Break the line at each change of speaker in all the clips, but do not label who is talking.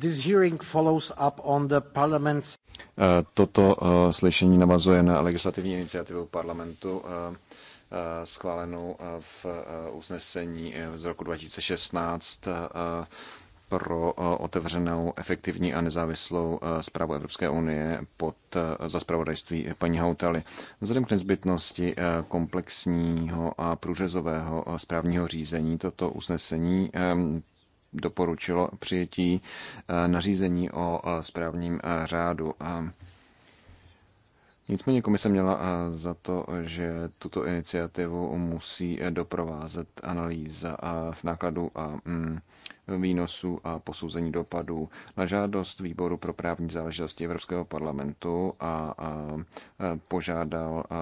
This hearing follows up on the
parliament's... Eh, toto eh, slyšení navazuje na legislativní iniciativu parlamentu eh, schválenou v usnesení z roku 2016 pro otevřenou, efektivní a nezávislou zprávu Evropské unie pod za zpravodajství paní Hautaly. Vzhledem k nezbytnosti komplexního a průřezového správního řízení toto usnesení doporučilo přijetí eh, nařízení o eh, správním eh, řádu. Nicméně komise měla za to, že tuto iniciativu musí doprovázet analýza v nákladu a mm, výnosů a posouzení dopadů na žádost výboru pro právní záležitosti Evropského parlamentu a, a e, požádal a,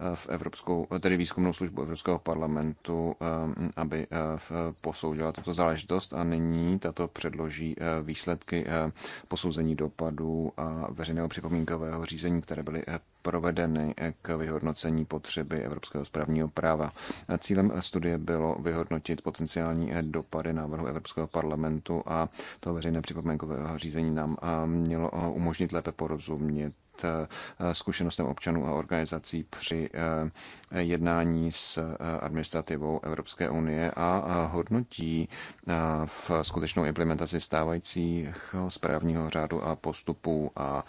e, e, v Evropskou, tedy výzkumnou službu Evropského parlamentu, aby posoudila tuto záležitost a nyní tato předloží výsledky posouzení dopadů a veřejného připomínkového řízení, které byly provedeny eh, k vyhodnocení potřeby evropského správního práva. Cílem studie bylo vyhodnotit potenciální eh, dopady návrhu Evropského parlamentu a to veřejné připomínkového řízení nám eh, mělo umožnit lépe porozumět zkušenostem občanů a organizací při jednání s eh, administrativou Evropské unie a eh, hodnotí eh, v skutečnou implementaci stávajícího správního řádu a postupů a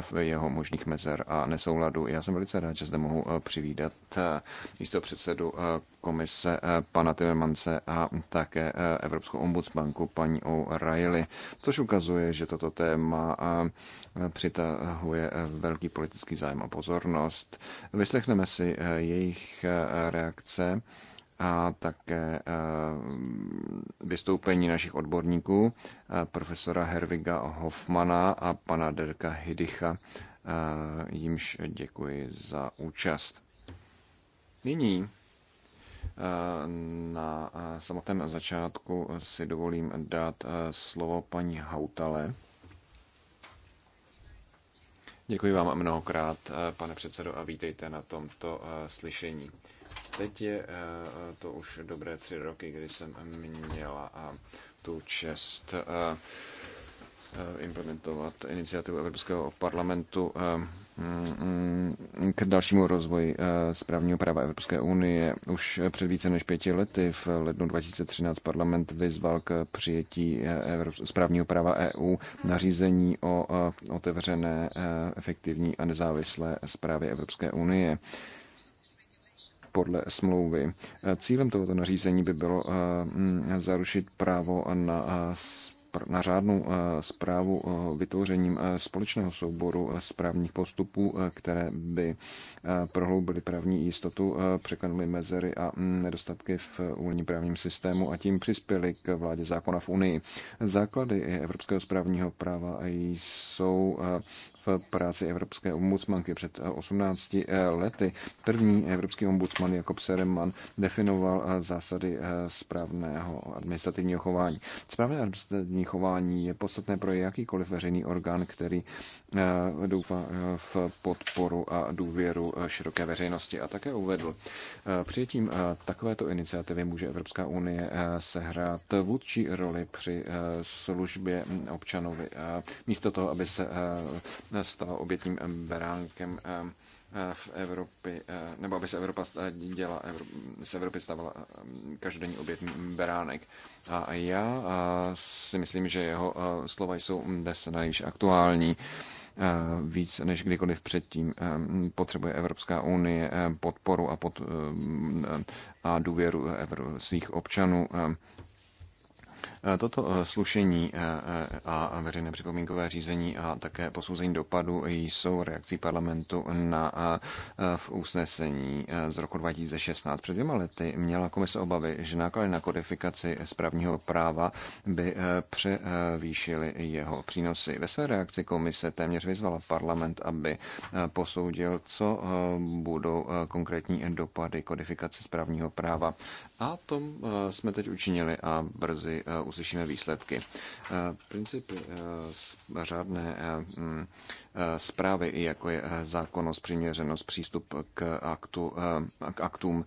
v jeho možných mezer a nesouladu. Já jsem velice rád, že zde mohu přivídat místo předsedu komise pana Timmermanse a také Evropskou ombudsmanku paní O'Reilly, což ukazuje, že toto téma přitahuje velký politický zájem a pozornost. Vyslechneme si její jejich eh, reakce a také eh, vystoupení našich odborníků, eh, profesora Herviga Hoffmana a pana Derka Hidicha, jimž děkuji za účast. Nyní na samotném začátku si dovolím dát slovo paní Hautale Děkuji vám mnohokrát, eh, pane předsedo, a vítejte na tomto eh, slyšení. Teď je eh, to už dobré tři roky, kdy jsem měla tu čest Eh, implementovat iniciativu Evropského parlamentu eh, mm, mm, k dalšímu rozvoji eh, správního práva Evropské unie. Už před více než pěti lety v lednu 2013 parlament vyzval k přijetí správního práva EU nařízení o otevřené, efektivní a nezávislé zprávě Evropské unie podle smlouvy. Cílem tohoto nařízení by bylo mm, zarušit právo na na řádnou eh, zprávu eh, vytvořením eh, společného souboru správních postupů, které by prohloubily právní jistotu, překlenuly mezery a mm, nedostatky v unijním právním systému a tím přispěly k vládě zákona v Unii. Základy evropského správního práva jsou práci Evropské ombudsmanky před 18 eh, eh, lety. První evropský ombudsman Jakob Sereman definoval eh, zásady správného administrativního chování. Správné administrativní chování je podstatné pro jakýkoliv veřejný orgán, který Eh, doufá eh, v podporu a důvěru eh, široké veřejnosti. A také uvedl, přijetím takovéto iniciativy může Evropská unie sehrát vůdčí roli při službě občanovi. Místo toho, aby se stala obětním beránkem v Evropě, nebo aby se Evropa děla, se Evropy stavala každodenní obětní beránek. A já si myslím, že jeho slova jsou dnes na aktuální. Eh, víc než kdykoliv předtím. Eh, potřebuje Evropská unie eh, podporu a, pod, a důvěru svých občanů. Eh, toto eh, slušení eh, a veřejné připomínkové řízení a také posouzení dopadu jsou reakcí parlamentu na v usnesení z roku 2016. Před dvěma lety měla komise obavy, že náklady na kodifikaci správního práva by převýšily jeho přínosy. Ve své reakci komise téměř vyzvala parlament, aby posoudil, co budou konkrétní dopady kodifikace správního práva. A to eh, jsme teď učinili a brzy eh, uslyšíme výsledky. Eh, principy řádné mm, zprávy, jako je eh, zákonnost, přiměřenost, přístup k, aktu, eh, k aktům,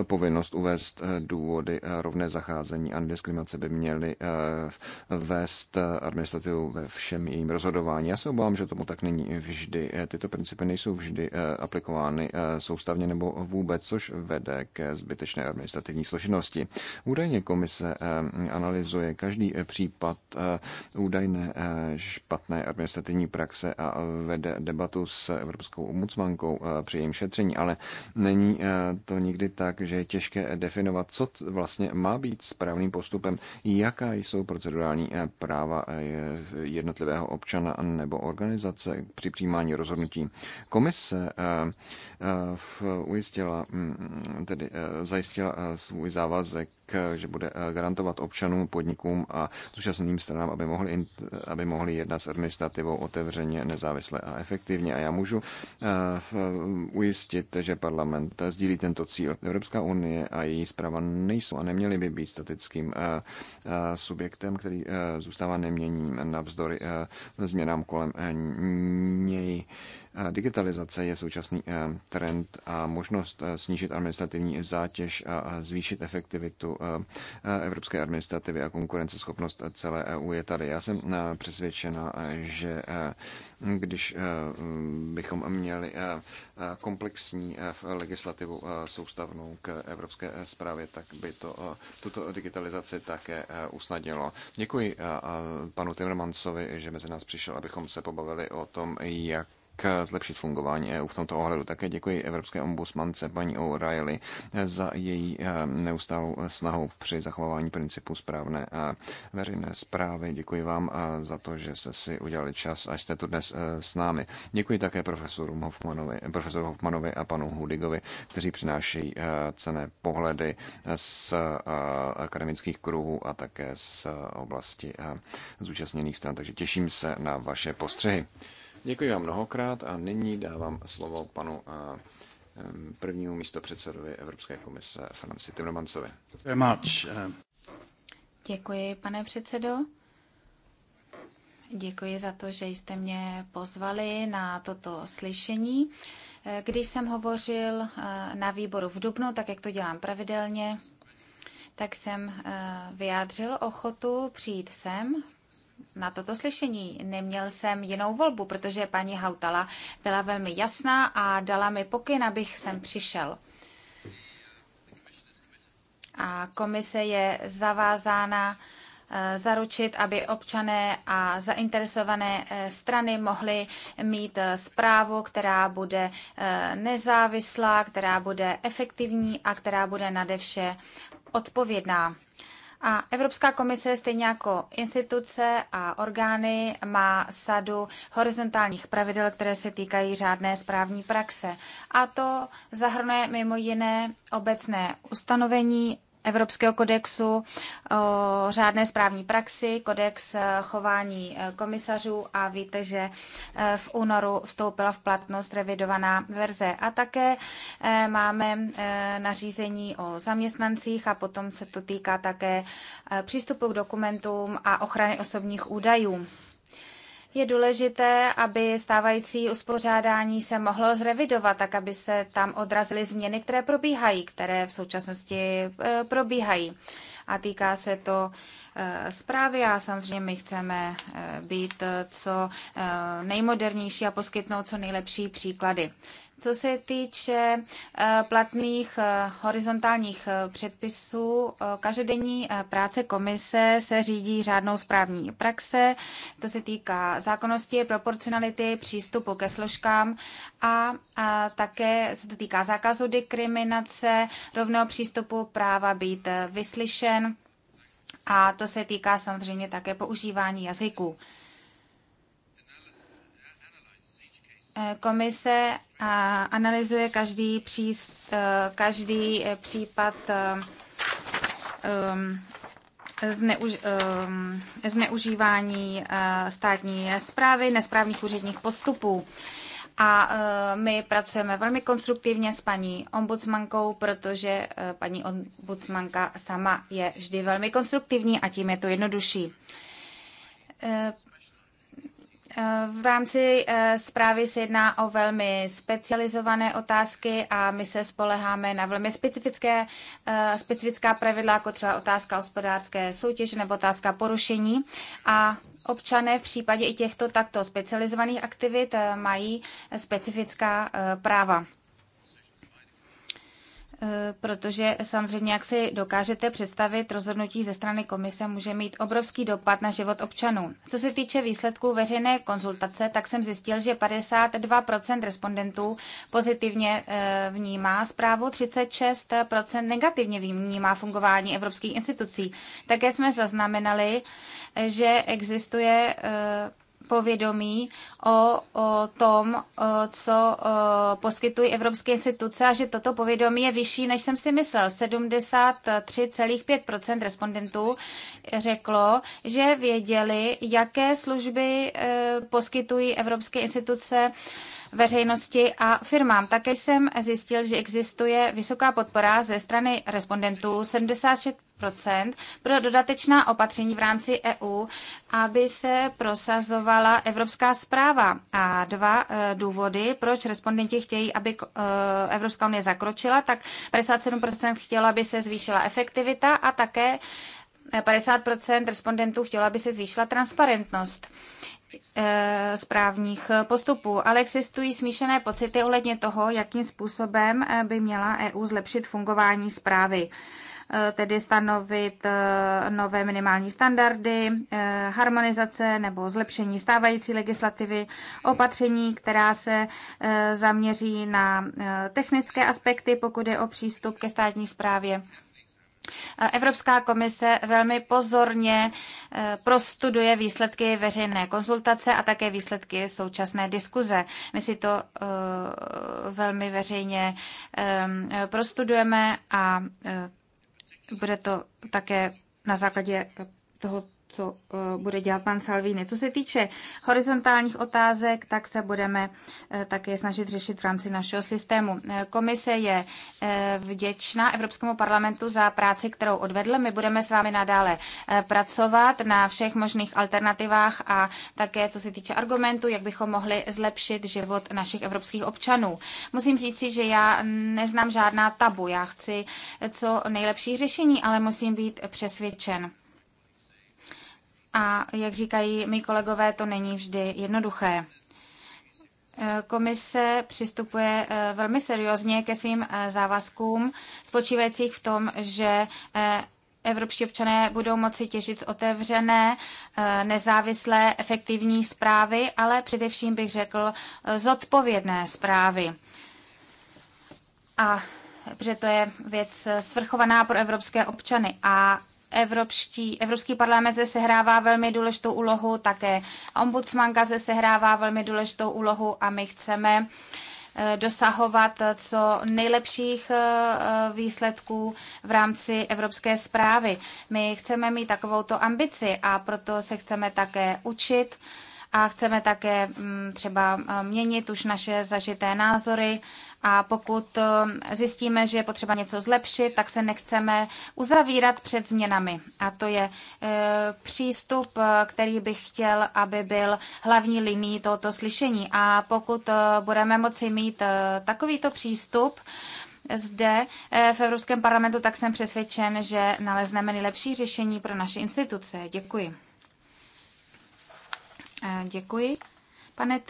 eh, povinnost uvést důvody rovné zacházení a diskriminace by měly vést administrativu ve všem jejím rozhodování. Já se obávám, že tomu tak není vždy. Tyto principy nejsou vždy aplikovány soustavně nebo vůbec, což vede ke zbytečné administrativní složitosti. Údajně komise analyzuje každý případ údajné špatné administrativní praxe a vede debatu s Evropskou ombudsmankou eh, při jejím šetření, ale není eh, to nikdy tak, že je těžké definovat, co vlastně má být správným postupem, jaká jsou procedurální eh, práva jednotlivého občana nebo organizace při přijímání rozhodnutí. Komise ujistila, mm, tedy zajistila svůj závazek, že bude garantovat občanům, podnikům a zúčastněným stranám, aby mohli, aby mohli jednat s administrativou otevřeně otevřeně, nezávisle a efektivně. A já můžu eh, eh, ujistit, že parlament sdílí tento cíl. Evropská unie a její zpráva nejsou a neměly by být statickým eh, subjektem, který zůstává neměním navzdory změnám kolem něj. Digitalizace je současný eh, trend a možnost eh, snížit administrativní zátěž a zvýšit efektivitu eh, evropské administrativy a konkurenceschopnost celé EU je tady. Já jsem přesvědčena, že když bychom měli komplexní legislativu soustavnou k evropské zprávě, tak by to tuto digitalizaci také usnadnilo. Děkuji panu Timmermansovi, že mezi nás přišel, abychom se pobavili o tom, jak zlepšit fungování EU v tomto ohledu. Také děkuji Evropské ombudsmance paní O'Reilly za její eh, neustálou eh, snahu při zachování principu správné veřejné zprávy. Děkuji vám eh, za to, že jste si udělali čas a jste tu dnes s námi. Děkuji také profesoru Hoffmanovi, profesoru Hoffmanovi a panu Hudigovi, kteří přinášejí cené pohledy z akademických kruhů a také z oblasti zúčastněných stran. Takže těším se na vaše postřehy. Děkuji vám mnohokrát a nyní dávám slovo panu eh, eh, prvnímu místopředsedovi Evropské komise Franci Timmermansovi. Eh.
Děkuji, pane předsedo. Děkuji za to, že jste mě pozvali na toto slyšení. Když jsem hovořil na výboru v Dubnu, tak jak to dělám pravidelně, tak jsem vyjádřil ochotu přijít sem, na toto slyšení. Neměl jsem jinou volbu, protože paní Hautala byla velmi jasná a dala mi pokyn, abych sem přišel. A komise je zavázána eh, zaručit, aby občané a zainteresované eh, strany mohly mít eh, zprávu, která bude nezávislá, která bude efektivní a která bude nade vše odpovědná. A Evropská komise, stejně jako instituce a orgány, má sadu horizontálních pravidel, které se týkají řádné správní praxe. A to zahrnuje mimo jiné obecné ustanovení Evropského kodexu o řádné správní praxi, kodex e, chování e, komisařů a víte, že e, v únoru vstoupila v platnost revidovaná verze. A také máme nařízení o zaměstnancích a potom se to týká také přístupu k dokumentům a ochrany osobních údajů je důležité, aby stávající uspořádání se mohlo zrevidovat, tak aby se tam odrazily změny, které probíhají, které v současnosti eh, probíhají. A týká se to Eh, zprávy a samozřejmě my chceme eh, být eh, co nejmodernější a poskytnout co nejlepší příklady. Co se týče platných horizontálních předpisů, každodenní práce komise se řídí řádnou správní praxe. To se týká zákonnosti, proporcionality, přístupu ke složkám a, také se to týká zákazu diskriminace, rovného přístupu práva být vyslyšen a to se týká samozřejmě také používání jazyků. Eh, komise eh, analyzuje každý, příst, eh, každý případ ehm, ehm, zneužívání státní zprávy, nesprávných úředních postupů. A eh, my pracujeme velmi konstruktivně s paní ombudsmankou, protože eh, paní ombudsmanka sama je vždy velmi konstruktivní a tím je to jednodušší. Eh, v rámci eh, zprávy se jedná o velmi specializované otázky a my se spoleháme na velmi specifické, eh, specifická pravidla, jako třeba otázka hospodářské soutěže nebo otázka porušení. A občané v případě i těchto takto specializovaných aktivit eh, mají specifická práva. Eh, protože samozřejmě, jak si dokážete představit, rozhodnutí ze strany komise může mít obrovský dopad na život občanů. Co se týče výsledků veřejné konzultace, tak jsem zjistil, že 52% respondentů pozitivně eh, vnímá zprávu, 36% negativně vnímá fungování evropských institucí. Také jsme zaznamenali, že existuje eh, povědomí o, o tom, o, co o, poskytují evropské instituce a že toto povědomí je vyšší, než jsem si myslel. 73,5 respondentů řeklo, že věděli, jaké služby e, poskytují evropské instituce e, veřejnosti a firmám. Také jsem zjistil, že existuje vysoká podpora ze strany respondentů 76 pro dodatečná opatření v rámci EU, aby se prosazovala evropská zpráva. A dva eh, důvody, proč respondenti chtějí, aby eh, Evropská unie zakročila, tak 57% chtělo, aby se zvýšila efektivita a také 50 eh, respondentů chtělo, aby se zvýšila transparentnost. Eh, správních postupů, ale existují smíšené pocity ohledně toho, jakým způsobem eh, by měla EU zlepšit fungování zprávy eh, tedy stanovit nové minimální standardy, harmonizace nebo zlepšení stávající legislativy, opatření, která se zaměří na technické aspekty, pokud je o přístup ke státní správě Evropská komise velmi pozorně eh, prostuduje výsledky veřejné konzultace a také výsledky současné diskuze. My si to eh, velmi veřejně eh, prostudujeme a bude to také na základě toho co eh, bude dělat pan Salvini. Co se týče horizontálních otázek, tak se budeme eh, také snažit řešit v rámci našeho systému. Eh, komise je vděčná Evropskému parlamentu za práci, kterou odvedl. My budeme s vámi nadále pracovat na všech možných alternativách a také co se týče argumentů, jak bychom mohli zlepšit život našich evropských občanů. Musím říci, že já neznám žádná tabu. Já chci co nejlepší řešení, ale musím být přesvědčen. A jak říkají mý kolegové, to není vždy jednoduché. E, komise přistupuje e, velmi seriózně ke svým e, závazkům, spočívajících v tom, že evropští občané budou moci těžit z otevřené, nezávislé, efektivní zprávy, ale především bych řekl zodpovědné zprávy. A protože to je věc svrchovaná pro evropské občany. A Evropští, Evropský parlament se sehrává velmi důležitou úlohu, také ombudsmanka se sehrává velmi důležitou úlohu a my chceme eh, dosahovat co nejlepších eh, výsledků v rámci evropské zprávy. My chceme mít takovouto ambici a proto se chceme také učit a chceme také mm, třeba eh, měnit už naše zažité názory a pokud eh, zjistíme, že je potřeba něco zlepšit, tak se nechceme uzavírat před změnami. A to je eh, přístup, který bych chtěl, aby byl hlavní linií tohoto slyšení. A pokud budeme moci mít takovýto přístup, zde v Evropském parlamentu, tak jsem přesvědčen, že nalezneme nejlepší řešení pro naše instituce. Děkuji. Eh, děkuji. Pane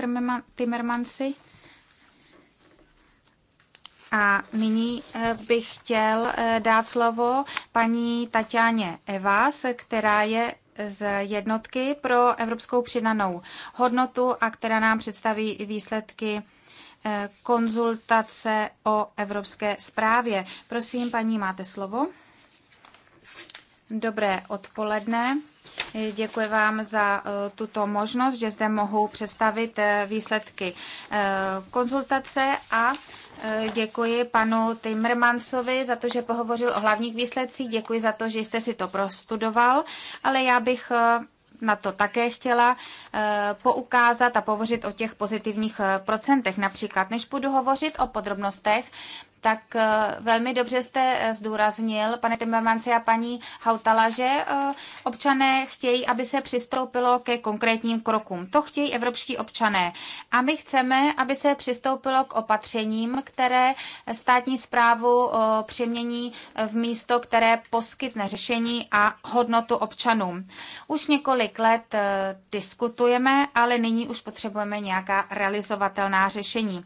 Timmermansi, a nyní eh, bych chtěl eh, dát slovo paní Tatianě Evas, která je z jednotky pro evropskou přidanou hodnotu a která nám představí výsledky konzultace o evropské správě. Prosím, paní, máte slovo. Dobré odpoledne. Děkuji vám za e, tuto možnost, že zde mohu představit e, výsledky e, konzultace a děkuji panu Timmermansovi za to, že pohovořil o hlavních výsledcích. Děkuji za to, že jste si to prostudoval, ale já bych na to také chtěla poukázat a povořit o těch pozitivních procentech. Například, než budu hovořit o podrobnostech, tak eh, velmi dobře jste eh, zdůraznil, pane Timmermanci a paní Hautala, že eh, občané chtějí, aby se přistoupilo ke konkrétním krokům. To chtějí evropští občané. A my chceme, aby se přistoupilo k opatřením, které státní zprávu přemění v místo, které poskytne řešení a hodnotu občanům. Už několik let diskutujeme, ale nyní už potřebujeme nějaká realizovatelná řešení.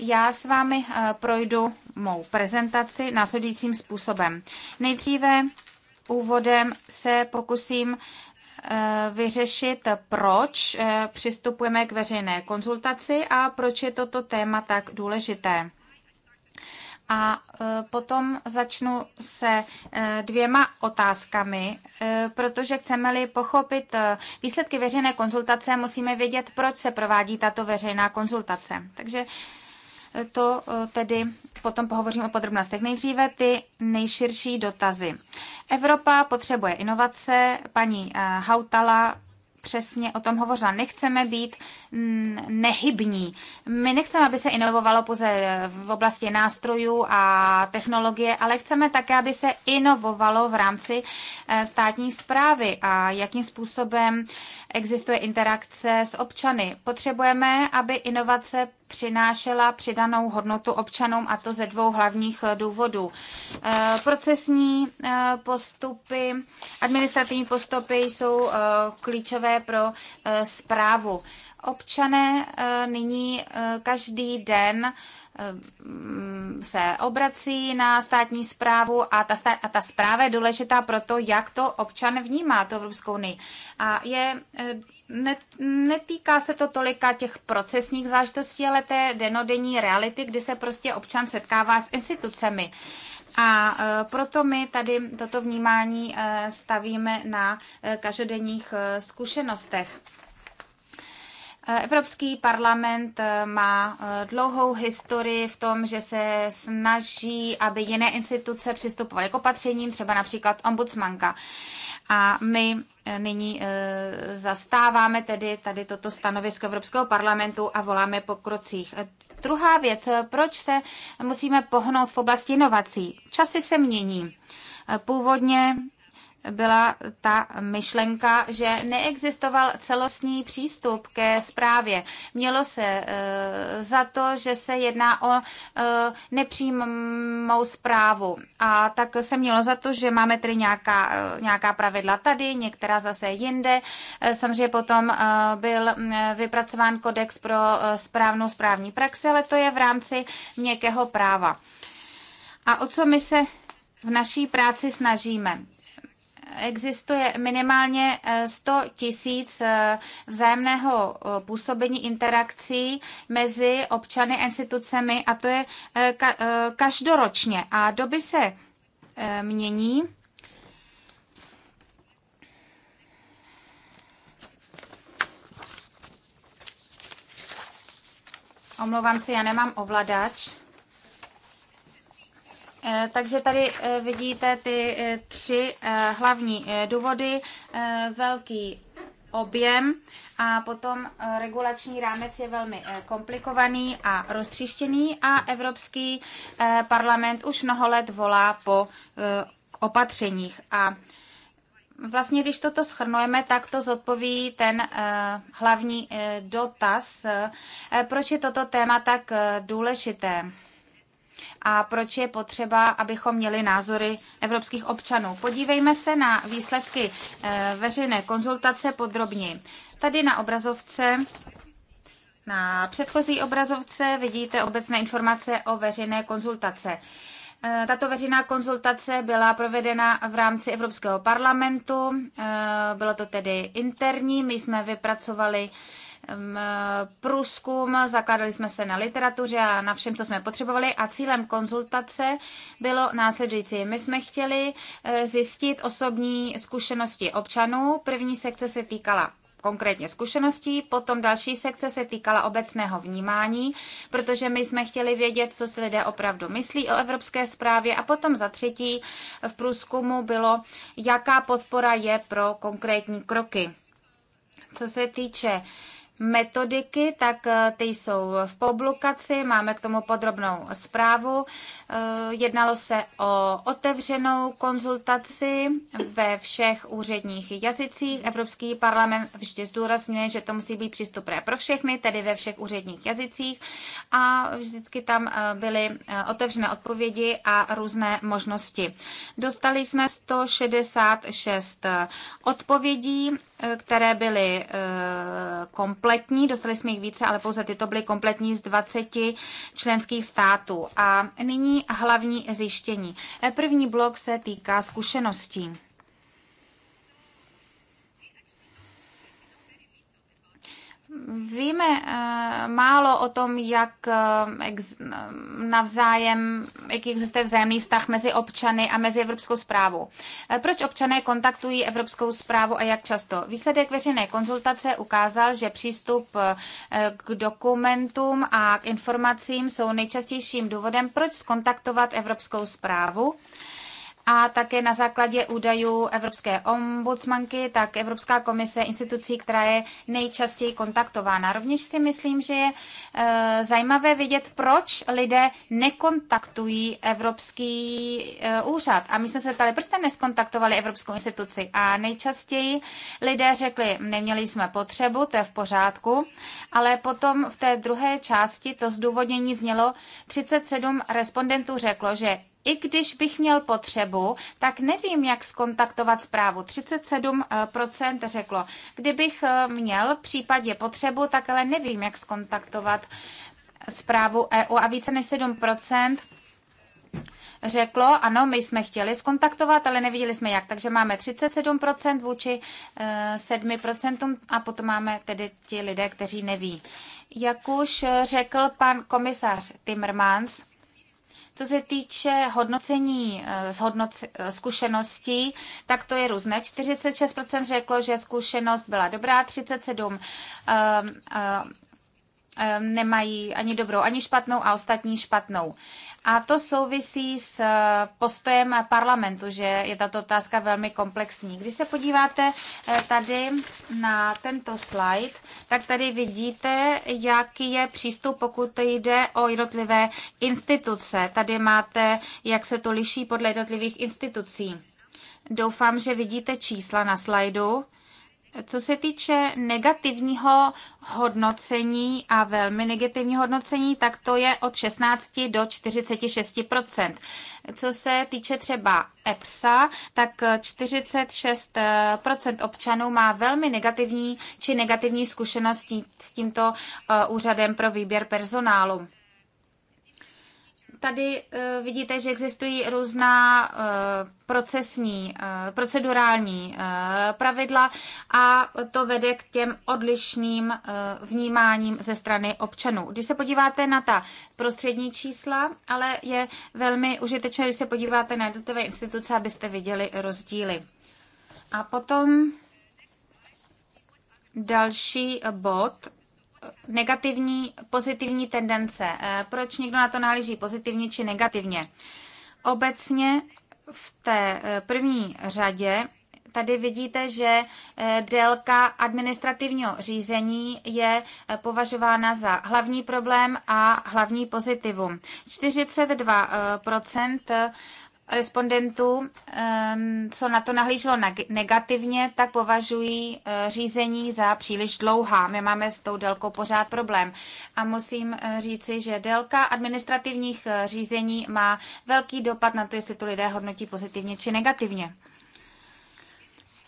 Já s vámi eh, projdu mou prezentaci následujícím způsobem. Nejdříve úvodem se pokusím eh, vyřešit, proč eh, přistupujeme k veřejné konzultaci a proč je toto téma tak důležité. A potom začnu se dvěma otázkami, protože chceme-li pochopit výsledky veřejné konzultace, musíme vědět, proč se provádí tato veřejná konzultace. Takže to eh, tedy potom pohovořím o podrobnostech. Nejdříve ty nejširší dotazy. Evropa potřebuje inovace, paní eh, Hautala přesně o tom hovořila. Nechceme být nehybní. My nechceme, aby se inovovalo pouze eh, v oblasti nástrojů a technologie, ale chceme také, aby se inovovalo v rámci státní zprávy a jakým způsobem existuje interakce s občany. Potřebujeme, aby inovace přinášela přidanou hodnotu občanům a to ze dvou hlavních eh, důvodů. Eh, procesní eh, postupy, administrativní postupy jsou klíčové pro zprávu. Občané nyní každý den mm, se obrací na státní zprávu a ta, stát, a ta zpráva je důležitá pro to, jak to občan vnímá, to Evropskou unii. A je netýká se to tolika těch procesních záležitostí, ale té denodenní reality, kdy se prostě občan setkává s institucemi. A e, proto my tady toto vnímání e, stavíme na e, každodenních zkušenostech. Evropský parlament eh, má eh, dlouhou historii v tom, že se snaží, aby jiné instituce přistupovaly k opatřením, třeba například ombudsmanka. A my eh, nyní zastáváme tedy tady toto stanovisko Evropského parlamentu a voláme po krocích. Druhá věc, proč se musíme pohnout v oblasti inovací? Časy se mění. Původně byla ta myšlenka, že neexistoval celostní přístup ke zprávě. Mělo se eh, za to, že se jedná o eh, nepřímou zprávu. A tak se mělo za to, že máme tedy nějaká, eh, nějaká pravidla tady, některá zase jinde. Samozřejmě potom byl vypracován kodex pro správnou správní praxi, ale to je v rámci měkkého práva. A o co my se v naší práci snažíme? existuje minimálně 100 eh, tisíc eh, vzájemného eh, působení interakcí mezi občany a institucemi a to je každoročně a doby se mění. Omlouvám se, já nemám ovladač. Eh, takže tady eh, vidíte ty eh, tři hlavní důvody. Velký objem a potom regulační rámec je velmi komplikovaný a roztříštěný a Evropský parlament už mnoho let volá po opatřeních a Vlastně, když toto schrnujeme, tak to zodpoví ten hlavní dotaz, proč je toto téma tak důležité a proč je potřeba, abychom měli názory evropských občanů. Podívejme se na výsledky eh, veřejné konzultace podrobněji. Tady na obrazovce na předchozí obrazovce vidíte obecné informace o veřejné konzultace. Eh, tato veřejná konzultace byla provedena v rámci Evropského parlamentu, eh, bylo to tedy interní, my jsme vypracovali průzkum, zakládali jsme se na literatuře a na všem, co jsme potřebovali a cílem konzultace bylo následující. My jsme chtěli eh, zjistit osobní zkušenosti občanů. První sekce se týkala konkrétně zkušeností, potom další sekce se týkala obecného vnímání, protože my jsme chtěli vědět, co si lidé opravdu myslí o evropské zprávě a potom za třetí v průzkumu bylo, jaká podpora je pro konkrétní kroky. Co se týče uh, metodiky, tak eh, ty jsou v publikaci, máme k tomu podrobnou zprávu. Eh, jednalo se o otevřenou konzultaci ve všech úředních jazycích. Evropský parlament vždy zdůrazňuje, že to musí být přístupné pro všechny, tedy ve všech úředních jazycích a vždycky tam eh, byly otevřené odpovědi a různé možnosti. Dostali jsme 166 odpovědí Eh, které byly eh, kompletní, dostali jsme jich více, ale pouze tyto byly kompletní z 20 členských států. A nyní hlavní zjištění. Eh, první blok se týká zkušeností. Víme eh, málo o tom, jak eh, navzájem, jaký existuje vzájemný vztah mezi občany a mezi Evropskou zprávou. Eh, proč občané kontaktují Evropskou zprávu a jak často? Výsledek veřejné konzultace ukázal, že přístup k dokumentům a k informacím jsou nejčastějším důvodem, proč skontaktovat Evropskou zprávu a také na základě údajů Evropské ombudsmanky, tak Evropská komise institucí, která je nejčastěji kontaktována. Rovněž si myslím, že je e, zajímavé vědět, proč lidé nekontaktují Evropský e, úřad. A my jsme se ptali, proč jste neskontaktovali Evropskou instituci? A nejčastěji lidé řekli, neměli jsme potřebu, to je v pořádku, ale potom v té druhé části to zdůvodnění znělo, 37 respondentů řeklo, že i když bych měl potřebu, tak nevím, jak skontaktovat zprávu. 37% řeklo, kdybych eh, měl případně potřebu, tak ale nevím, jak skontaktovat zprávu EU a více než 7% řeklo, ano, my jsme chtěli skontaktovat, ale neviděli jsme jak. Takže máme 37% vůči 7% eh, a potom máme tedy ti lidé, kteří neví. Jak už řekl pan komisař Timmermans, co se týče hodnocení eh, zhodnoc, eh, zkušeností, tak to je různé. 46% řeklo, že zkušenost byla dobrá, 37 eh, nemají ani dobrou, ani špatnou a ostatní špatnou. A to souvisí s eh, postojem parlamentu, že je tato otázka velmi komplexní. Když se podíváte eh, tady na tento slide, tak tady vidíte, jaký je přístup, pokud jde o jednotlivé instituce. Tady máte, jak se to liší podle jednotlivých institucí. Doufám, že vidíte čísla na slajdu. Co se týče negativního hodnocení a velmi negativního hodnocení, tak to je od 16 do 46 Co se týče třeba EPSA, tak 46 eh, občanů má velmi negativní či negativní zkušenosti s tímto eh, úřadem pro výběr personálu tady eh, vidíte, že existují různá eh, procesní, eh, procedurální pravidla a to vede k těm odlišným vnímáním ze strany občanů. Když se podíváte na ta prostřední čísla, ale je velmi užitečné, když se podíváte na jednotlivé instituce, abyste viděli rozdíly. A potom další bod negativní, pozitivní tendence. Eh, proč někdo na to náleží pozitivně či negativně? Obecně v té eh, první řadě tady vidíte, že eh, délka administrativního řízení je považována za hlavní problém a hlavní pozitivum. 42 respondentů, co na to nahlíželo negativně, tak považují eh, řízení za příliš dlouhá. My máme s tou délkou pořád problém. A musím eh, říci, že délka administrativních eh, řízení má velký dopad na to, jestli to lidé hodnotí pozitivně či negativně.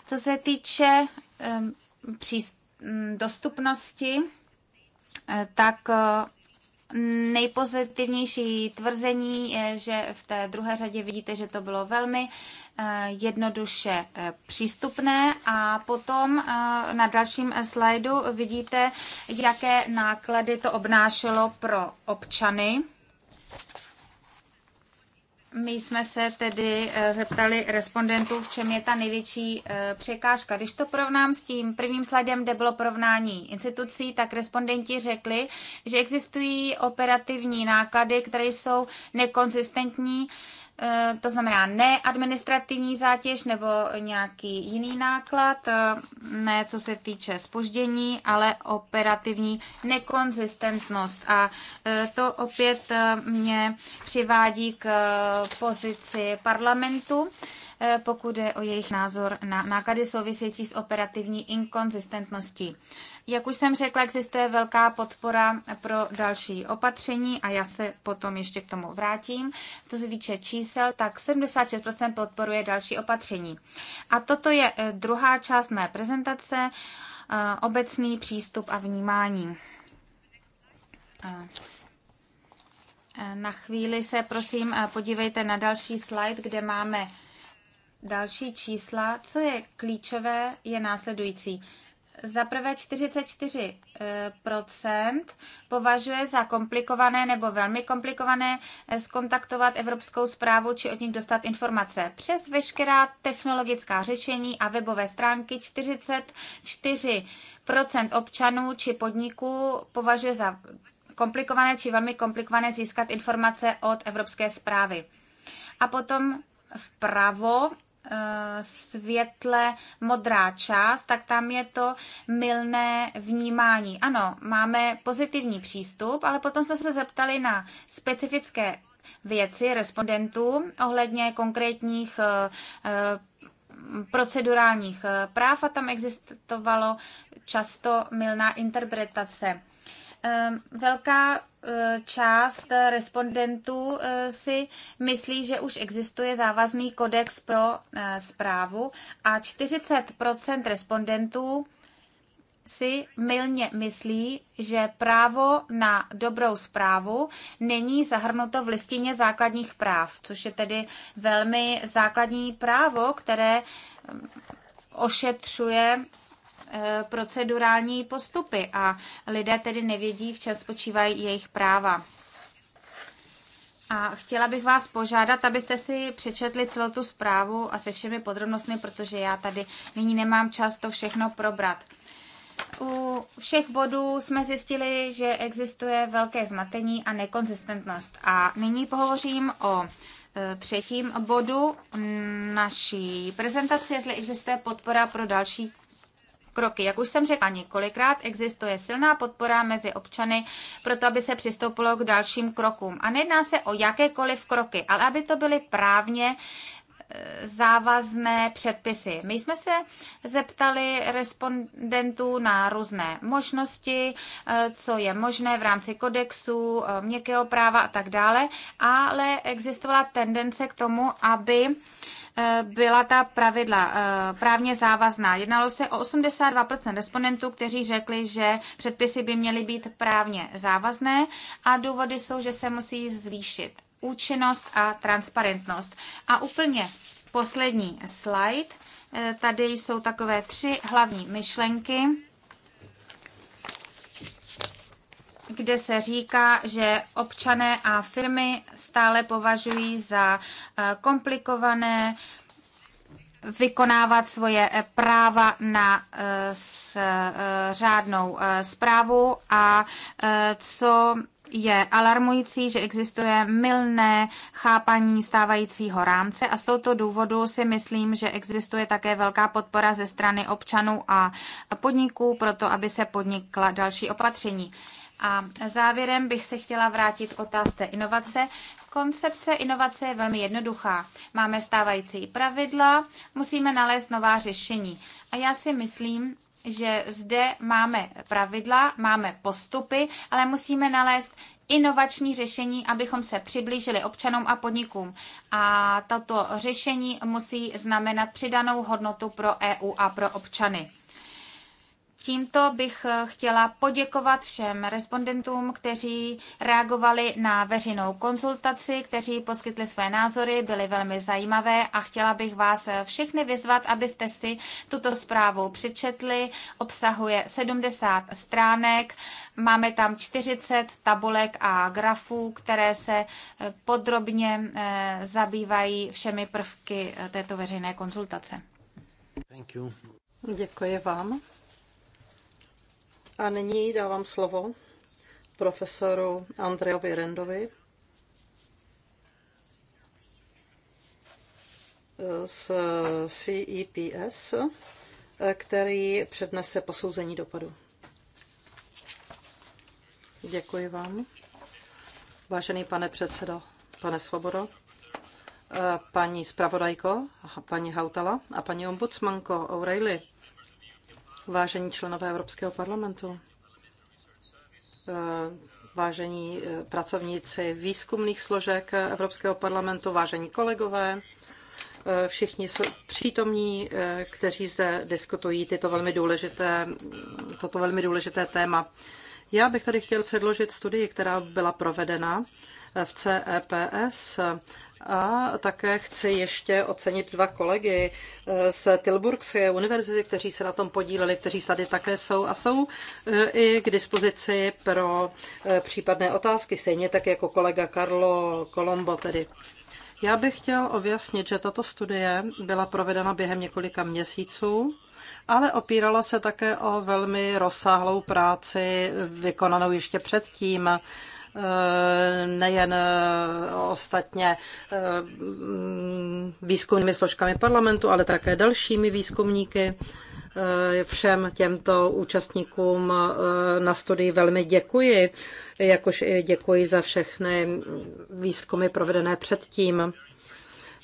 Co se týče dostupnosti, tak nejpozitivnější tvrzení je, že v té druhé řadě vidíte, že to bylo velmi eh, jednoduše eh, přístupné a potom eh, na dalším slajdu vidíte, jaké náklady to obnášelo pro občany. My jsme se tedy eh, zeptali respondentů, v čem je ta největší eh, překážka. Když to porovnám s tím prvním sledem, kde bylo porovnání institucí, tak respondenti řekli, že existují operativní náklady, které jsou nekonzistentní Eh, to znamená ne administrativní zátěž nebo nějaký jiný náklad, eh, ne co se týče spoždění, ale operativní nekonzistentnost. A eh, to opět mě přivádí k pozici parlamentu Eh, pokud je o jejich názor na náklady související s operativní inkonzistentností. Jak už jsem řekla, existuje velká podpora pro další opatření a já se potom ještě k tomu vrátím. Co se týče čísel, tak 76% podporuje další opatření. A toto je eh, druhá část mé prezentace, eh, obecný přístup a vnímání. Na chvíli se prosím podívejte na další slide, kde máme další čísla. Co je klíčové, je následující. Za prvé 44% eh, považuje za komplikované nebo velmi komplikované eh, skontaktovat Evropskou zprávu či od nich dostat informace. Přes veškerá technologická řešení a webové stránky 44% občanů či podniků považuje za komplikované či velmi komplikované získat informace od Evropské zprávy. A potom vpravo světle modrá část, tak tam je to milné vnímání. Ano, máme pozitivní přístup, ale potom jsme se zeptali na specifické věci respondentů ohledně konkrétních eh, eh, procedurálních eh, práv a tam existovalo často milná interpretace. Ehm, velká eh, část eh, respondentů eh, si myslí, že už existuje závazný kodex pro zprávu a 40 respondentů si mylně myslí, že právo na dobrou zprávu není zahrnuto v listině základních práv, což je tedy velmi základní právo, které ehm, ošetřuje Eh, procedurální postupy a lidé tedy nevědí, v čem spočívají jejich práva. A chtěla bych vás požádat, abyste si přečetli celou tu zprávu a se všemi podrobnostmi, protože já tady nyní nemám čas to všechno probrat. U všech bodů jsme zjistili, že existuje velké zmatení a nekonzistentnost. A nyní pohovořím o eh, třetím bodu naší prezentace, jestli existuje podpora pro další kroky. Jak už jsem řekla několikrát, existuje silná podpora mezi občany pro to, aby se přistoupilo k dalším krokům. A nejedná se o jakékoliv kroky, ale aby to byly právně e, závazné předpisy. My jsme se zeptali respondentů na různé možnosti, e, co je možné v rámci kodexu, e, měkkého práva a tak dále, ale existovala tendence k tomu, aby Eh, byla ta pravidla eh, právně závazná. Jednalo se o 82% respondentů, kteří řekli, že předpisy by měly být právně závazné a důvody jsou, že se musí zvýšit účinnost a transparentnost. A úplně poslední slide. Eh, tady jsou takové tři hlavní myšlenky kde se říká, že občané a firmy stále považují za eh, komplikované vykonávat svoje eh, práva na eh, s, řádnou zprávu a co je alarmující, že existuje mylné chápaní stávajícího rámce a z tohoto důvodu si myslím, že existuje také velká podpora ze strany občanů a podniků pro to, aby se podnikla další opatření. A závěrem bych se chtěla vrátit k otázce inovace. Koncepce inovace je velmi jednoduchá. Máme stávající pravidla, musíme nalézt nová řešení. A já si myslím, že zde máme pravidla, máme postupy, ale musíme nalézt inovační řešení, abychom se přiblížili občanům a podnikům. A tato řešení musí znamenat přidanou hodnotu pro EU a pro občany. Tímto bych eh, chtěla poděkovat všem respondentům, kteří reagovali na veřejnou konzultaci, kteří poskytli své názory, byly velmi zajímavé a chtěla bych vás eh, všechny vyzvat, abyste si tuto zprávu přečetli. Obsahuje 70 stránek, máme tam 40 tabulek a grafů, které se eh, podrobně zabývají všemi prvky této veřejné konzultace. Děkuji vám. A nyní dávám slovo
profesoru Andrejovi Rendovi z CEPS, který přednese posouzení dopadu. Děkuji vám. Vážený pane předsedo, pane Svobodo, paní zpravodajko, paní Hautala a paní ombudsmanko O'Reilly vážení členové Evropského parlamentu, eh, vážení eh, pracovníci výzkumných složek Evropského parlamentu, vážení kolegové, eh, všichni přítomní, kteří zde diskutují tyto velmi důležité, toto velmi důležité téma. Já bych tady chtěl předložit studii, která byla provedena v CEPS a také chci ještě ocenit dva kolegy eh, z Tilburgské univerzity, kteří se na tom podíleli, kteří tady také jsou a jsou eh, i k dispozici pro eh, případné otázky, stejně tak jako kolega Carlo Colombo tedy. Já bych chtěl objasnit, že tato studie byla provedena během několika měsíců, ale opírala se také o velmi rozsáhlou práci vykonanou ještě předtím Eh, nejen eh, ostatně eh, výzkumnými složkami parlamentu, ale také dalšími výzkumníky. Všem těmto účastníkům na studii velmi děkuji, jakož i děkuji za všechny výzkumy provedené předtím.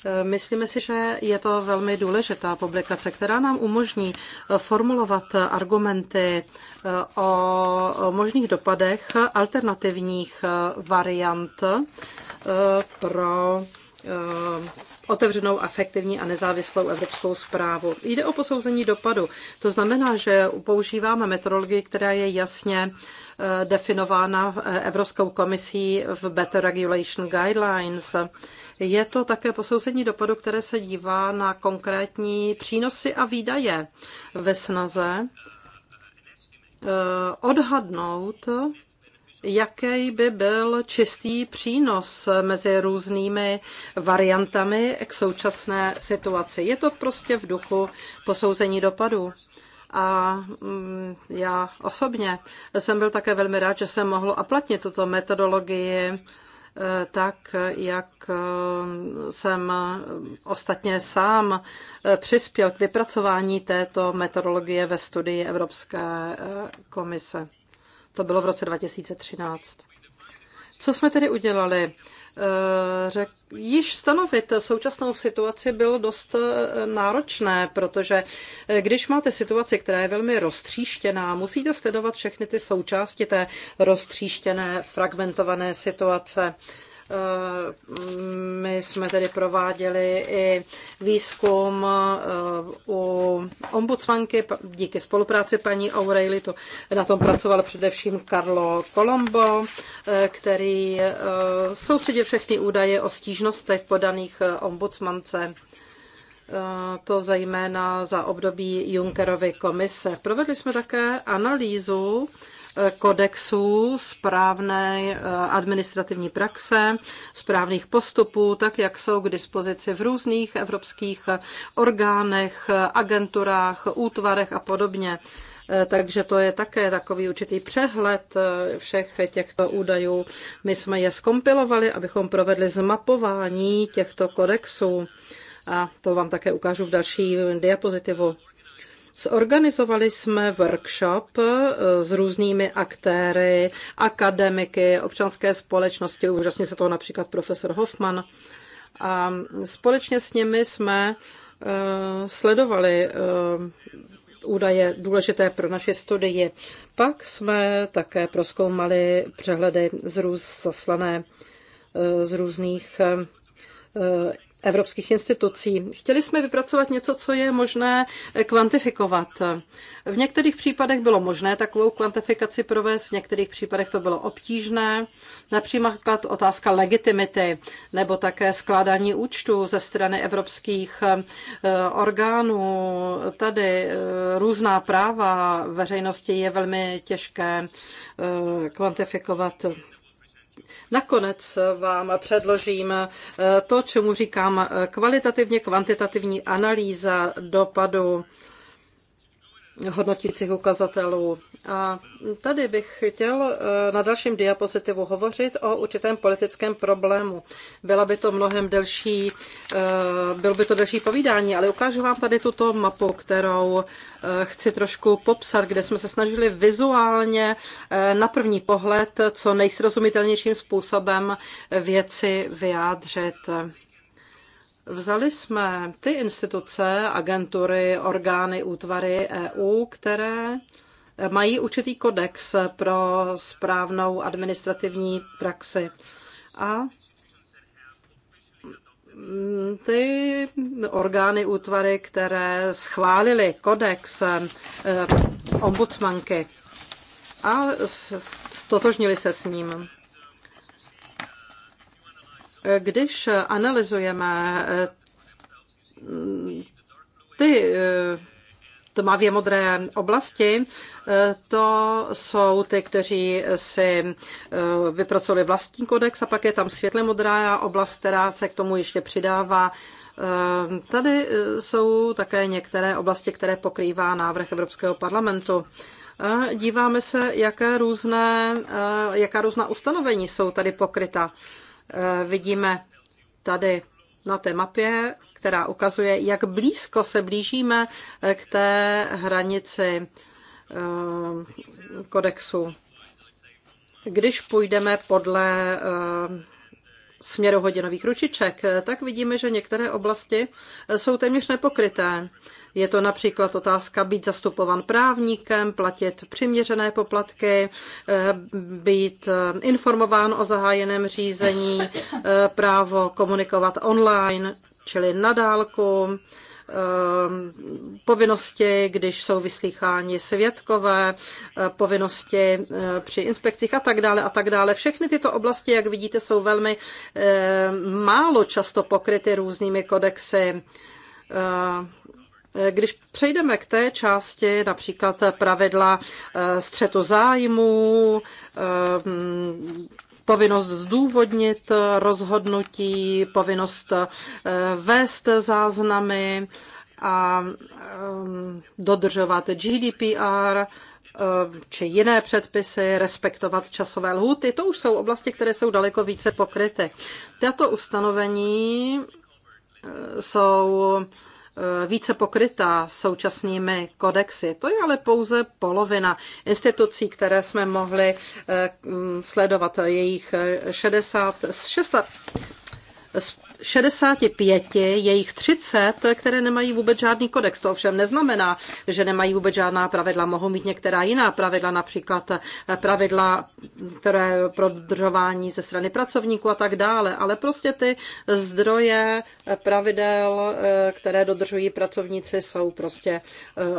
Eh, myslíme si, že je to velmi důležitá publikace, která nám umožní eh, formulovat eh, argumenty o možných dopadech alternativních variant pro otevřenou, efektivní a nezávislou evropskou zprávu. Jde o posouzení dopadu. To znamená, že používáme metodologii, která je jasně uh, definována Evropskou komisí v Better Regulation Guidelines. Je to také posouzení dopadu, které se dívá na konkrétní přínosy a výdaje ve snaze eh, odhadnout, jaký by byl čistý přínos mezi různými variantami k současné situaci. Je to prostě v duchu posouzení dopadu. A mm, já osobně jsem byl také velmi rád, že jsem mohl aplatnit tuto metodologii eh, tak, jak eh, jsem ostatně sám eh, přispěl k vypracování této metodologie ve studii Evropské komise. To bylo v roce 2013. Co jsme tedy udělali? Eh, řek, již stanovit současnou situaci bylo dost eh, náročné, protože eh, když máte situaci, která je velmi roztříštěná, musíte sledovat všechny ty součásti té roztříštěné, fragmentované situace my jsme tedy prováděli i výzkum eh, u ombudsmanky díky spolupráci paní O'Reilly. To na tom pracoval především Carlo Colombo, eh, který eh, soustředil všechny údaje o stížnostech podaných ombudsmance to zejména za období Junckerovy komise. Provedli jsme také analýzu kodexů správné eh, administrativní praxe, správných postupů, tak jak jsou k dispozici v různých evropských orgánech, agenturách, útvarech a podobně. Eh, takže to je také takový určitý přehled eh, všech těchto údajů. My jsme je skompilovali, abychom provedli zmapování těchto kodexů. A to vám také ukážu v další diapozitivu. Zorganizovali jsme workshop eh, s různými aktéry, akademiky, občanské společnosti, úžasně se toho například profesor Hoffman. A společně s nimi jsme eh, sledovali eh, údaje důležité pro naše studii. Pak jsme také proskoumali přehledy z růz zaslané z různých evropských institucí. Chtěli jsme vypracovat něco, co je možné eh, kvantifikovat. V některých případech bylo možné takovou kvantifikaci provést, v některých případech to bylo obtížné, například otázka legitimity nebo také skládání účtů ze strany evropských eh, orgánů. Tady eh, různá práva veřejnosti je velmi těžké kvantifikovat. Nakonec vám předložím eh, to, čemu říkám kvalitativně kvantitativní analýza dopadu hodnotících ukazatelů. A tady bych chtěl eh, na dalším diapozitivu hovořit o určitém politickém problému. Byla by to mnohem delší, eh, bylo by to delší povídání, ale ukážu vám tady tuto mapu, kterou eh, chci trošku popsat, kde jsme se snažili vizuálně na první pohled co nejsrozumitelnějším způsobem věci vyjádřit. Vzali jsme ty instituce, agentury, orgány, útvary EU, které mají určitý kodex pro správnou administrativní praxi. A ty orgány, útvary, které schválily kodex eh, ombudsmanky a stotožnili se s ním. Když analyzujeme eh, ty eh, tmavě modré oblasti, eh, to jsou ty, kteří si vypracovali vlastní kodex a pak je tam světle modrá oblast, která se k tomu ještě přidává. Tady jsou také některé oblasti, které pokrývá návrh Evropského parlamentu. Díváme se, jaké různé, jaká různá ustanovení jsou tady pokryta. Eh, vidíme tady na té mapě, která ukazuje, jak blízko se blížíme eh, k té hranici eh, kodexu. Když půjdeme podle směru hodinových ručiček, tak vidíme, že některé oblasti jsou téměř nepokryté. Je to například otázka být zastupovan právníkem, platit přiměřené poplatky, eh, být eh, informován o zahájeném řízení, eh, právo komunikovat online, čili na dálku, povinnosti, když jsou vyslýcháni svědkové, povinnosti při inspekcích a tak dále a tak dále. Všechny tyto oblasti, jak vidíte, jsou velmi málo často pokryty různými kodexy když přejdeme k té části, například pravidla eh, střetu zájmů, eh, povinnost zdůvodnit rozhodnutí, povinnost eh, vést záznamy a dodržovat GDPR či jiné předpisy, respektovat časové lhuty. To už jsou oblasti, které jsou daleko více pokryty. Tato ustanovení jsou Eh, více pokrytá současnými kodexy. To je ale pouze polovina institucí, které jsme mohli eh, sledovat. Jejich 60, eh, 65 je jich 30, které nemají vůbec žádný kodex. To ovšem neznamená, že nemají vůbec žádná pravidla. Mohou mít některá jiná pravidla, například eh, pravidla, které pro držování ze strany pracovníků a tak dále. Ale prostě ty zdroje eh, pravidel, eh, které dodržují pracovníci, jsou prostě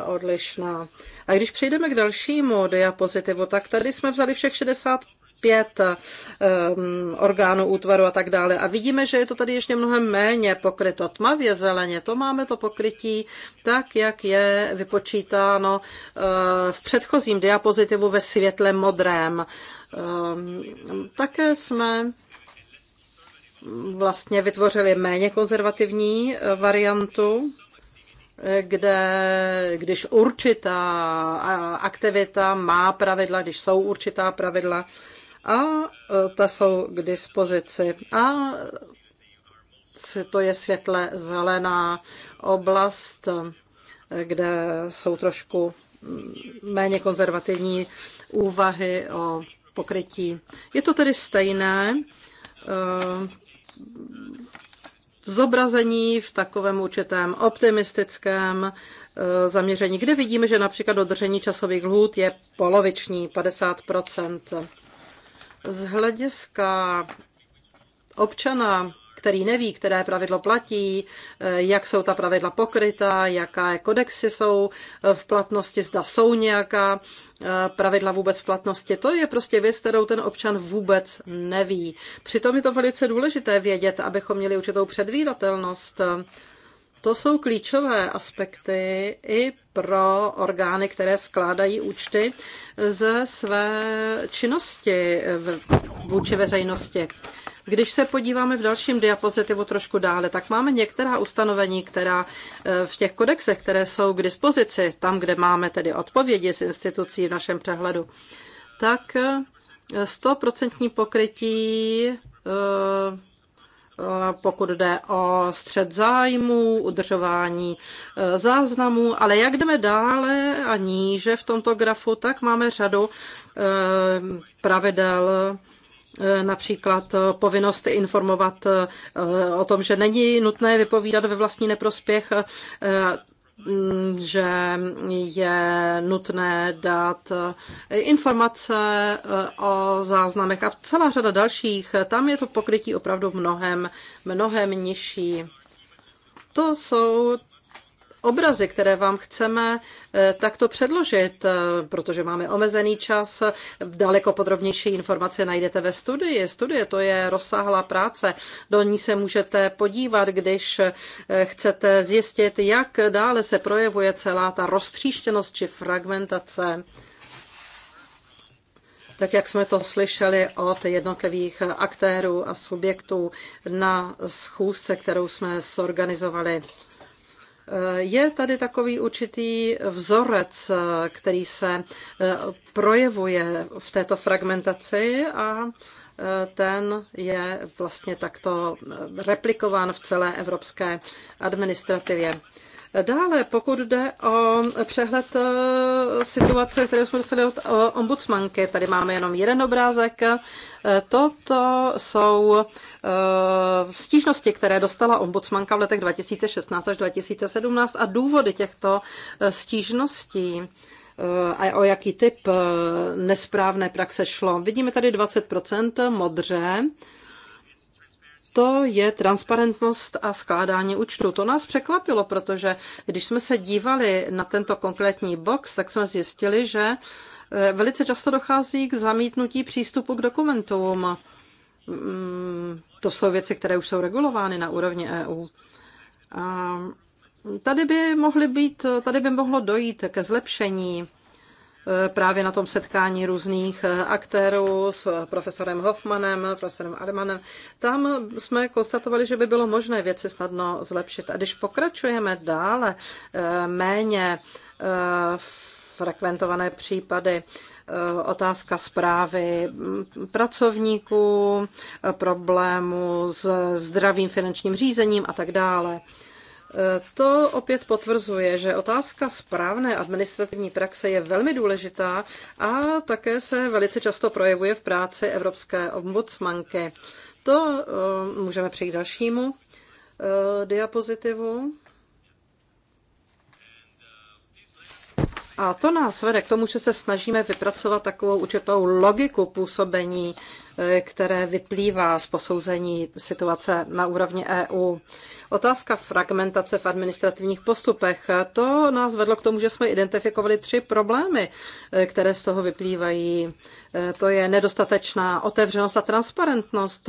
odlišná. A když přejdeme k dalšímu diapozitivu, tak tady jsme vzali všech 65 pět um, orgánů útvaru a tak dále. A vidíme, že je to tady ještě mnohem méně pokryto tmavě zeleně. To máme to pokrytí tak, jak je vypočítáno uh, v předchozím diapozitivu ve světle modrém. Um, také jsme vlastně vytvořili méně konzervativní eh, variantu, kde když určitá aktivita má pravidla, když jsou určitá pravidla, a e, ta jsou k dispozici. A to je světle zelená oblast, kde jsou trošku mm, méně konzervativní úvahy o pokrytí. Je to tedy stejné e, zobrazení v takovém určitém optimistickém e, zaměření, kde vidíme, že například dodržení časových lhůt je poloviční, 50 z hlediska občana, který neví, které pravidlo platí, jak jsou ta pravidla pokryta, je kodexy jsou v platnosti, zda jsou nějaká eh, pravidla vůbec v platnosti. To je prostě věc, kterou ten občan vůbec neví. Přitom je to velice důležité vědět, abychom měli určitou předvídatelnost. To jsou klíčové aspekty i pro orgány, které skládají účty ze své činnosti vůči veřejnosti. Když se podíváme v dalším diapozitivu trošku dále, tak máme některá ustanovení, která e, v těch kodexech, které jsou k dispozici, tam, kde máme tedy odpovědi z institucí v našem přehledu, tak 100% e, pokrytí e, pokud jde o střed zájmů, udržování e, záznamů, ale jak jdeme dále a níže v tomto grafu, tak máme řadu e, pravidel, e, například povinnost informovat o tom, že není nutné vypovídat ve vlastní neprospěch. Mm, že je nutné dát eh, informace eh, o záznamech a celá řada dalších. Tam je to pokrytí opravdu mnohem, mnohem nižší. To jsou obrazy, které vám chceme eh, takto předložit, eh, protože máme omezený čas. Daleko podrobnější informace najdete ve studii. Studie to je rozsáhlá práce. Do ní se můžete podívat, když eh, chcete zjistit, jak dále se projevuje celá ta roztříštěnost či fragmentace tak jak jsme to slyšeli od jednotlivých aktérů a subjektů na schůzce, kterou jsme sorganizovali. Eh, je tady takový určitý vzorec, eh, který se eh, projevuje v této fragmentaci a ten je vlastně takto replikován v celé evropské administrativě. Dále, pokud jde o přehled eh, situace, které jsme dostali od eh, ombudsmanky, tady máme jenom jeden obrázek. Eh, toto jsou stížnosti, které dostala ombudsmanka v letech 2016 až 2017 a důvody těchto stížností a o jaký typ nesprávné praxe šlo. Vidíme tady 20% modře, to je transparentnost a skládání účtu. To nás překvapilo, protože když jsme se dívali na tento konkrétní box, tak jsme zjistili, že eh, velice často dochází k zamítnutí přístupu k dokumentům. Mm, to jsou věci, které už jsou regulovány na úrovni EU. A tady by, mohly být, tady by mohlo dojít ke zlepšení Eh, právě na tom setkání různých eh, aktérů s eh, profesorem Hoffmanem, profesorem Armanem. Tam jsme konstatovali, že by bylo možné věci snadno zlepšit. A když pokračujeme dále, méně frekventované případy, otázka zprávy mm, pracovníků, problému s zdravým finančním řízením a tak dále. To opět potvrzuje, že otázka správné administrativní praxe je velmi důležitá a také se velice často projevuje v práci Evropské ombudsmanky. To eh, můžeme přejít dalšímu eh, diapozitivu. A to nás vede k tomu, že se snažíme vypracovat takovou určitou logiku působení, eh, které vyplývá z posouzení situace na úrovni EU. Otázka fragmentace v administrativních postupech. Eh, to nás vedlo k tomu, že jsme identifikovali tři problémy, eh, které z toho vyplývají. To je nedostatečná otevřenost a transparentnost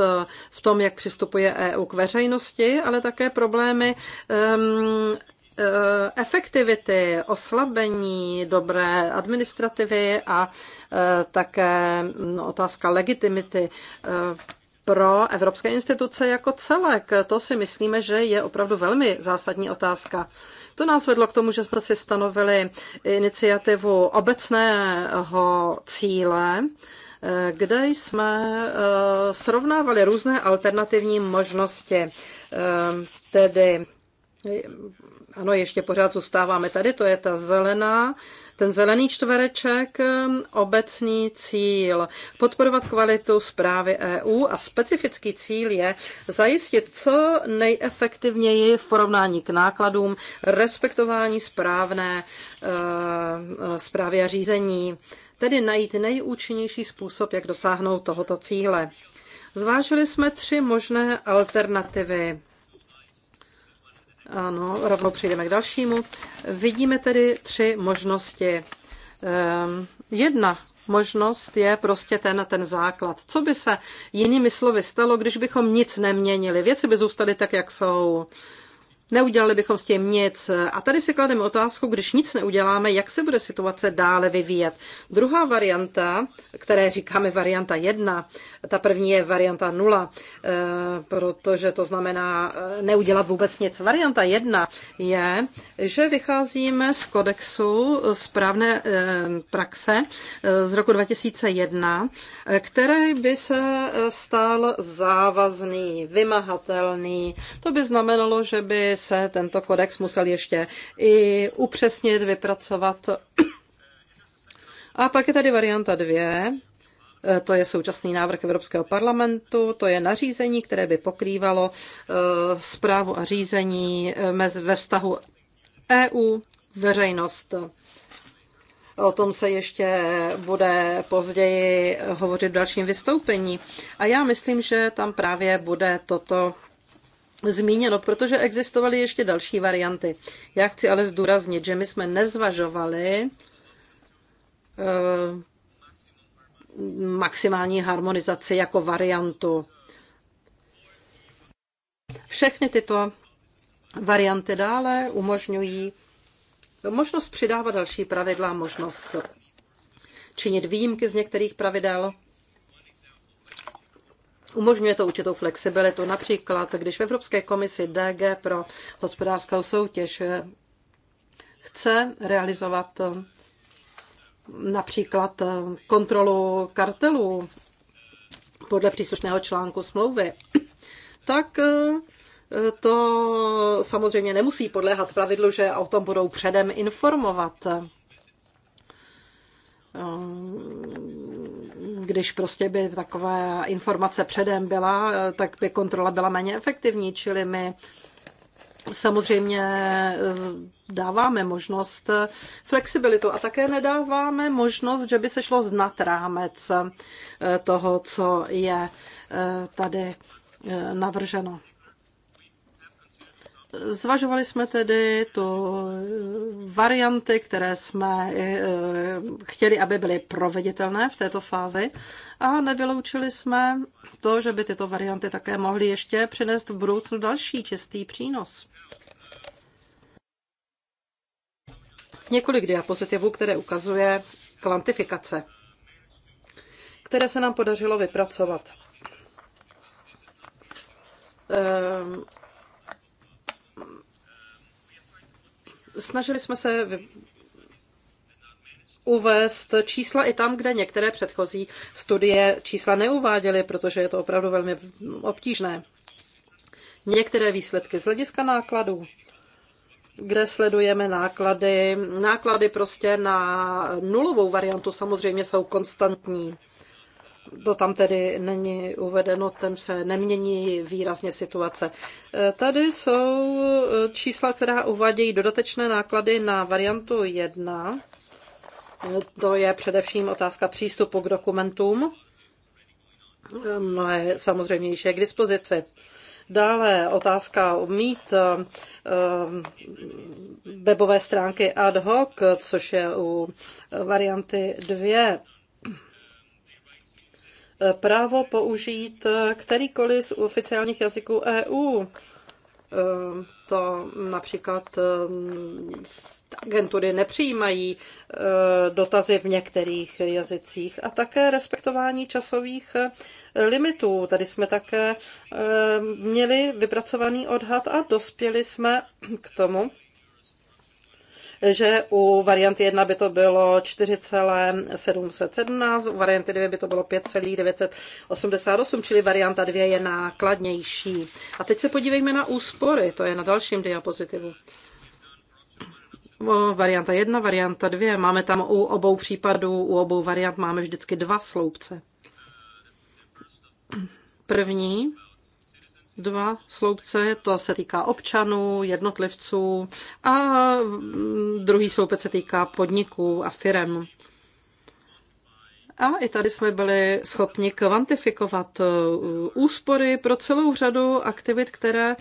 v tom, jak přistupuje EU k veřejnosti, ale také problémy ehm, Eh, efektivity, oslabení dobré administrativy a eh, také no, otázka legitimity eh, pro evropské instituce jako celek. To si myslíme, že je opravdu velmi zásadní otázka. To nás vedlo k tomu, že jsme si stanovili iniciativu obecného cíle, kde jsme srovnávali různé alternativní možnosti, tedy ano, ještě pořád zůstáváme tady, to je ta zelená, ten zelený čtvereček, um, obecný cíl, podporovat kvalitu zprávy EU a specifický cíl je zajistit co nejefektivněji v porovnání k nákladům respektování správné uh, zprávy a řízení, tedy najít nejúčinnější způsob, jak dosáhnout tohoto cíle. Zvážili jsme tři možné alternativy ano, rovnou přejdeme k dalšímu. Vidíme tedy tři možnosti. Ehm, jedna možnost je prostě ten, ten základ. Co by se jinými slovy stalo, když bychom nic neměnili? Věci by zůstaly tak, jak jsou. Neudělali bychom s tím nic. A tady si klademe otázku, když nic neuděláme, jak se bude situace dále vyvíjet. Druhá varianta, které říkáme varianta 1, ta první je varianta 0, eh, protože to znamená eh, neudělat vůbec nic. Varianta 1 je, že vycházíme z kodexu správné eh, praxe z roku 2001, který by se stal závazný, vymahatelný. To by znamenalo, že by komise tento kodex musel ještě i upřesnit, vypracovat. A pak je tady varianta dvě, e, to je současný návrh Evropského parlamentu, to je nařízení, které by pokrývalo e, zprávu a řízení e, ve vztahu EU veřejnost. O tom se ještě bude později hovořit v dalším vystoupení. A já myslím, že tam právě bude toto zmíněno, protože existovaly ještě další varianty. Já chci ale zdůraznit, že my jsme nezvažovali eh, maximální harmonizaci jako variantu. Všechny tyto varianty dále umožňují možnost přidávat další pravidla, možnost činit výjimky z některých pravidel Umožňuje to určitou flexibilitu. Například, když v Evropské komisi DG pro hospodářskou soutěž chce realizovat eh, například eh, kontrolu kartelů podle příslušného článku smlouvy, tak eh, to samozřejmě nemusí podléhat pravidlu, že o tom budou předem informovat když prostě by taková informace předem byla, tak by kontrola byla méně efektivní, čili my samozřejmě dáváme možnost flexibilitu a také nedáváme možnost, že by se šlo znat rámec eh, toho, co je eh, tady eh, navrženo. Zvažovali jsme tedy to eh, varianty, které jsme eh, chtěli, aby byly proveditelné v této fázi a nevyloučili jsme to, že by tyto varianty také mohly ještě přinést v budoucnu další čistý přínos. Několik diapozitivů, které ukazuje kvantifikace, které se nám podařilo vypracovat ehm, Snažili jsme se uvést čísla i tam, kde některé předchozí studie čísla neuváděly, protože je to opravdu velmi obtížné. Některé výsledky z hlediska nákladů, kde sledujeme náklady. Náklady prostě na nulovou variantu samozřejmě jsou konstantní to tam tedy není uvedeno, tam se nemění výrazně situace. E, tady jsou e, čísla, která uvádějí dodatečné náklady na variantu 1. E, to je především otázka přístupu k dokumentům. No, je samozřejmě již je k dispozici. Dále otázka mít webové stránky ad hoc, což je u varianty 2 právo použít kterýkoliv z oficiálních jazyků EU. Ehm, to například ehm, agentury nepřijímají ehm, dotazy v některých jazycích a také respektování časových limitů. Tady jsme také měli vypracovaný odhad a dospěli jsme k tomu, že u varianty 1 by to bylo 4,717, u varianty 2 by to bylo 5,988, čili varianta 2 je nákladnější. A teď se podívejme na úspory, to je na dalším diapozitivu. Varianta 1, varianta 2. Máme tam u obou případů, u obou variant máme vždycky dva sloupce. První dva sloupce, to se týká občanů, jednotlivců a druhý sloupec se týká podniků a firem. A i tady jsme byli schopni kvantifikovat uh, úspory pro celou řadu aktivit, které uh,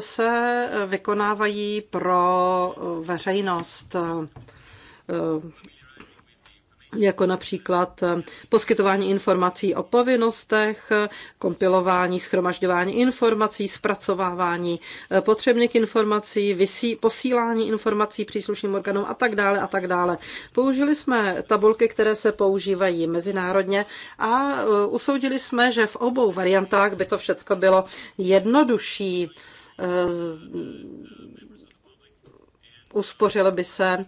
se vykonávají pro uh, veřejnost jako například eh, poskytování informací o povinnostech, kompilování, schromažďování informací, zpracovávání eh, potřebných informací, vysí, posílání informací příslušným orgánům a tak dále a tak dále. Použili jsme tabulky, které se používají mezinárodně a eh, usoudili jsme, že v obou variantách by to všechno bylo jednodušší. Uspořilo by se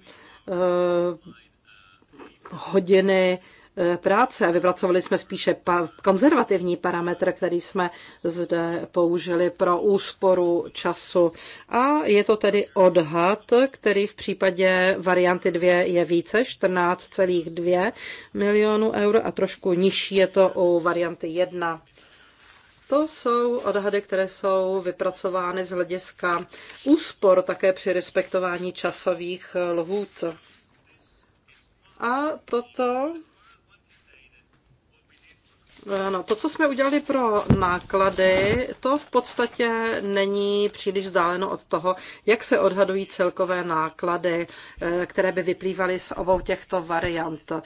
hodiny eh, práce. Vypracovali jsme spíše konzervativní parametr, který jsme zde použili pro úsporu času. A je to tedy odhad, který v případě varianty 2 je více, 14,2 milionů eur a trošku nižší je to u varianty 1. To jsou odhady, které jsou vypracovány z hlediska úspor také při respektování časových lhůt. A toto No, to, co jsme udělali pro náklady, to v podstatě není příliš vzdáleno od toho, jak se odhadují celkové náklady, eh, které by vyplývaly z obou těchto variant. Eh,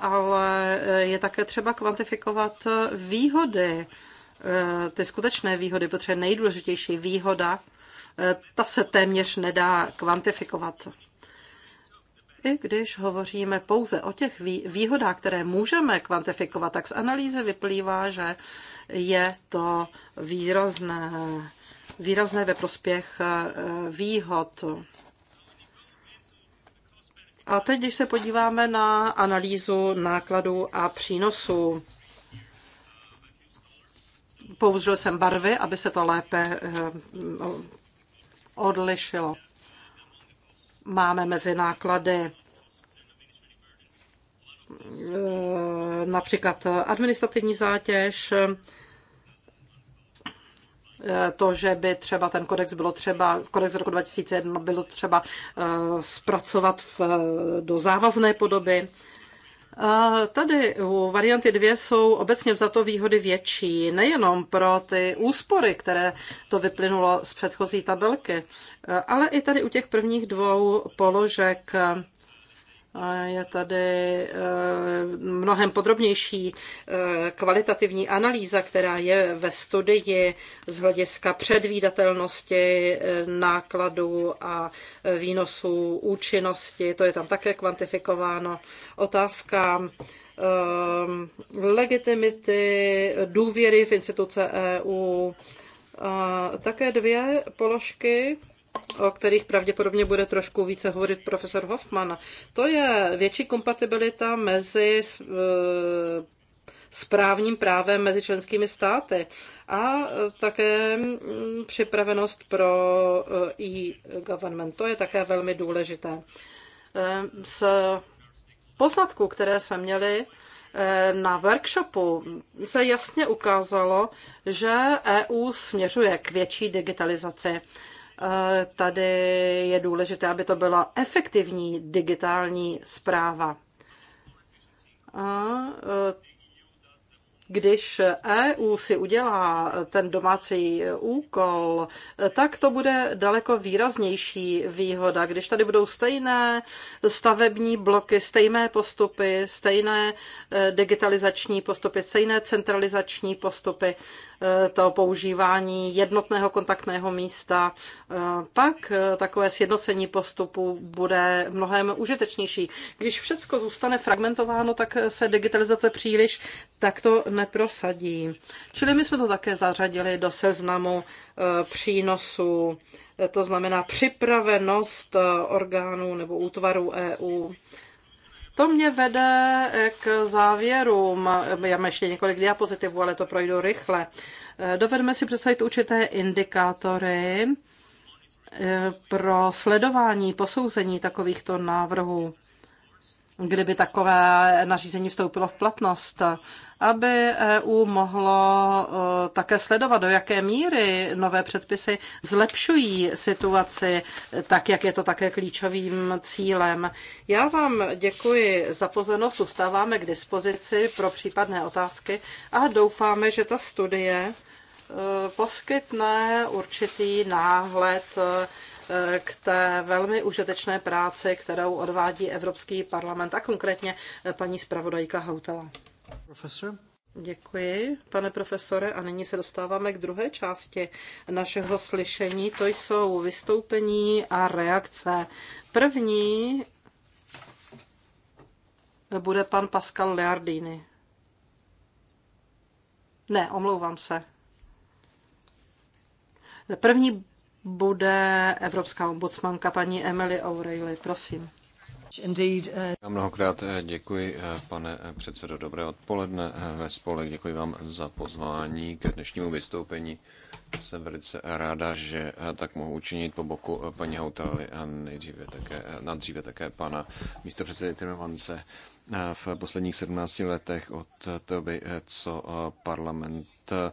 ale je také třeba kvantifikovat výhody, ty skutečné výhody, protože nejdůležitější výhoda, ta se téměř nedá kvantifikovat. I když hovoříme pouze o těch výhodách, které můžeme kvantifikovat, tak z analýzy vyplývá, že je to výrazné, výrazné ve prospěch eh, výhod. A teď, když se podíváme na analýzu nákladů a přínosů, použil jsem barvy, aby se to lépe eh, odlišilo máme mezi náklady e, například administrativní zátěž, e, to, že by třeba ten kodex bylo třeba, kodex roku 2001 bylo třeba e, zpracovat v, do závazné podoby tady u varianty dvě jsou obecně vzato výhody větší, nejenom pro ty úspory, které to vyplynulo z předchozí tabelky, ale i tady u těch prvních dvou položek je tady eh, mnohem podrobnější eh, kvalitativní analýza, která je ve studii z hlediska předvídatelnosti eh, nákladů a výnosů účinnosti. To je tam také kvantifikováno. Otázka legitimity, důvěry v instituce EU. Také dvě položky o kterých pravděpodobně bude trošku více hovořit profesor Hoffman. To je větší kompatibilita mezi eh, správním právem mezi členskými státy a eh, také mm, připravenost pro eh, e-government. To je také velmi důležité. Z poznatků, které se měly na workshopu, se jasně ukázalo, že EU směřuje k větší digitalizaci. Eh, tady je důležité, aby to byla efektivní digitální zpráva. A eh, když EU si udělá ten domácí úkol, eh, tak to bude daleko výraznější výhoda. Když tady budou stejné stavební bloky, stejné postupy, stejné digitalizační postupy, stejné centralizační postupy, Eh, to používání jednotného kontaktného místa, eh, pak eh, takové sjednocení postupu bude mnohem užitečnější. Když všechno zůstane fragmentováno, tak se digitalizace příliš takto neprosadí. Čili my jsme to také zařadili do seznamu přínosů, to znamená připravenost orgánů nebo útvarů EU to mě vede eh, k závěrům. Já mám ještě několik diapozitivů, ale to projdu rychle. Eh, dovedeme si představit určité indikátory eh, pro sledování, posouzení takovýchto návrhů kdyby takové nařízení vstoupilo v platnost aby EU mohlo e, také sledovat, do jaké míry nové předpisy zlepšují situaci, tak jak je to také klíčovým cílem. Já vám děkuji za pozornost, zůstáváme k dispozici pro případné otázky a doufáme, že ta studie e, poskytne určitý náhled e, k té velmi užitečné práci, kterou odvádí Evropský parlament a konkrétně paní zpravodajka Hautala. Děkuji, pane profesore. A nyní se dostáváme k druhé části našeho slyšení. To jsou vystoupení a reakce. První bude pan Pascal Leardini. Ne, omlouvám se. První bude evropská ombudsmanka paní Emily O'Reilly. Prosím. Uh,
Já mnohokrát eh, děkuji, eh, pane eh, předsedo. Dobré odpoledne ve spolek. Děkuji vám za pozvání k dnešnímu vystoupení. Jsem velice ráda, že tak mohu učinit po boku paní Hautali a nejdříve také, nadříve také pana místopředsedy Timmermanse. V posledních 17 letech od toby, co parlament Eh,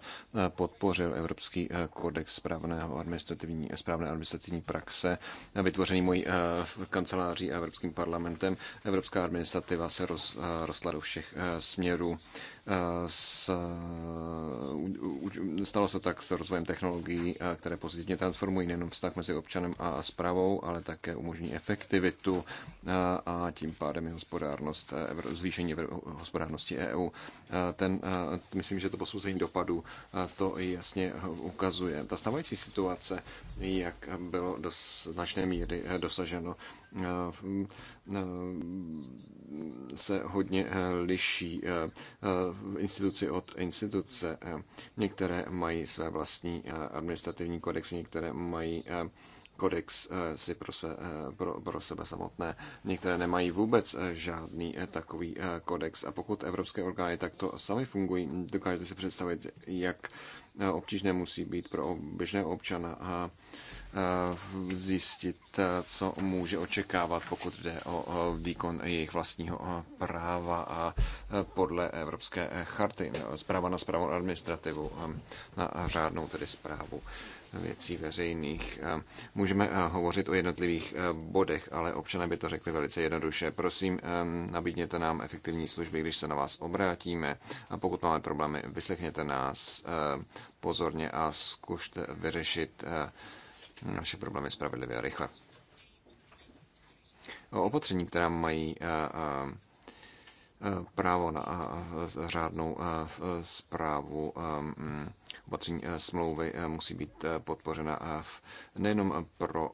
podpořil Evropský eh, kodex správného administrativní, správné administrativní praxe, vytvořený mojí eh, kanceláří a Evropským parlamentem. Evropská administrativa se roz, rostla do všech směrů. S, stalo se tak s rozvojem technologií, které pozitivně transformují nejenom vztah mezi občanem a zprávou, ale také umožní efektivitu a tím pádem i hospodárnost, zvýšení hospodárnosti EU. Ten, myslím, že to posouzení dopadu případů to jasně ukazuje. Ta stávající situace, jak bylo do značné míry eh, dosaženo, eh, eh, se hodně liší instituci od instituce. Některé mají své vlastní administrativní kodexy, některé mají kodex eh, si pro, své, eh, pro, pro sebe samotné. Některé nemají vůbec eh, žádný takový kodex a pokud evropské orgány takto sami fungují, dokážete si představit, jak obtížné musí být pro běžného občana a zjistit, co může očekávat, pokud jde o výkon jejich vlastního práva a podle Evropské charty. Zpráva na správnou administrativu, na řádnou tedy zprávu věcí veřejných. Můžeme hovořit o jednotlivých bodech, ale občané by to řekli velice jednoduše. Prosím, nabídněte nám efektivní služby, když se na vás obrátíme a pokud máme problémy, vyslechněte nás pozorně a zkušte vyřešit naše problémy spravedlivě a rychle. Opatření, která mají Eh, právo na eh, eh, řádnou zprávu mm, opatření smlouvy musí být podpořena nejenom pro,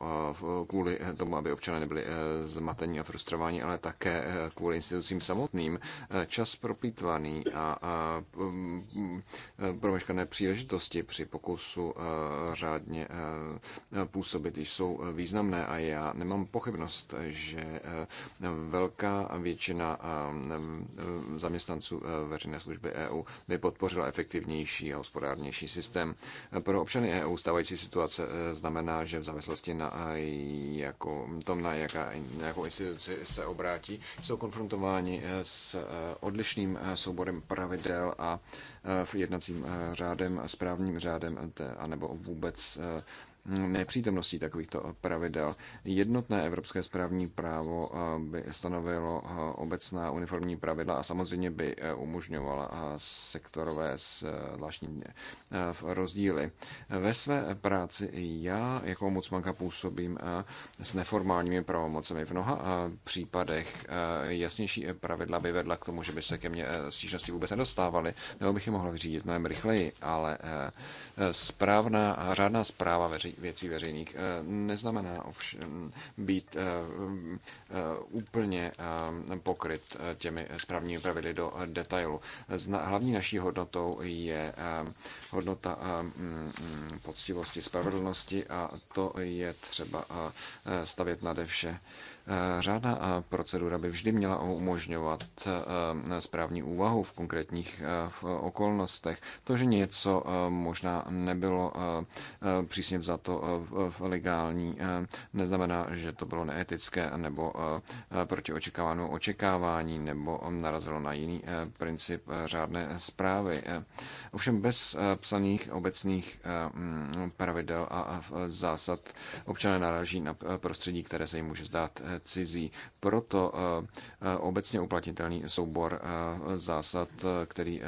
kvůli tomu, aby občané nebyli zmatení a frustrováni, ale také kvůli institucím samotným. Čas proplýtvaný a mm, promeškané příležitosti při pokusu řádně působit jsou významné a já nemám pochybnost, že velká většina Eh, zaměstnanců eh, veřejné služby EU by podpořila efektivnější a hospodárnější systém. Pro občany EU stávající situace eh, znamená, že v závislosti na jako, tom, na, jaká, na jakou instituci se obrátí, jsou konfrontováni s odlišným souborem pravidel a jednacím řádem, správním řádem anebo vůbec nepřítomností takovýchto pravidel. Jednotné evropské správní právo eh, by stanovilo eh, obecná uniformní pravidla a samozřejmě by eh, umožňovala sektorové zvláštní rozdíly. Ve své práci já jako ombudsmanka působím s neformálními pravomocemi. V mnoha případech jasnější pravidla by vedla k tomu, že by se ke mně stížnosti vůbec nedostávaly, nebo bych je mohla vyřídit mnohem rychleji, ale správná, řádná zpráva veřejná věcí veřejných eh, neznamená ovšem být eh, eh, úplně pokryt těmi správnými pravidly do detailu. Hlavní naší hodnotou je hodnota mm, mm, poctivosti, spravedlnosti a to je třeba stavět nade vše. Eh, řádná eh, procedura by vždy měla umožňovat eh, správní úvahu v konkrétních okolnostech. To, že něco možná nebylo přísně vzato v legální, neznamená, že to bylo neetické nebo proti očekávanou očekávání nebo narazilo na jiný princip řádné zprávy. Ovšem bez psaných obecných mm, pravidel a zásad občané naraží na prostředí, které se jim může zdát cizí. Proto eh, eh, obecně uplatnitelný soubor eh, zásad, který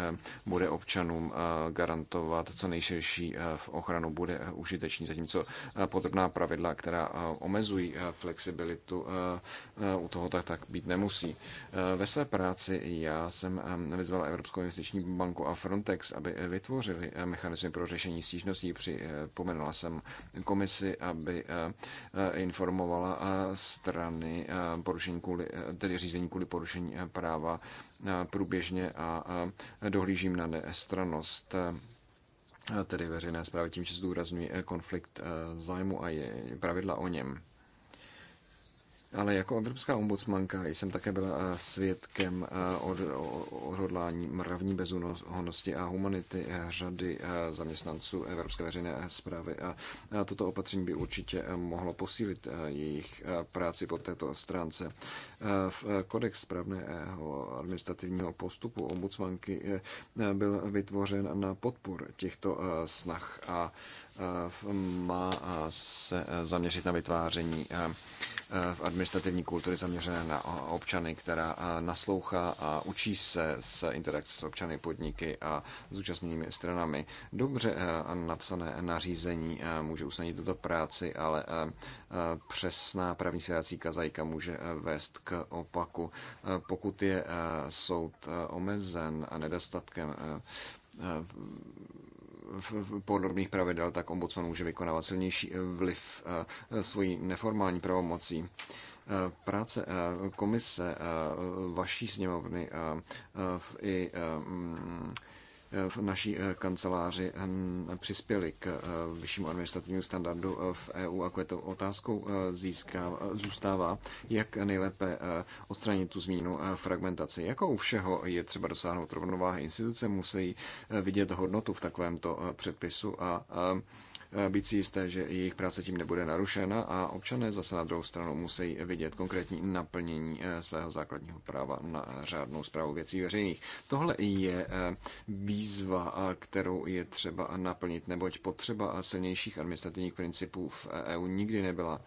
bude občanům garantovat co nejširší v ochranu, bude užitečný, zatímco podrobná pravidla, která omezují flexibilitu u toho tak, tak být nemusí. Ve své práci já jsem vyzval Evropskou investiční banku a Frontex, aby vytvořili mechanizmy pro řešení stížností. Připomenula jsem komisi, aby informovala stran strany eh, porušení kvůli, eh, tedy řízení kvůli porušení eh, práva průběžně a dohlížím na nestranost tedy veřejné zprávy, tím, že zdůrazňuji konflikt zájmu a je pravidla o něm. Ale jako evropská ombudsmanka jsem také byla eh, svědkem eh, odhodlání mravní bezúhonosti a humanity eh, řady zaměstnanců Evropské veřejné zprávy. A toto opatření by určitě mohlo posílit jejich práci po této stránce. V kodex správného administrativního postupu ombudsmanky byl vytvořen na podpor těchto snah a má se e, zaměřit na vytváření e, e, v administrativní kultury zaměřené na občany, která naslouchá a učí se s interakce s občany, podniky a zúčastněnými stranami. Dobře napsané nařízení může usnadnit tuto práci, ale přesná právní svědací kazajka může vést k opaku. Pokud je soud omezen a nedostatkem podobných pravidel, tak ombudsman může vykonávat silnější eh, vliv eh, svojí neformální pravomocí. Eh, práce komise vaší sněmovny i mm, v naší eh, kanceláři eh, přispěli k eh, vyššímu administrativnímu standardu v EU a jako to otázkou získá, zůstává, jak nejlépe odstranit tu zmínu fragmentaci. Jako u všeho je třeba dosáhnout rovnováhy. Instituce musí vidět hodnotu v takovémto předpisu a být si jisté, že jejich práce tím nebude narušena a občané zase na druhou stranu musí vidět konkrétní naplnění eh, svého základního práva na řádnou zprávu věcí veřejných. Tohle je eh, výzva, eh, kterou je třeba naplnit, neboť potřeba silnějších administrativních principů v EU e nikdy nebyla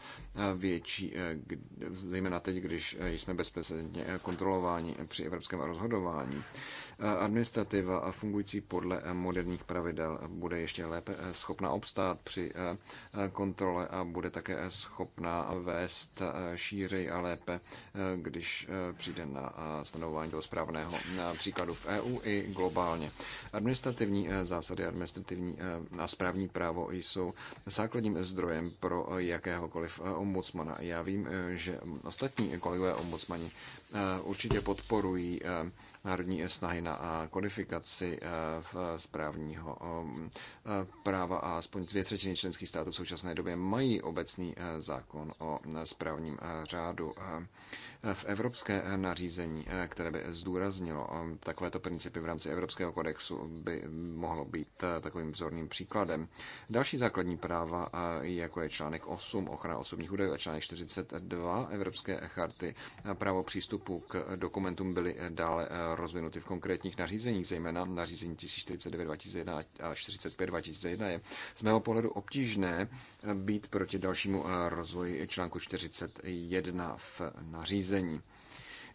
větší, zejména teď, když jsme bezprecedentně kontrolováni při evropském rozhodování administrativa a fungující podle eh, moderních pravidel eh, bude ještě lépe eh, schopna obstát při kontrole a bude také schopna vést šířej a lépe, když přijde na stanovování toho správného příkladu v EU i globálně. Administrativní zásady, administrativní a správní právo jsou základním zdrojem pro jakéhokoliv ombudsmana. Já vím, že ostatní kolegové ombudsmani určitě podporují národní snahy na eh, kodifikaci eh, v eh, správního práva a aspoň dvě třetiny členských států v současné době mají obecný zákon o správním řádu. V evropské nařízení, které by zdůraznilo takovéto principy v rámci Evropského kodexu, by mohlo být takovým vzorným příkladem. Další základní práva, jako je článek 8 ochrana osobních údajů a článek 42 Evropské charty, právo přístupu k dokumentům byly dále rozvinuty v konkrétních nařízeních, zejména nařízení 1049-2001 a 45-2001, je z mého pohledu obtížné eh, být proti dalšímu eh, rozvoji článku 41 v nařízení.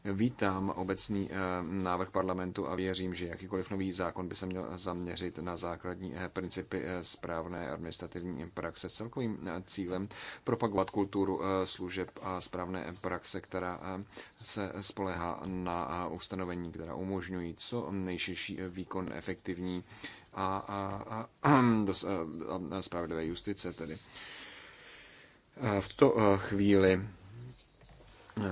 Vítám obecný eh, návrh parlamentu a věřím, že jakýkoliv nový zákon by se měl zaměřit na základní eh, principy eh, správné administrativní praxe s celkovým cílem propagovat kulturu služeb a správné praxe, která se spolehá na ustanovení, která umožňují co nejširší výkon efektivní a, a, a, a, a spravedlivé justice tedy. V tuto chvíli Eh,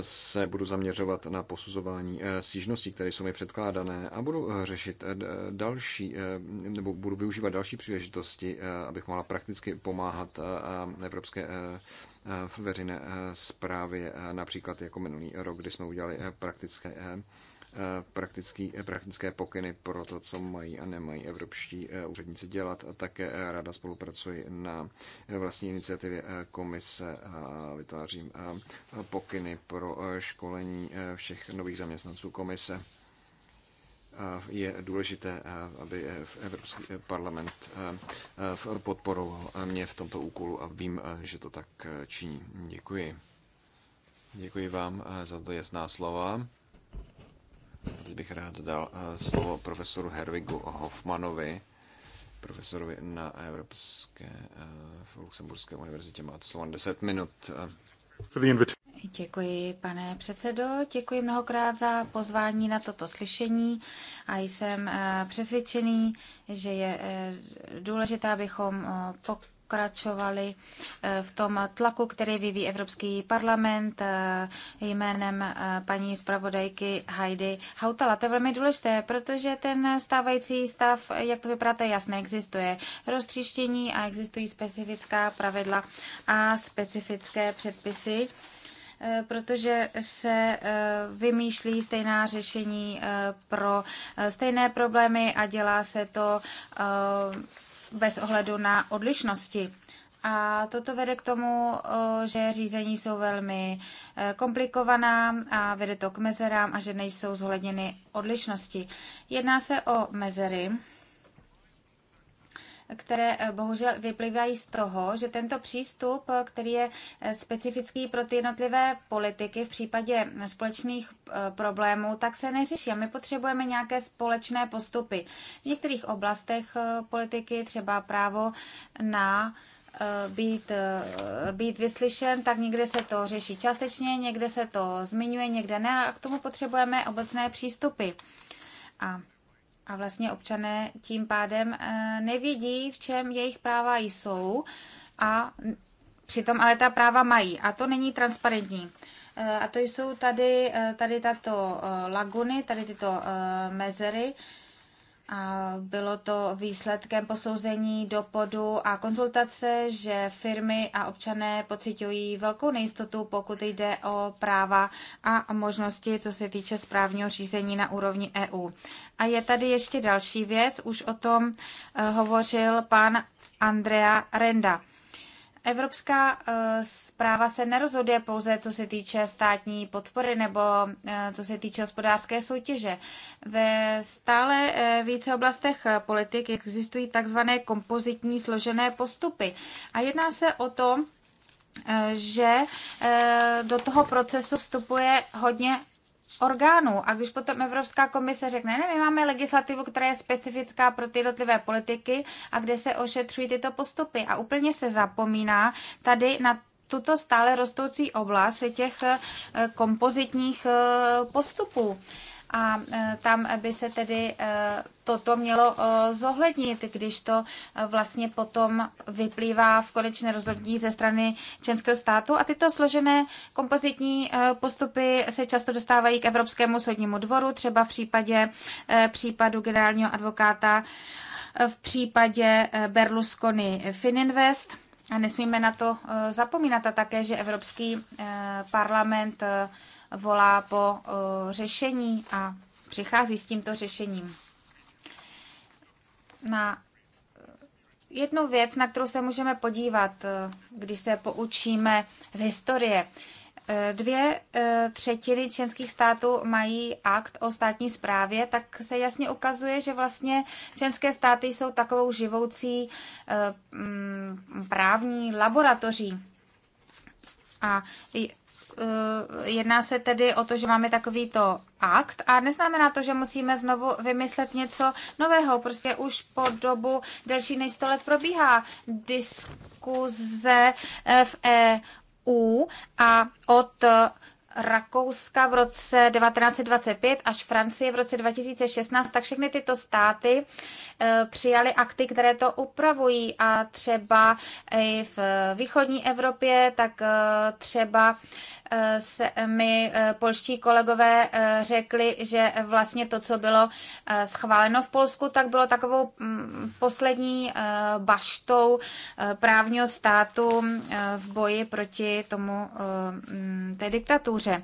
se budu zaměřovat na posuzování eh, stížností, které jsou mi předkládané a budu eh, řešit další, nebo budu využívat další příležitosti, abych mohla prakticky pomáhat Evropské veřejné zprávě, například jako minulý rok, kdy jsme udělali praktické Eh, praktický, eh, praktické pokyny pro to, co mají a nemají evropští eh, úředníci dělat. Také ráda spolupracuji na vlastní iniciativě komise a vytvářím pokyny pro školení všech nových zaměstnanců komise je důležité, aby Evropský parlament podporoval mě v tomto úkolu a vím, že to tak činí. Děkuji. Děkuji vám za to jasná slova. Teď bych rád dal eh, slovo profesoru Hervigu Hoffmanovi, profesorovi na Evropské eh, v Luxemburské univerzitě. Máte slovo 10 minut.
Děkuji, pane předsedo. Děkuji mnohokrát za pozvání na toto slyšení a jsem eh, přesvědčený, že je důležité, abychom pokračovali eh, v tom tlaku, který vyvíjí Evropský parlament eh, jménem eh, paní zpravodajky Heidi Hautala. To je velmi důležité, protože ten stávající stav, jak to vypadá, to je jasné, existuje roztříštění a existují specifická pravidla a specifické předpisy protože se vymýšlí stejná řešení pro stejné problémy a dělá se to bez ohledu na odlišnosti. A toto vede k tomu, že řízení jsou velmi e, komplikovaná a vede to k mezerám a že nejsou zohledněny odlišnosti. Jedná se o mezery, které eh, bohužel vyplývají z toho, že tento přístup, eh, který je eh, specifický pro ty jednotlivé politiky v případě společných problémů, tak se neřeší. A my potřebujeme nějaké společné postupy. V některých oblastech politiky, třeba právo na být, být vyslyšen, tak někde se to řeší částečně, někde se to zmiňuje, někde ne a k tomu potřebujeme obecné přístupy. A a vlastně občané tím pádem eh, nevidí, v čem jejich práva jsou a přitom ale ta práva mají. A to není transparentní. Eh, a to jsou tady, eh, tady tato laguny, tady tyto mezery, a bylo to výsledkem posouzení dopadu a konzultace, že firmy a občané pocitují velkou nejistotu, pokud jde o práva a možnosti, co se týče správního řízení na úrovni EU. A je tady ještě další věc, už o tom eh, hovořil pan Andrea Renda. Evropská eh, zpráva se nerozhoduje pouze, co se týče státní podpory nebo eh, co se týče hospodářské soutěže. Ve stále eh, více oblastech politik existují takzvané kompozitní složené postupy. A jedná se o to, že do toho procesu vstupuje hodně orgánů. A když potom Evropská komise řekne, ne, my máme legislativu, která je specifická pro ty jednotlivé politiky a kde se ošetřují tyto postupy. A úplně se zapomíná tady na tuto stále rostoucí oblast těch eh, kompozitních eh, postupů a e, tam by se tedy e, toto mělo e, zohlednit, když to vlastně potom vyplývá v konečné rozhodnutí ze strany členského státu. A tyto složené kompozitní postupy se často dostávají k Evropskému soudnímu dvoru, třeba v případě případu generálního advokáta v případě Berlusconi Fininvest. A nesmíme na to zapomínat a také, že Evropský parlament volá po řešení a přichází s tímto řešením. Na jednu věc, na kterou se můžeme podívat, když se poučíme z historie. E, dvě e, třetiny členských států mají akt o státní správě, tak se jasně ukazuje, že vlastně členské státy jsou takovou živoucí e, právní laboratoří. A Eh, jedná se tedy o to, že máme takovýto akt a neznamená to, že musíme znovu vymyslet něco nového. Prostě už po dobu delší než 100 let probíhá diskuze eh, v EU a od eh, Rakouska v roce 1925 až Francie v roce 2016, tak všechny tyto státy přijaly akty, které to upravují a třeba i v východní Evropě, tak třeba se mi eh, polští kolegové eh, řekli, že vlastně to, co bylo eh, schváleno v Polsku, tak bylo takovou mm, poslední baštou právního státu v boji proti tomu mm, té diktatuře.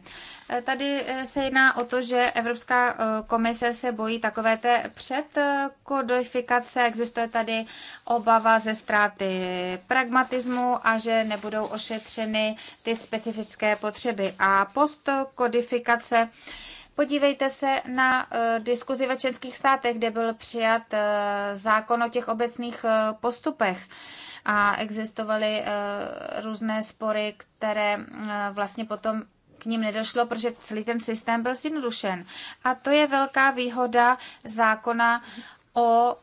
Eh, tady eh, se jedná o to, že Evropská eh, komise se bojí takové té předkodifikace. Existuje tady obava ze ztráty pragmatismu a že nebudou ošetřeny ty specifické potřeby. A postkodifikace Podívejte se na diskuzi ve českých státech, kde byl přijat zákon o těch obecných postupech a existovaly různé spory, které vlastně potom k ním nedošlo, protože celý ten systém byl zjednodušen. A to je velká výhoda zákona o, o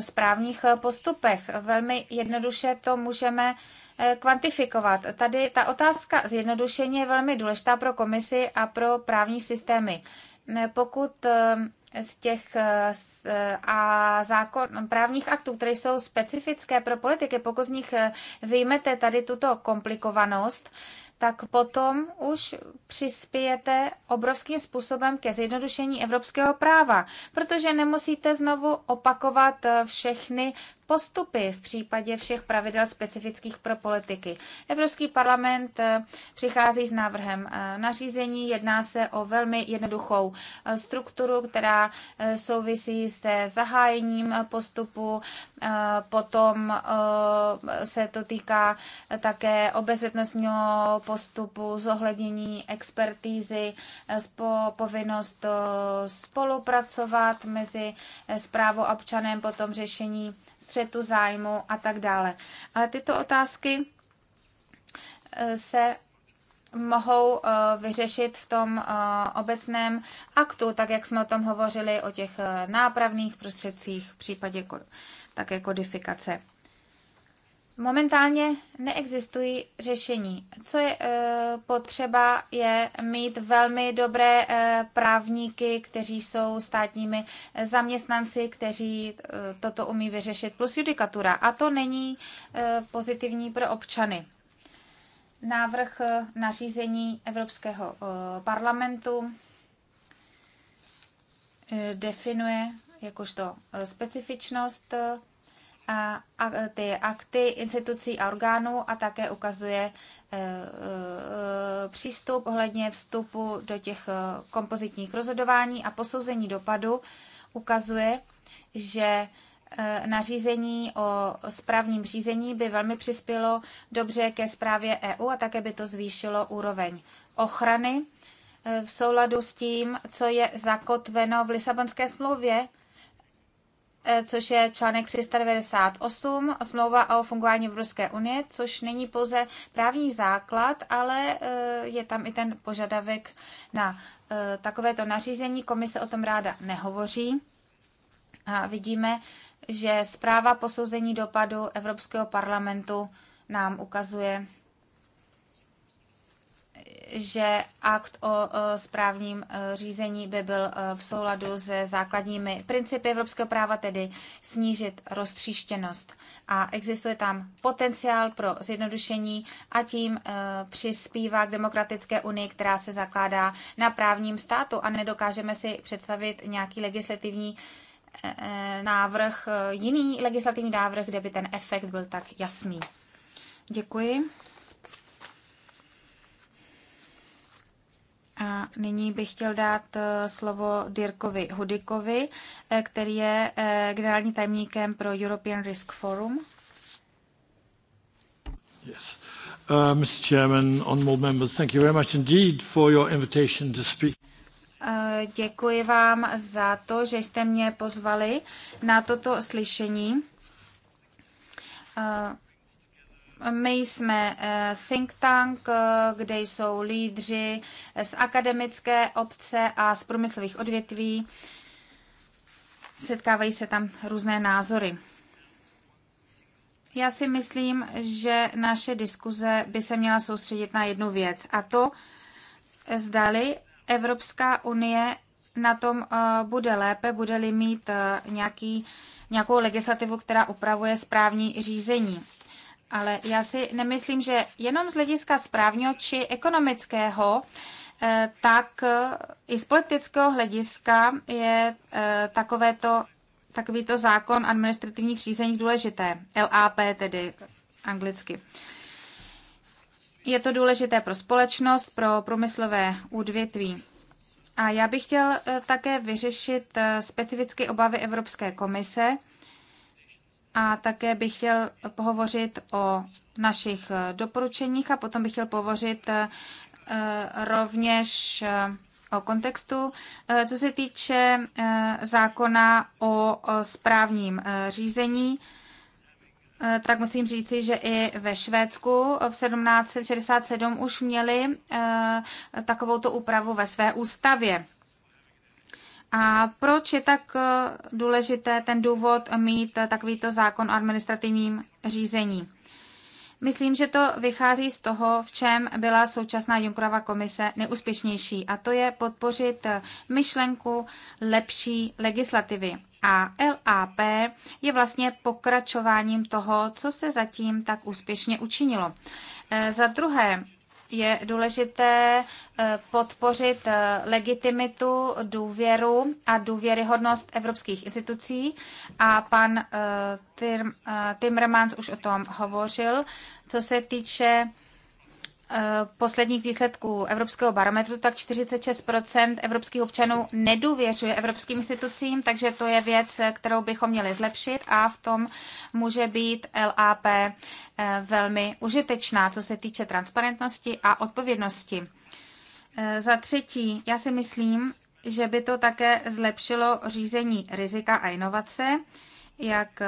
správních postupech. Velmi jednoduše to můžeme e, kvantifikovat. Tady ta otázka zjednodušení je velmi důležitá pro komisi a pro právní systémy. E, pokud e, z těch a zákon, právních aktů, které jsou specifické pro politiky, pokud z nich vyjmete tady tuto komplikovanost, tak potom už přispějete obrovským způsobem ke zjednodušení evropského práva, protože nemusíte znovu opakovat eh, všechny postupy v případě všech pravidel specifických pro politiky. Evropský parlament eh, přichází s návrhem eh, nařízení. Jedná se o velmi jednoduchou eh, strukturu, která souvisí se zahájením postupu. Potom se to týká také obezřetnostního postupu, zohlednění expertízy, povinnost spolupracovat mezi zprávou a občanem, potom řešení střetu zájmu a tak dále. Ale tyto otázky eh, se mohou eh, vyřešit v tom eh, obecném aktu, tak jak jsme o tom hovořili, o těch nápravných prostředcích v případě také kodifikace. Momentálně neexistují řešení. Co je e, potřeba, je mít velmi dobré e, právníky, kteří jsou státními zaměstnanci, kteří e, toto umí vyřešit, plus judikatura. A to není pozitivní pro občany. Návrh nařízení Evropského parlamentu definuje jakožto specifičnost a, ty akty institucí a orgánů a také ukazuje eh, eh, přístup ohledně vstupu do těch eh, kompozitních rozhodování a posouzení dopadu ukazuje, že nařízení o správním řízení by velmi přispělo dobře ke zprávě EU a také by to zvýšilo úroveň ochrany v souladu s tím, co je zakotveno v Lisabonské smlouvě E, což je článek 398, smlouva o fungování Evropské unie, což není pouze právní základ, ale e, je tam i ten požadavek na e, takovéto nařízení. Komise o tom ráda nehovoří. A vidíme, že zpráva posouzení dopadu Evropského parlamentu nám ukazuje, že akt o správním e, řízení by byl e, v souladu se základními principy evropského práva, tedy snížit roztříštěnost. A existuje tam potenciál pro zjednodušení a tím e, přispívá k demokratické unii, která se zakládá na právním státu a nedokážeme si představit nějaký legislativní návrh, jiný legislativní návrh, kde by ten efekt byl tak jasný. Děkuji. A nyní bych chtěl dát eh, slovo Dirkovi Hudikovi, eh, který je eh, generální tajemníkem pro European Risk Forum. Yes.
Uh, Mr. Chairman, honorable members, thank you very much indeed for your invitation to speak.
děkuji vám za to, že jste mě pozvali na toto slyšení. Uh, my jsme eh, think tank, eh, kde jsou lídři z akademické obce a z průmyslových odvětví. Setkávají se tam různé názory. Já si myslím, že naše diskuze by se měla soustředit na jednu věc, a to zdali Evropská unie na tom eh, bude lépe, bude-li mít nějaký, nějakou legislativu, která upravuje správní řízení. Ale já si nemyslím, že jenom z hlediska správního či ekonomického, eh, tak eh, i z politického hlediska je eh, takovéto, takovýto zákon administrativních řízení důležité. LAP tedy anglicky. Je to důležité pro společnost, pro průmyslové údvětví. A já bych chtěl také vyřešit specificky obavy Evropské komise, a také bych chtěl pohovořit o našich eh, doporučeních a potom bych chtěl pohovořit eh, eh, rovněž o kontextu. Co se týče zákona o správním řízení, tak musím říci, že i ve Švédsku v 1767 už měli takovouto úpravu ve své ústavě. A proč je tak eh, důležité ten důvod mít eh, takovýto zákon o administrativním řízení? Myslím, že to vychází z toho, v čem byla současná Junkrova komise neúspěšnější, a to je podpořit eh, myšlenku lepší legislativy. A LAP je vlastně pokračováním toho, co se zatím tak úspěšně učinilo. Za druhé, je důležité eh, podpořit eh, legitimitu, důvěru a důvěryhodnost evropských institucí a pan eh, Timmermans už o tom hovořil. Co se týče Eh, posledních výsledků Evropského barometru, tak 46 evropských občanů nedůvěřuje evropským institucím, takže to je věc, eh, kterou bychom měli zlepšit a v tom může být LAP eh, velmi užitečná, co se týče transparentnosti a odpovědnosti. Za třetí, já si myslím, že by to také zlepšilo řízení rizika a inovace. Jak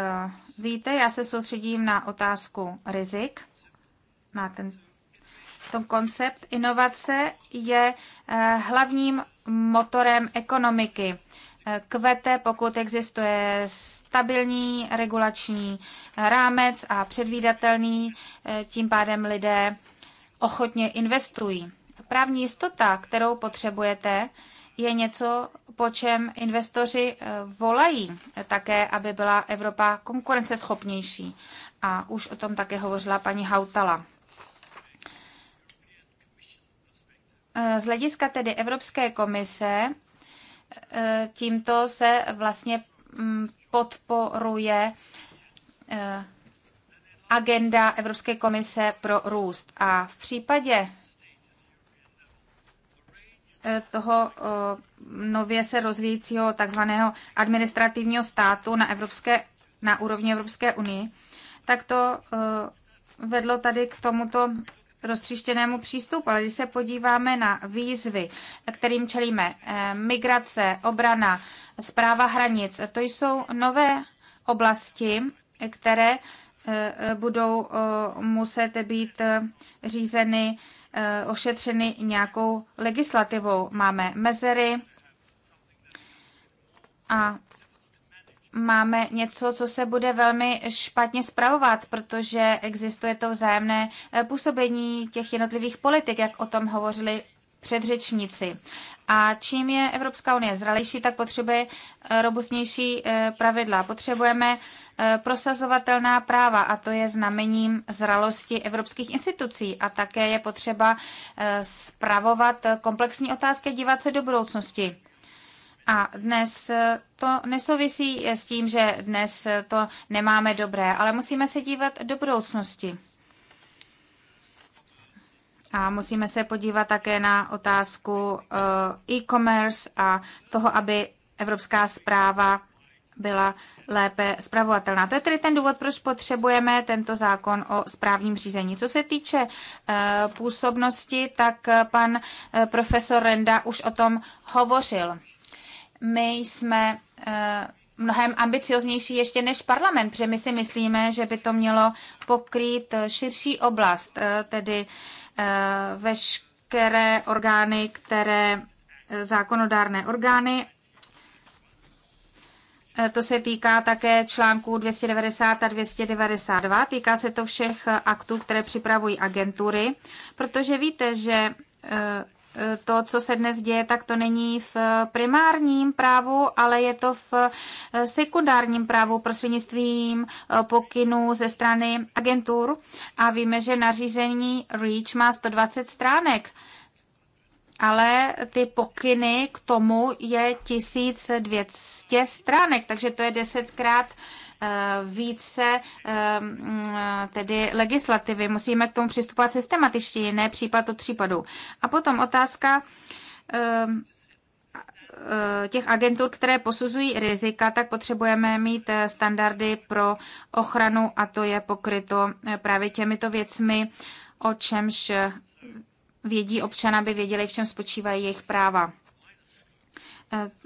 víte, já se soustředím na otázku rizik, na ten ten koncept inovace je eh, hlavním motorem ekonomiky. Eh, kvete, pokud existuje stabilní regulační rámec a předvídatelný, eh, tím pádem lidé ochotně investují. Právní jistota, kterou potřebujete, je něco, po čem investoři volají také, aby byla Evropa konkurenceschopnější. A už o tom také hovořila paní Hautala. Eh, z hlediska tedy Evropské komise eh, tímto se vlastně mm, podporuje eh, agenda Evropské komise pro růst. A v případě toho nově se rozvíjícího takzvaného administrativního státu na, evropské, na úrovni Evropské unii, tak to vedlo tady k tomuto roztříštěnému přístupu, ale když se podíváme na výzvy, kterým čelíme, eh, migrace, obrana, zpráva hranic, to jsou nové oblasti, které eh, budou eh, muset být řízeny, ošetřeny nějakou legislativou. Máme mezery a máme něco, co se bude velmi špatně spravovat, protože existuje to vzájemné eh, působení těch jednotlivých politik, jak o tom hovořili předřečníci. A čím je Evropská unie zralejší, tak potřebuje eh, robustnější eh, pravidla. Potřebujeme prosazovatelná práva a to je znamením zralosti evropských institucí a také je potřeba spravovat komplexní otázky, dívat se do budoucnosti. A dnes eh, to nesouvisí eh, s tím, že dnes eh, to nemáme dobré, ale musíme se dívat do budoucnosti. A musíme se podívat také na otázku e-commerce a toho, aby evropská zpráva byla lépe spravovatelná. To je tedy ten důvod, proč potřebujeme tento zákon o správním řízení. Co se týče působnosti, tak pan profesor Renda už o tom hovořil my jsme eh, mnohem ambicioznější ještě než parlament, protože my si myslíme, že by to mělo pokrýt širší oblast, eh, tedy eh, veškeré orgány, které zákonodárné orgány. To se týká také článků 290 a 292. Týká se to všech aktů, které připravují agentury, protože víte, že to, co se dnes děje, tak to není v primárním právu, ale je to v sekundárním právu prostřednictvím eh, pokynů ze strany agentur. A víme, že nařízení REACH má 120 stránek, ale ty pokyny k tomu je 1200 stránek, takže to je desetkrát krát Eh, více eh, mm, eh, tedy legislativy. Musíme k tomu přistupovat systematičtěji, ne případ od případu. A potom otázka těch agentur, které posuzují rizika, tak potřebujeme mít standardy pro ochranu a to je pokryto právě těmito věcmi, o čemž vědí občana, aby věděli, v čem spočívají jejich práva.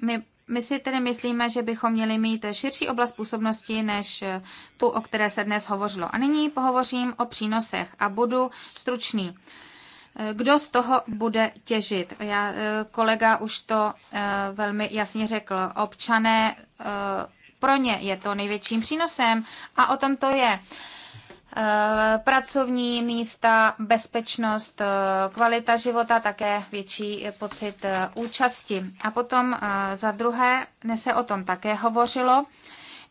My my si tedy myslíme, že bychom měli mít širší oblast působnosti než tu, o které se dnes hovořilo. A nyní pohovořím o přínosech a budu stručný. Kdo z toho bude těžit? Já, eh, kolega už to eh, velmi jasně řekl. Občané, eh, pro ně je to největším přínosem a o tom to je. Eh, pracovní místa, bezpečnost, eh, kvalita života, také větší eh, pocit účasti. A potom za druhé, dnes se o tom také hovořilo,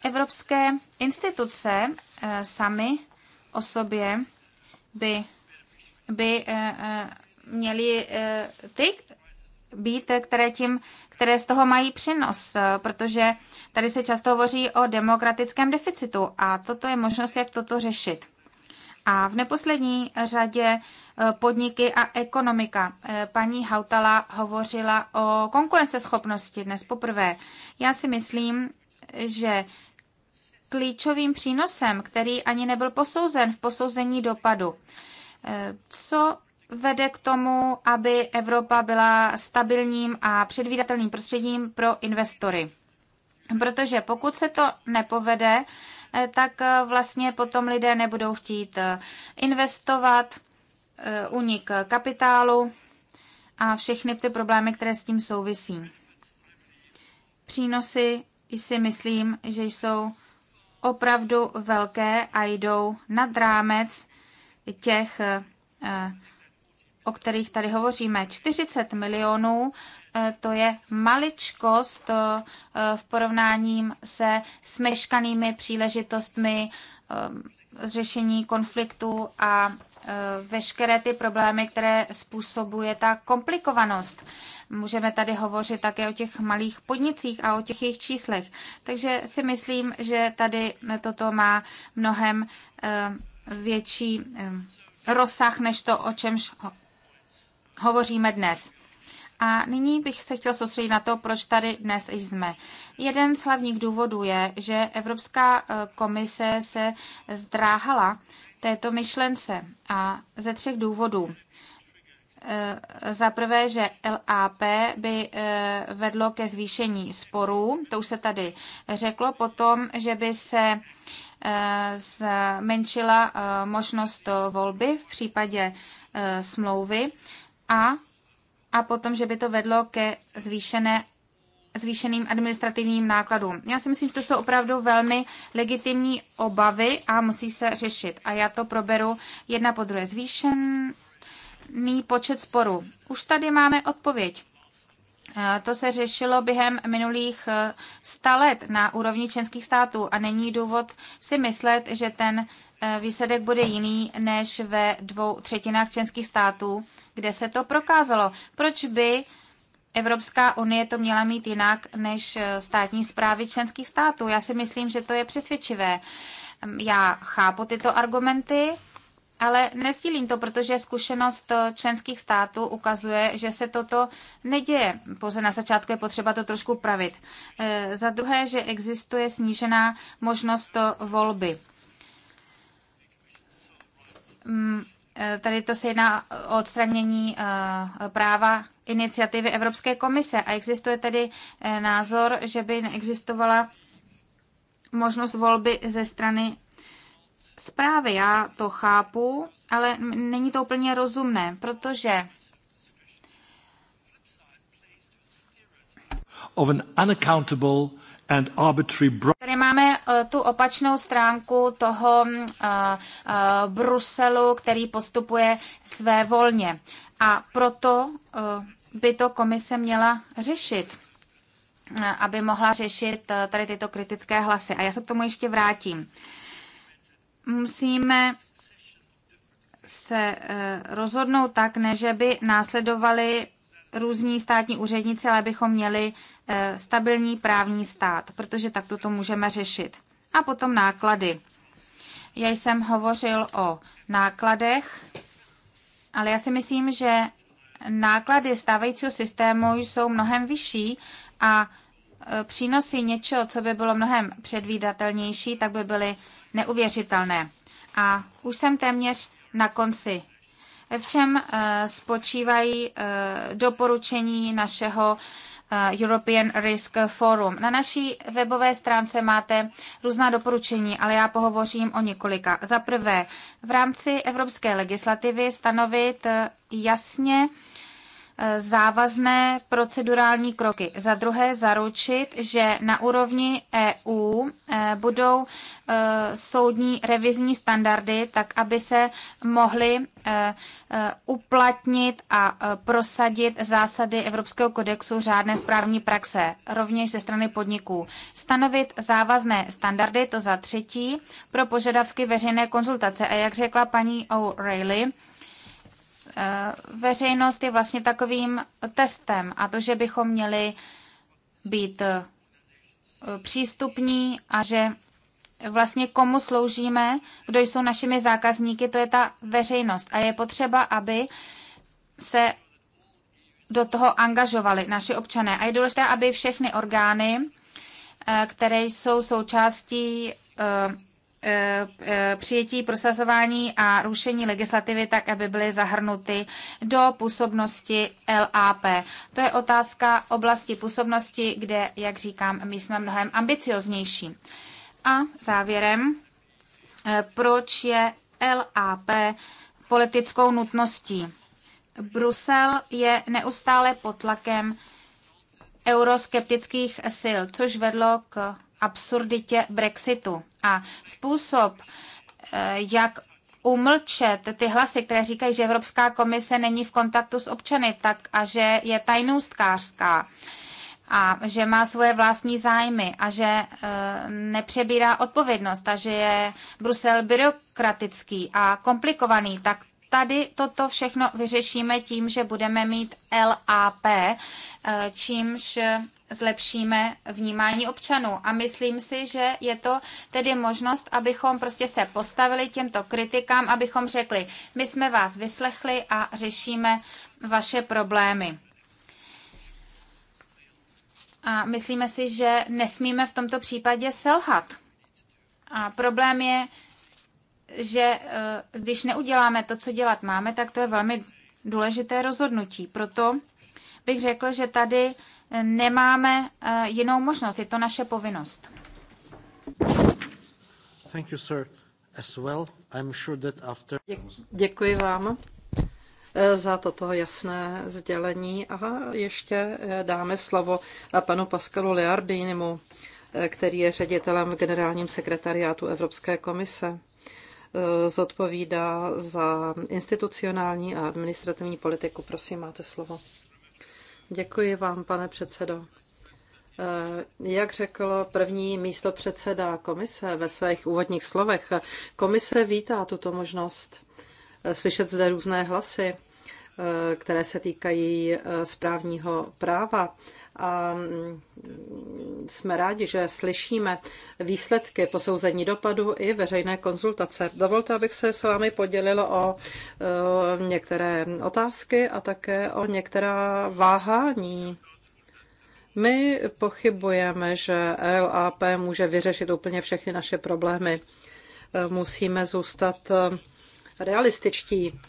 evropské instituce sami o sobě by, by měly ty být, které, tím, které z toho mají přínos, protože tady se často hovoří o demokratickém deficitu a toto je možnost, jak toto řešit. A v neposlední řadě e, podniky a ekonomika. E, paní Hautala hovořila o konkurenceschopnosti dnes poprvé. Já si myslím, že klíčovým přínosem, který ani nebyl posouzen v posouzení dopadu, e, co vede k tomu, aby Evropa byla stabilním a předvídatelným prostředím pro investory. Protože pokud se to nepovede, Eh, tak eh, vlastně potom lidé nebudou chtít eh, investovat, unik kapitálu a všechny ty problémy, které s tím souvisí. Přínosy si myslím, že jsou opravdu velké a jdou nad rámec těch, o kterých tady hovoříme. 40 milionů Eh, to je maličkost eh, v porovnání se smeškanými příležitostmi eh, řešení konfliktu a veškeré ty problémy, které způsobuje ta komplikovanost. Můžeme tady hovořit také o těch malých podnicích a o těch jejich číslech. Takže si myslím, že tady toto má mnohem větší rozsah než to, o čemž hovoříme dnes. A nyní bych se chtěl soustředit na to, proč tady dnes jsme. Jeden z hlavních důvodů je, že Evropská e, komise se zdráhala této myšlence a ze třech důvodů. E, za prvé, že LAP by e, vedlo ke zvýšení sporů, to už se tady řeklo, potom, že by se zmenšila možnost volby v případě smlouvy a a potom, že by to vedlo ke zvýšené zvýšeným administrativním nákladům. Já si myslím, že to jsou opravdu velmi legitimní obavy a musí se řešit. A já to proberu jedna po druhé. Zvýšený počet sporů. Už tady máme odpověď. Eh, to se řešilo během minulých eh, sta let na úrovni členských států a není důvod si myslet, že ten Eh, výsledek bude jiný než ve dvou třetinách členských států, kde se to prokázalo. Proč by Evropská unie to měla mít jinak než eh, státní zprávy členských států? Já si myslím, že to je přesvědčivé. Já chápu tyto argumenty, ale nestílím to, protože zkušenost eh, členských států ukazuje, že se toto neděje. Pouze na začátku je potřeba to trošku pravit. Za druhé, že existuje snížená možnost volby. Mm, eh, tady to se jedná o odstranění eh, práva iniciativy Evropské komise a existuje tedy eh, názor, že by neexistovala možnost volby ze strany zprávy. Já to chápu, ale není to úplně rozumné, protože of an unaccountable Tady máme eh, tu opačnou stránku toho eh, eh, Bruselu, který postupuje své volně. A proto by to komise měla řešit, aby mohla řešit tady tyto kritické hlasy. A já se k tomu ještě vrátím. Musíme se rozhodnou tak, neže by následovali různí státní úředníci, ale bychom měli eh, stabilní právní stát, protože takto to můžeme řešit. A potom náklady. Já jsem hovořil o nákladech, ale já si myslím, že náklady stávajícího systému jsou mnohem vyšší a eh, přínosy něčeho, co by bylo mnohem předvídatelnější, tak by byly neuvěřitelné. A už jsem téměř na konci v čem eh, spočívají eh, doporučení našeho eh, European Risk Forum. Na naší webové stránce máte různá doporučení, ale já pohovořím o několika. Za prvé, v rámci evropské legislativy stanovit jasně, Eh, závazné procedurální kroky. Za druhé zaručit, že na úrovni EU eh, budou eh, soudní revizní standardy, tak aby se mohly uplatnit a prosadit zásady Evropského kodexu řádné správní praxe, rovněž ze strany podniků. Stanovit závazné standardy, to za třetí, pro požadavky veřejné konzultace. A jak řekla paní O'Reilly, Eh, veřejnost je vlastně takovým testem a to, že bychom měli být eh, přístupní a že vlastně komu sloužíme, kdo jsou našimi zákazníky, to je ta veřejnost. A je potřeba, aby se do toho angažovali naši občané. A je důležité, aby všechny orgány, eh, které jsou součástí přijetí, prosazování a rušení legislativy tak, aby byly zahrnuty do působnosti LAP. To je otázka oblasti působnosti, kde, jak říkám, my jsme mnohem ambicioznější. A závěrem, eh, proč je LAP politickou nutností? Brusel je neustále pod tlakem euroskeptických sil, což vedlo k absurditě Brexitu. A způsob, eh, jak umlčet ty hlasy, které říkají, že Evropská komise není v kontaktu s občany tak a že je tajnůstkářská a že má svoje vlastní zájmy a že e, nepřebírá odpovědnost a že je Brusel byrokratický a komplikovaný, tak tady toto všechno vyřešíme tím, že budeme mít LAP, eh, čímž zlepšíme vnímání občanů. A myslím si, že je to tedy možnost, abychom prostě se postavili těmto kritikám, abychom řekli, my jsme vás vyslechli a řešíme vaše problémy. A myslíme si, že nesmíme v tomto případě selhat. A problém je, že e, když neuděláme to, co dělat máme, tak to je velmi důležité rozhodnutí. Proto bych řekl, že tady nemáme eh, jinou možnost. Je to naše povinnost.
Thank you, sir. As well, I'm sure that after...
Děkuji vám
eh, za toto jasné sdělení a ještě eh, dáme slovo panu Pascalu Leardinimu, který je ředitelem v generálním sekretariátu Evropské komise zodpovídá za institucionální a administrativní politiku. Prosím, máte slovo. Děkuji vám, pane předsedo. Eh, jak řekl první místo předseda komise ve svých úvodních slovech, komise vítá tuto možnost eh, slyšet zde různé hlasy, eh, které se týkají správního práva a mm, jsme rádi, že slyšíme výsledky posouzení dopadu i veřejné konzultace. Dovolte, abych se s vámi podělila o e, některé otázky a také o některá váhání. My pochybujeme, že LAP může vyřešit úplně všechny naše problémy. E, musíme zůstat e, realističtí.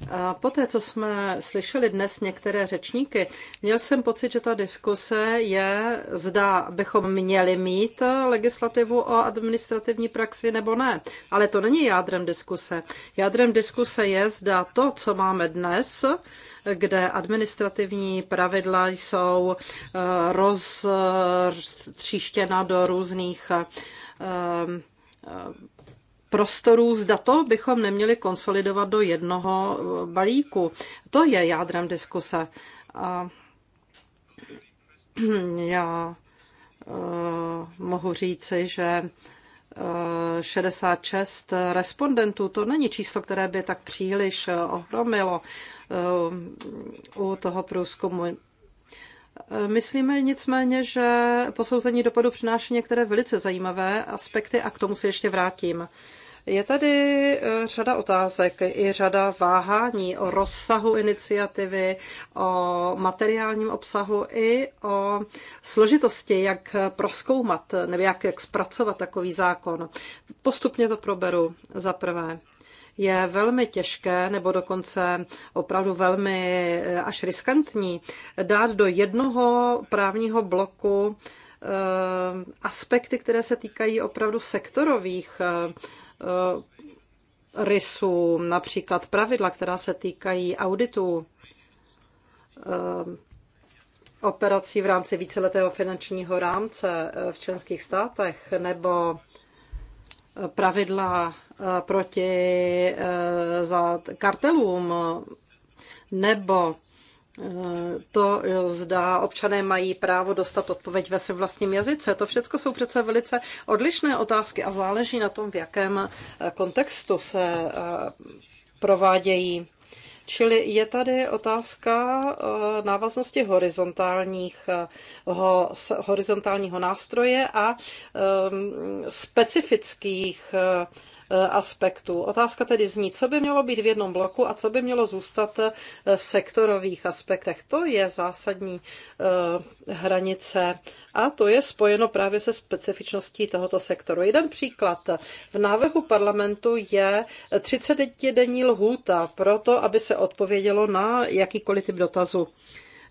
Po poté, co jsme slyšeli dnes některé řečníky, měl jsem pocit, že ta diskuse je, zda bychom měli mít legislativu o administrativní praxi nebo ne. Ale to není jádrem diskuse. Jádrem diskuse je, zda to, co máme dnes, kde administrativní pravidla jsou eh, roztříštěna do různých eh, eh, prostorů, zda to bychom neměli konsolidovat do jednoho eh, balíku. To je jádrem diskuse. A já eh, mohu říci, že 66 eh, respondentů, to není číslo, které by tak příliš ohromilo u toho průzkumu. Myslíme nicméně, že posouzení dopadu přináší některé velice zajímavé aspekty a k tomu se ještě vrátím. Je tady e, řada otázek i řada váhání o rozsahu iniciativy, o materiálním obsahu i o složitosti, jak proskoumat nebo jak, jak zpracovat takový zákon. Postupně to proberu za prvé je velmi těžké, nebo dokonce opravdu velmi e, až riskantní, dát do jednoho právního bloku e, aspekty, které se týkají opravdu sektorových Eh, rysu, například pravidla, která se týkají auditu eh, operací v rámci víceletého finančního rámce eh, v členských státech nebo pravidla proti kartelům nebo to, zda občané mají právo dostat odpověď ve svém vlastním jazyce. To všechno jsou přece velice odlišné otázky a záleží na tom, v jakém eh, kontextu se eh, provádějí. Čili je tady otázka eh, návaznosti horizontálních, ho, horizontálního nástroje a ehm, specifických Eh, aspektů. Otázka tedy zní, co by mělo být v jednom bloku a co by mělo zůstat eh, v sektorových aspektech. To je zásadní eh, hranice a to je spojeno právě se specifičností tohoto sektoru. Jeden příklad. V návrhu parlamentu je 30-denní lhůta pro to, aby se odpovědělo na jakýkoliv typ dotazu.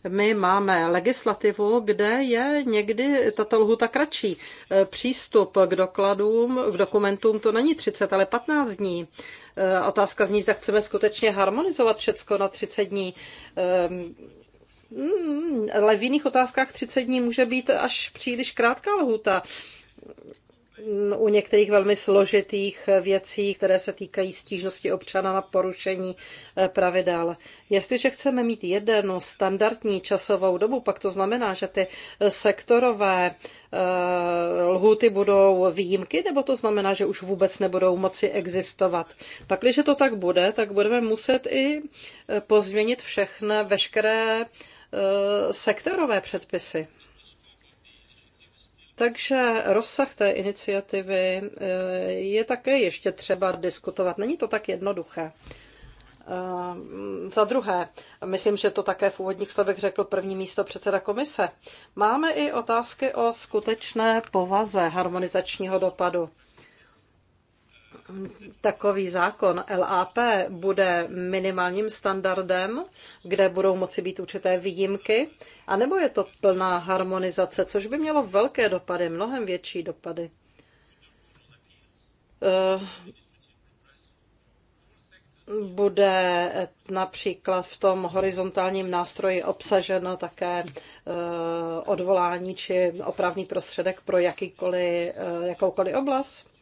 My máme legislativu, kde je někdy tato lhuta kratší. E, přístup k dokladům, k dokumentům to není 30, ale 15 dní. E, otázka zní, zda chceme skutečně harmonizovat všecko na 30 dní. Ehm, mm, ale v jiných otázkách 30 dní může být až příliš krátká lhuta u některých velmi složitých věcí, které se týkají stížnosti občana na porušení eh, pravidel. Jestliže chceme mít jednu standardní časovou dobu, pak to znamená, že ty eh, sektorové eh, lhuty budou výjimky, nebo to znamená, že už vůbec nebudou moci existovat. Pak, když to tak bude, tak budeme muset i pozměnit všechny, veškeré sektorové předpisy. Takže rozsah té iniciativy eh, je také ještě třeba diskutovat. Není to tak jednoduché. Eh, za druhé, myslím, že to také v úvodních slovech řekl první místo předseda komise. Máme i otázky o skutečné povaze harmonizačního dopadu takový zákon LAP bude minimálním standardem, kde budou moci být určité výjimky, anebo je to plná harmonizace, což by mělo velké dopady, mnohem větší dopady. Eh, bude například v tom horizontálním nástroji obsaženo také eh, odvolání či opravný prostředek pro jakýkoliv, eh, jakoukoliv oblast?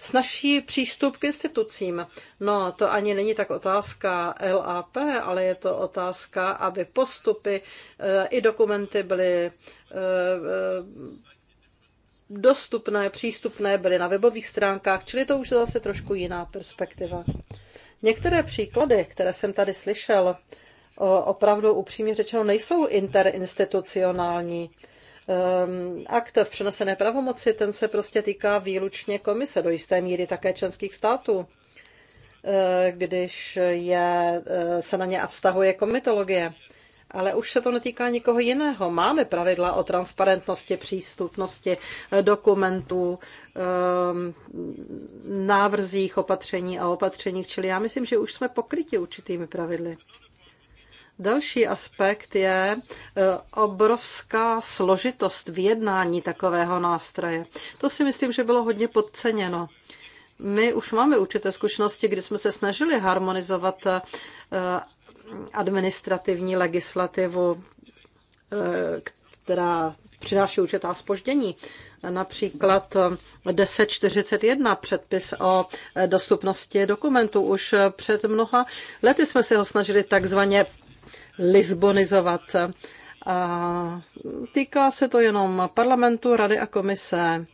snažší přístup k institucím. No, to ani není tak otázka LAP, ale je to otázka, aby postupy eh, i dokumenty byly eh, eh, dostupné, přístupné, byly na webových stránkách, čili to už je zase trošku jiná perspektiva. Některé příklady, které jsem tady slyšel, opravdu upřímně řečeno nejsou interinstitucionální. Ehm, akt v přenesené pravomoci, ten se prostě týká výlučně komise, do jisté míry také členských států, eh, když je, eh, se na ně vztahuje komitologie. Ale už se to netýká nikoho jiného. Máme pravidla o transparentnosti, přístupnosti eh, dokumentů, ehm, návrzích opatření a opatřeních, čili já myslím, že už jsme pokryti určitými pravidly. Další aspekt je e, obrovská složitost vyjednání takového nástroje. To si myslím, že bylo hodně podceněno. My už máme určité zkušenosti, kdy jsme se snažili harmonizovat e, administrativní legislativu, e, která přináší určitá spoždění. Například 1041 předpis o dostupnosti dokumentů. Už před mnoha lety jsme se ho snažili takzvaně lisbonizovat. A týká se to jenom parlamentu, rady a komise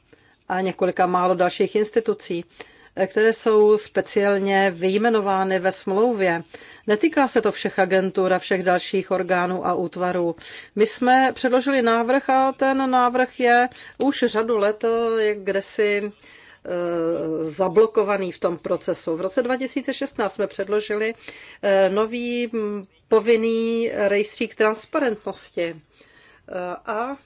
a několika málo dalších institucí, které jsou speciálně vyjmenovány ve smlouvě. Netýká se to všech agentur a všech dalších orgánů a útvarů. My jsme předložili návrh a ten návrh je už řadu let, eh, kde si Eh, zablokovaný v tom procesu. V roce 2016 jsme předložili eh, nový povinný rejstřík transparentnosti eh, a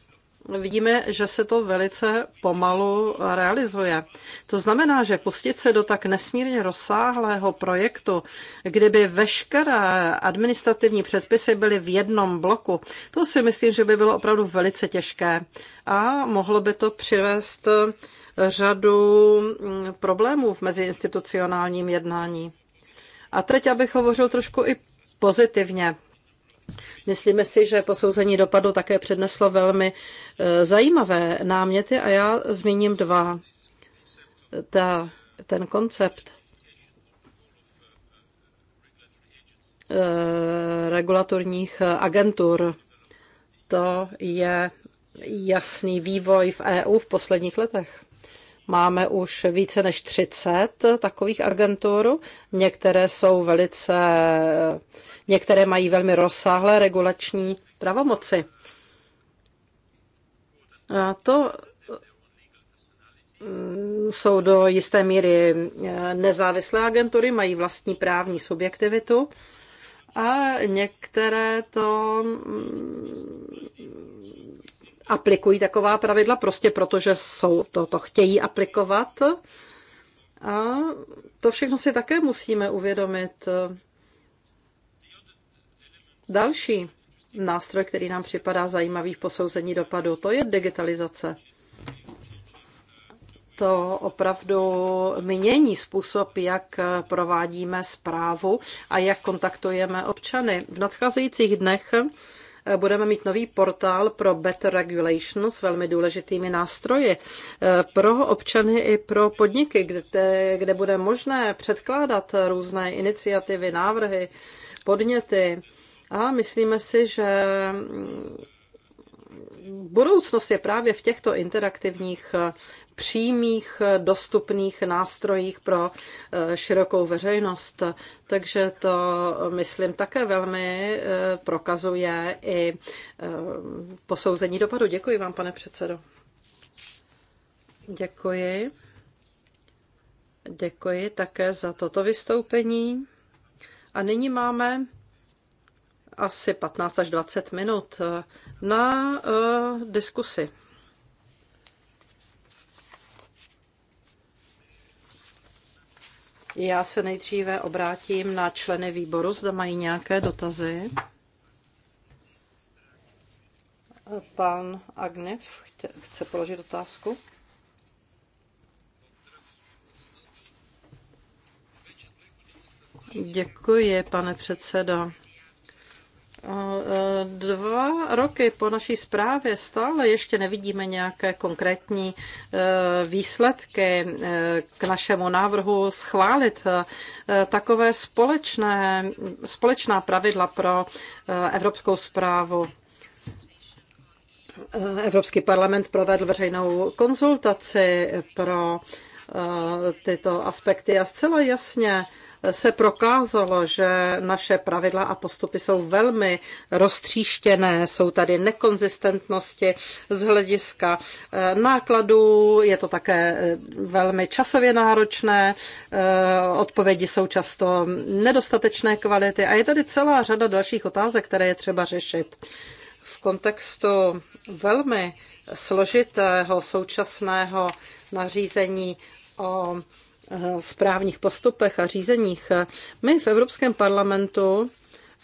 vidíme, že se to velice pomalu realizuje. To znamená, že pustit se do tak nesmírně rozsáhlého projektu, kdyby veškeré administrativní předpisy byly v jednom bloku, to si myslím, že by bylo opravdu velice těžké a mohlo by to přivést řadu mm, problémů v meziinstitucionálním jednání. A teď, abych hovořil trošku i pozitivně. Myslíme si, že posouzení dopadu také předneslo velmi e, zajímavé náměty a já zmíním dva. Ta, ten koncept e, regulatorních agentur. To je jasný vývoj v EU v posledních letech. Máme už více než 30 takových agentur. Některé jsou velice, některé mají velmi rozsáhlé regulační pravomoci. A to mm, jsou do jisté míry eh, nezávislé agentury, mají vlastní právní subjektivitu a některé to mm, aplikují taková pravidla prostě proto, že jsou to, to chtějí aplikovat. A to všechno si také musíme uvědomit. Další nástroj, který nám připadá zajímavý v posouzení dopadu, to je digitalizace. To opravdu mění způsob, jak provádíme zprávu a jak kontaktujeme občany. V nadcházejících dnech Eh, budeme mít nový portál pro Better Regulation s velmi důležitými nástroji eh, pro občany i pro podniky, kde, kde bude možné předkládat různé iniciativy, návrhy, podněty. A myslíme si, že mm, budoucnost je právě v těchto interaktivních eh, přímých eh, dostupných nástrojích pro eh, širokou veřejnost. Takže to, eh, myslím, také velmi prokazuje i posouzení dopadu. Děkuji vám, pane předsedo. Děkuji. Děkuji také za toto vystoupení. A nyní máme asi 15 až 20 minut na uh, diskusi. Já se nejdříve obrátím na členy výboru, zda mají nějaké dotazy. Pan Agnev chce položit otázku. Děkuji, pane předsedo. E, dva roky po naší zprávě stále ještě nevidíme nějaké konkrétní e, výsledky e, k našemu návrhu schválit takové společné, společná pravidla pro evropskou zprávu. Evropský parlament provedl veřejnou konzultaci pro tyto aspekty a zcela jasně se prokázalo, že naše pravidla a postupy jsou velmi roztříštěné, jsou tady nekonzistentnosti z hlediska eh, nákladů, je to také eh, velmi časově náročné, eh, odpovědi jsou často nedostatečné kvality a je tady celá řada dalších otázek, které je třeba řešit. V kontextu velmi složitého současného nařízení o Eh, správních postupech a řízeních. My v Evropském parlamentu,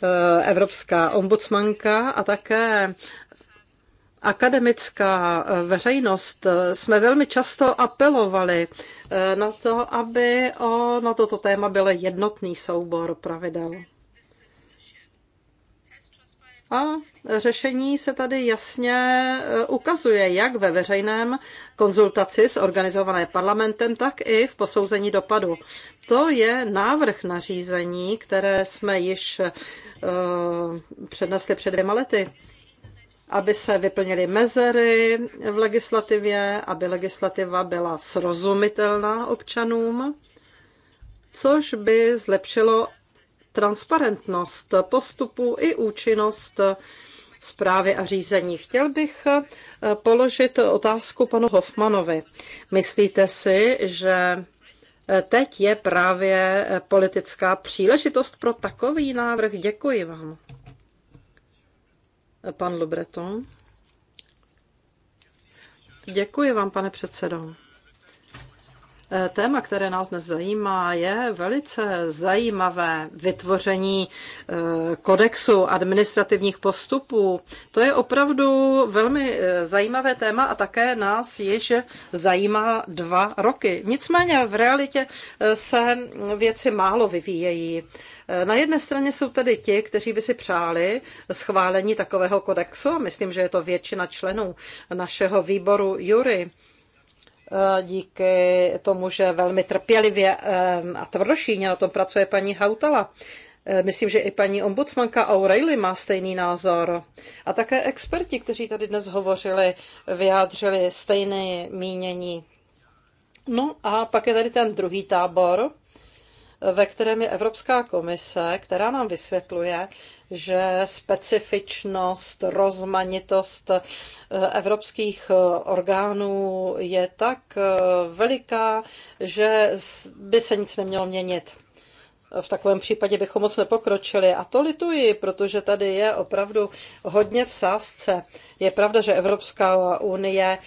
eh, Evropská ombudsmanka a také akademická eh, veřejnost jsme velmi často apelovali na to, aby o, na toto téma byl jednotný soubor pravidel. A řešení se tady jasně eh, ukazuje, jak ve veřejném konzultaci s organizované parlamentem, tak i v posouzení dopadu. To je návrh nařízení, které jsme již uh, přednesli před dvěma lety aby se vyplnily mezery v legislativě, aby legislativa byla srozumitelná občanům, což by zlepšilo transparentnost postupu i účinnost zprávy a řízení. Chtěl bych eh, položit otázku panu Hofmanovi. Myslíte si, že eh, teď je právě eh, politická příležitost pro takový návrh? Děkuji vám. Pan Lubreton. Děkuji vám, pane předsedo. Eh, téma, které nás dnes zajímá, je velice zajímavé vytvoření eh, kodexu administrativních postupů. To je opravdu velmi eh, zajímavé téma a také nás již zajímá dva roky. Nicméně v realitě se věci málo vyvíjejí. Na jedné straně jsou tady ti, kteří by si přáli schválení takového kodexu a myslím, že je to většina členů našeho výboru Jury Eh, díky tomu, že velmi trpělivě eh, a tvrdošíně na tom pracuje paní Hautala. Eh, myslím, že i paní ombudsmanka O'Reilly má stejný názor. A také experti, kteří tady dnes hovořili, vyjádřili stejné mínění. No a pak je tady ten druhý tábor, ve kterém je Evropská komise, která nám vysvětluje, že specifičnost, rozmanitost eh, evropských eh, orgánů je tak eh, veliká, že by se nic nemělo měnit. V takovém případě bychom moc nepokročili. A to lituji, protože tady je opravdu hodně v sázce. Je pravda, že Evropská unie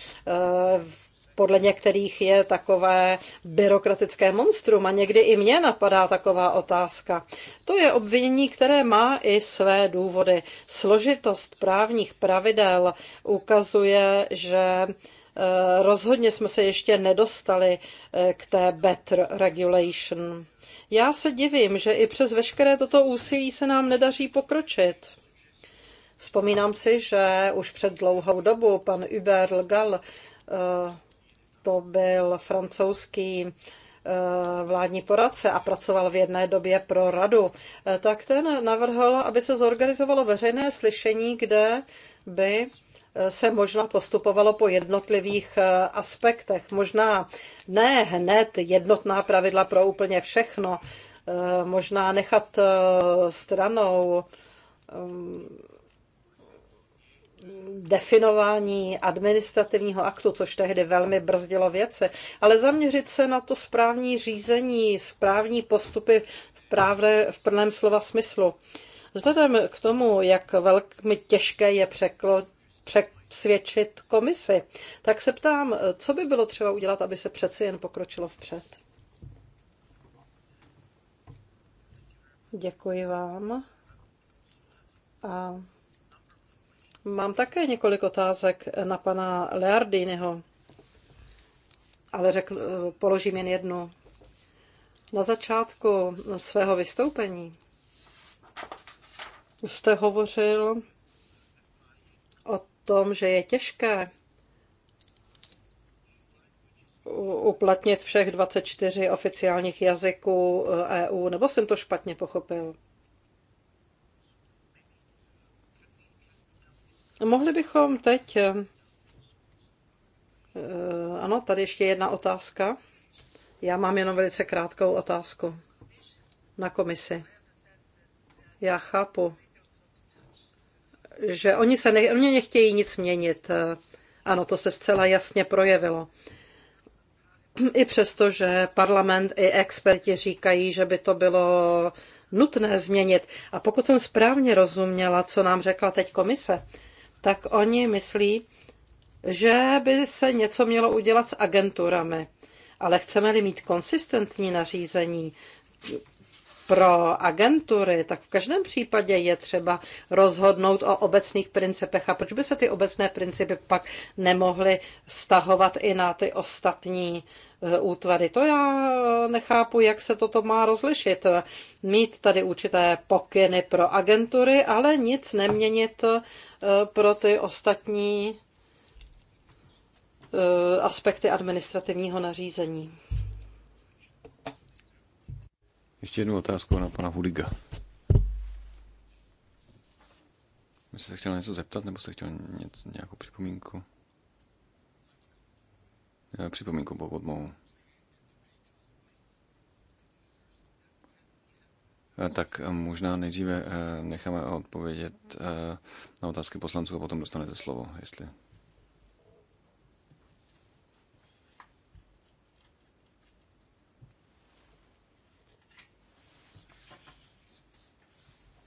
v podle některých je takové byrokratické monstrum a někdy i mě napadá taková otázka. To je obvinění, které má i své důvody. Složitost právních pravidel ukazuje, že eh, rozhodně jsme se ještě nedostali eh, k té better regulation. Já se divím, že i přes veškeré toto úsilí se nám nedaří pokročit. Vzpomínám si, že už před dlouhou dobu pan Hubert Legal eh, to byl francouzský eh, vládní poradce a pracoval v jedné době pro radu, eh, tak ten navrhl, aby se zorganizovalo veřejné slyšení, kde by eh, se možná postupovalo po jednotlivých aspektech. Možná ne hned jednotná pravidla pro úplně všechno, možná nechat stranou definování administrativního aktu, což tehdy velmi brzdilo věce, ale zaměřit se na to správní řízení, správní postupy v, právě, v prvném slova smyslu. Vzhledem k tomu, jak velmi těžké je překlo, přesvědčit komisi, tak se ptám, co by bylo třeba udělat, aby se přeci jen pokročilo vpřed. Děkuji vám. A Mám také několik otázek na pana Leardiniho, ale řekl, položím jen jednu. Na začátku svého vystoupení jste hovořil o tom, že je těžké uplatnit všech 24 oficiálních jazyků EU, eh, e nebo jsem to špatně pochopil? Mohli bychom teď. Eh, eh, ano, tady ještě jedna otázka. Já mám jenom velice krátkou otázku na komisi. Já chápu,
že oni se ne,
oni nechtějí nic měnit. Eh, ano, to se zcela jasně projevilo. I přesto, že parlament i experti říkají, že by to bylo nutné změnit. A pokud jsem správně rozuměla, co nám řekla teď komise, tak oni myslí, že by se něco mělo udělat s agenturami. Ale chceme-li mít konsistentní nařízení pro agentury, tak v každém případě je třeba rozhodnout o obecných principech. A proč by se ty obecné principy pak nemohly vztahovat i na ty ostatní Eh, útvary. To já eh, nechápu, jak se toto má rozlišit. Mít tady určité pokyny pro agentury, ale nic neměnit eh, pro ty ostatní aspekty administrativního nařízení.
Ještě jednu otázku na pana Huliga. Vy jste se chtěl něco zeptat, nebo jste chtěl něco, nějakou připomínku? připomínku, pokud mohu. Eh, tak možná nejdříve eh, necháme odpovědět eh, na otázky poslanců a potom dostanete slovo, jestli.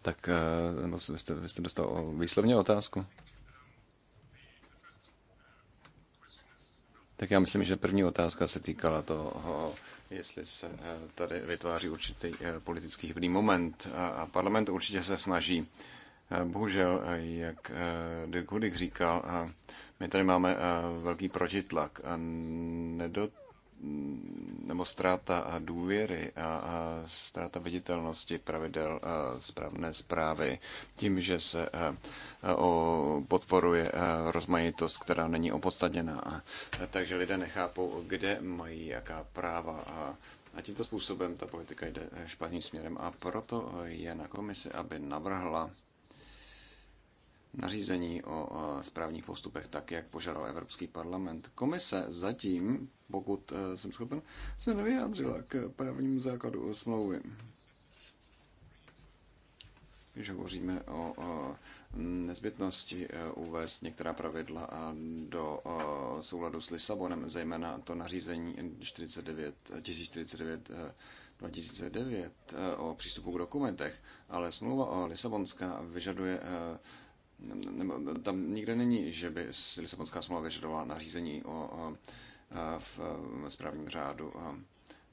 Tak vy jste, vy jste dostal výslovně otázku? Tak já myslím, že první otázka se týkala toho, jestli se eh, tady vytváří určitý eh, politický hybný moment. A parlament určitě se snaží. Eh, bohužel, jak Dirk Hudik říkal, my tady máme velký protitlak. Nedot nebo ztráta důvěry a, a ztráta viditelnosti pravidel správné zprávy tím, že se o, podporuje rozmanitost, která není opodstatněná. Takže lidé nechápou, kde mají jaká práva. A, a tímto způsobem ta politika jde špatným směrem a proto je na komisi, aby navrhla nařízení o správních postupech, tak jak požadal Evropský parlament. Komise zatím, pokud eh, jsem schopen, se nevyjádřila k právnímu základu o smlouvy. Když hovoříme o nezbytnosti eh, uvést některá pravidla eh, do souladu s Lisabonem, zejména to nařízení 49, 1049 2009 o přístupu k dokumentech, ale smlouva o Lisabonská vyžaduje ne, tam nikde není, že by Lisabonská smlouva vyžadovala nařízení o, o v správním řádu.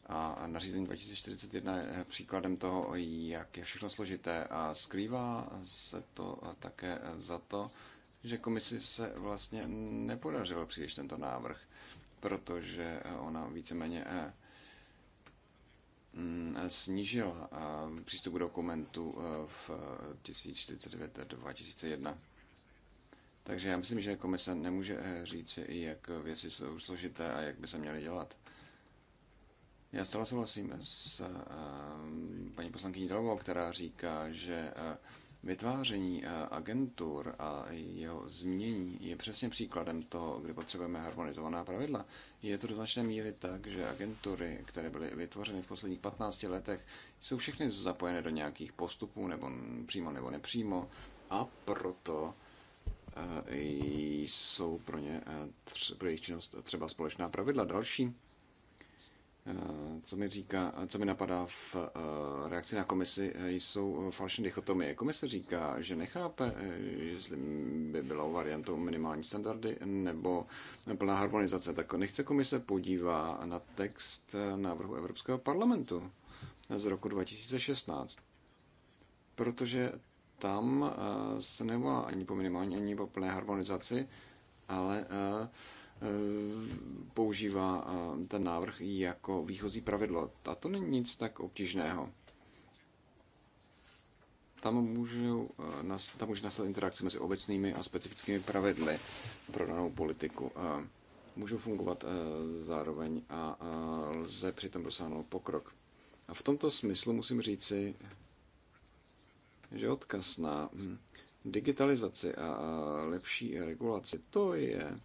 A nařízení 2041 je příkladem toho, jak je všechno složité a skrývá se to také za to, že komisi se vlastně nepodařilo příliš tento návrh, protože ona víceméně eh, Mm, snížila přístup k dokumentu e, v 1049 e, 2001. Takže já myslím, že komise nemůže e, říct, jak věci jsou složité a jak by se měly dělat. Já zcela souhlasím s paní poslankyní Delovou, která říká, že Vytváření eh, agentur a jeho změní je přesně příkladem toho, kdy potřebujeme harmonizovaná pravidla. Je to do značné míry tak, že agentury, které byly vytvořeny v posledních 15 letech, jsou všechny zapojené do nějakých postupů, nebo přímo nebo nepřímo, a proto eh, jsou pro ně eh, pro jejich činnost třeba společná pravidla. Další Eh, co mi říká, co mi napadá v eh, reakci na komisi, eh, jsou falešné dichotomie. Komise říká, že nechápe, jestli by bylo variantou minimální standardy nebo plná harmonizace. Tak nechce komise podívá na text návrhu Evropského parlamentu z roku 2016, protože tam se nevolá ani po minimální, ani po plné harmonizaci, ale uh, Eh, používá eh, ten návrh jako výchozí pravidlo. A to není nic tak obtížného. Tam, můžu, eh, tam může nastat interakce mezi obecnými a specifickými pravidly pro danou politiku. Můžou fungovat zároveň a lze přitom dosáhnout pokrok. A v tomto smyslu musím říci, že odkaz na hm, digitalizaci a lepší regulaci, to je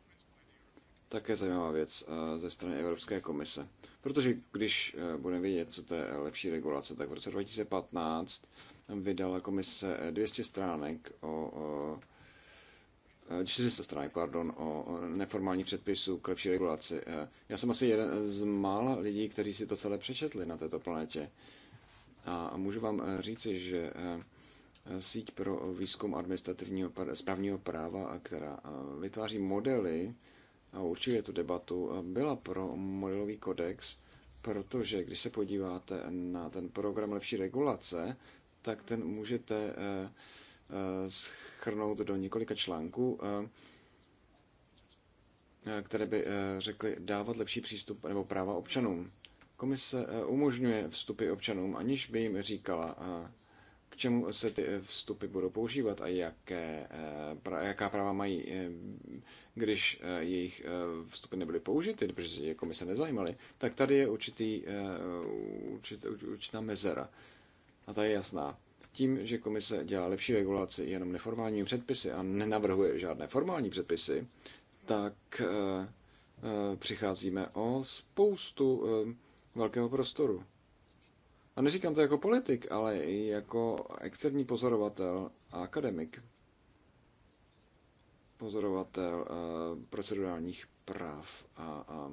také zajímavá věc eh, ze strany Evropské komise. Protože když eh, budeme vědět, co to je lepší regulace, tak v roce 2015 vydala komise 200 eh, stránek o 400 stránek, pardon, o neformální předpisu k lepší regulaci. Já jsem asi jeden z mála lidí, kteří si to celé přečetli na této planetě. A můžu vám říci, že síť pro výzkum administrativního správního práva, která vytváří modely a určitě tu debatu, byla pro modelový kodex, protože když se podíváte na ten program lepší regulace, tak ten můžete eh, eh, schrnout do několika článků, eh, které by řekly dávat lepší přístup nebo práva občanům. Komise umožňuje vstupy občanům, aniž by jim říkala, k čemu se ty eh, vstupy budou používat a jaké, eh, jaká práva mají, eh, když jejich vstupy nebyly použity, protože je komise nezajímaly, tak tady je určitý, určit, určitá mezera. A ta je jasná. Tím, že komise dělá lepší regulaci jenom neformálními předpisy a nenavrhuje žádné formální předpisy, tak přicházíme o spoustu velkého prostoru. A neříkám to jako politik, ale i jako externí pozorovatel a akademik. Pozorovatel eh, procedurálních práv a, a, a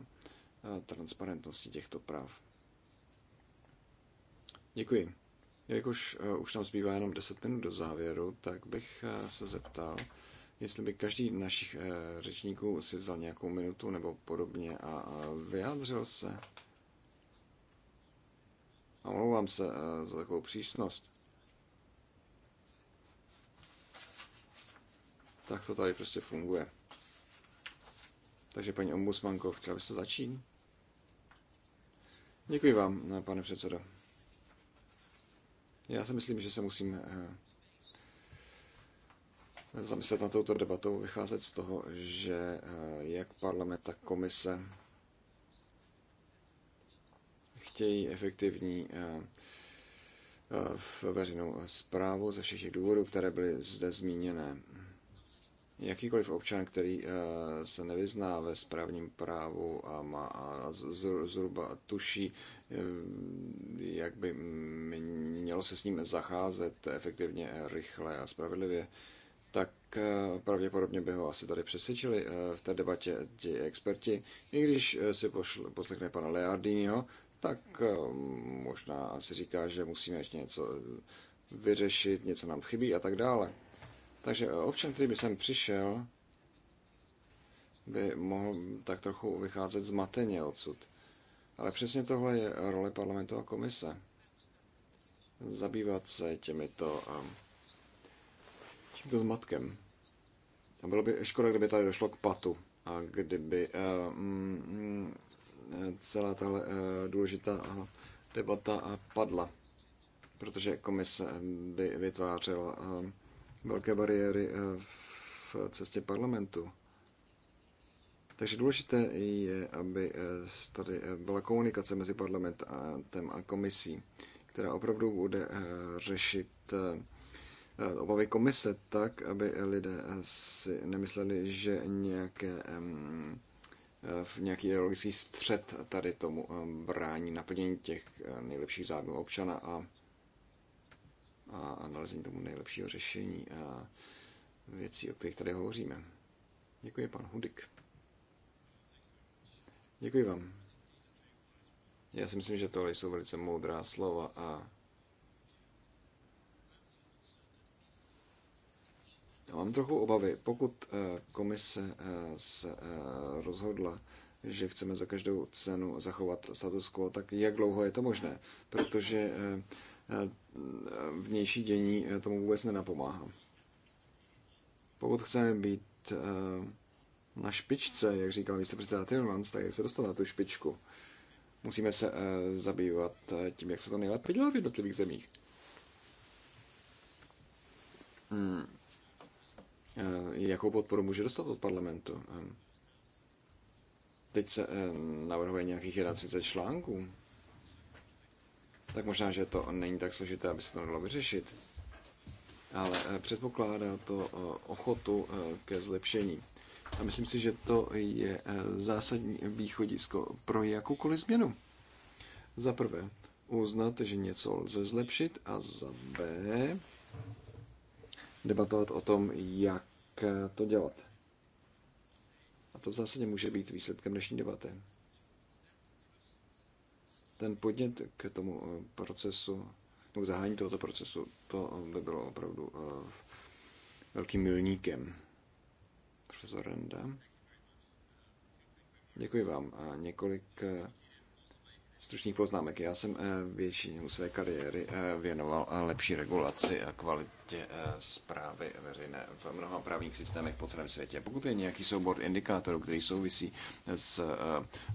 transparentnosti těchto práv. Děkuji. Jak eh, už nám zbývá jenom 10 minut do závěru, tak bych eh, se zeptal, jestli by každý našich řečníků si vzal nějakou minutu nebo podobně a vyjádřil se. A omlouvám se eh, za takovou přísnost. Tak to tady prostě funguje. Takže paní ombudsmanko, chtěla byste začít? Děkuji vám, eh, pane předsedo. Já si myslím, že se musím eh, zamyslet na touto debatou, vycházet z toho, že jak parlament, tak komise chtějí efektivní eh, eh, v veřejnou zprávu ze všech těch důvodů, které byly zde zmíněné. Jakýkoliv občan, který eh, se nevyzná ve správním právu a má a zhruba tuší, jak by mělo se s ním zacházet efektivně, rychle a spravedlivě, tak pravděpodobně by ho asi tady přesvědčili v té debatě ti experti, i když si poslechne pana Leardiniho, tak ehm, možná si říká, že musíme ještě něco eh, vyřešit, něco nám chybí a tak dále. Takže eh, občan, který by sem přišel, by mohl tak trochu vycházet zmateně odsud. Ale přesně tohle je role parlamentu a komise. Zabývat se těmito, ehm, tímto zmatkem. A bylo by škoda, kdyby tady došlo k patu a kdyby uh, mm, celá ta eh, důležitá debata padla, protože komise eh, by vytvářela eh, velké bariéry v cestě parlamentu. Takže důležité je, aby tady byla komunikace mezi parlamentem a komisí, která opravdu bude řešit obavy komise tak, aby lidé si nemysleli, že nějaké v nějaký ideologický střed tady tomu eh, brání naplnění těch eh, nejlepších zájmů občana a, a nalezení tomu nejlepšího řešení a věcí, o kterých tady hovoříme. Děkuji, pan Hudik. Děkuji vám. Já si myslím, že tohle jsou velice moudrá slova a Já mám trochu obavy, pokud eh, komise eh, se eh, rozhodla, že chceme za každou cenu zachovat status quo, tak jak dlouho je to možné? Protože vnější dění tomu vůbec nenapomáhá. Pokud chceme být na špičce, jak říkal vicepředseda Timmermans, tak jak se dostat na tu špičku? Musíme se zabývat tím, jak se to nejlépe dělá v jednotlivých zemích. Hmm Eh, jakou podporu může dostat od parlamentu. Teď se navrhuje nějakých 31 článků. Tak možná, že to není tak složité, aby se to mělo vyřešit. Ale eh, předpokládá to eh, ochotu ke zlepšení. A myslím si, že to je zásadní východisko pro jakoukoliv změnu. Za prvé, uznat, že něco lze zlepšit a za B debatovat o tom, jak eh, to dělat. A to v zásadě může být výsledkem dnešní debaty. Ten podnět k tomu eh, procesu, k zahání tohoto procesu, to eh, by bylo opravdu velkým milníkem. Profesor Renda. Děkuji vám. A několik stručných poznámek. Já jsem eh, většinu své kariéry eh, věnoval eh, lepší regulaci a kvalitě zprávy veřejné v mnoha právních systémech po celém světě. Pokud je nějaký soubor indikátorů, který souvisí s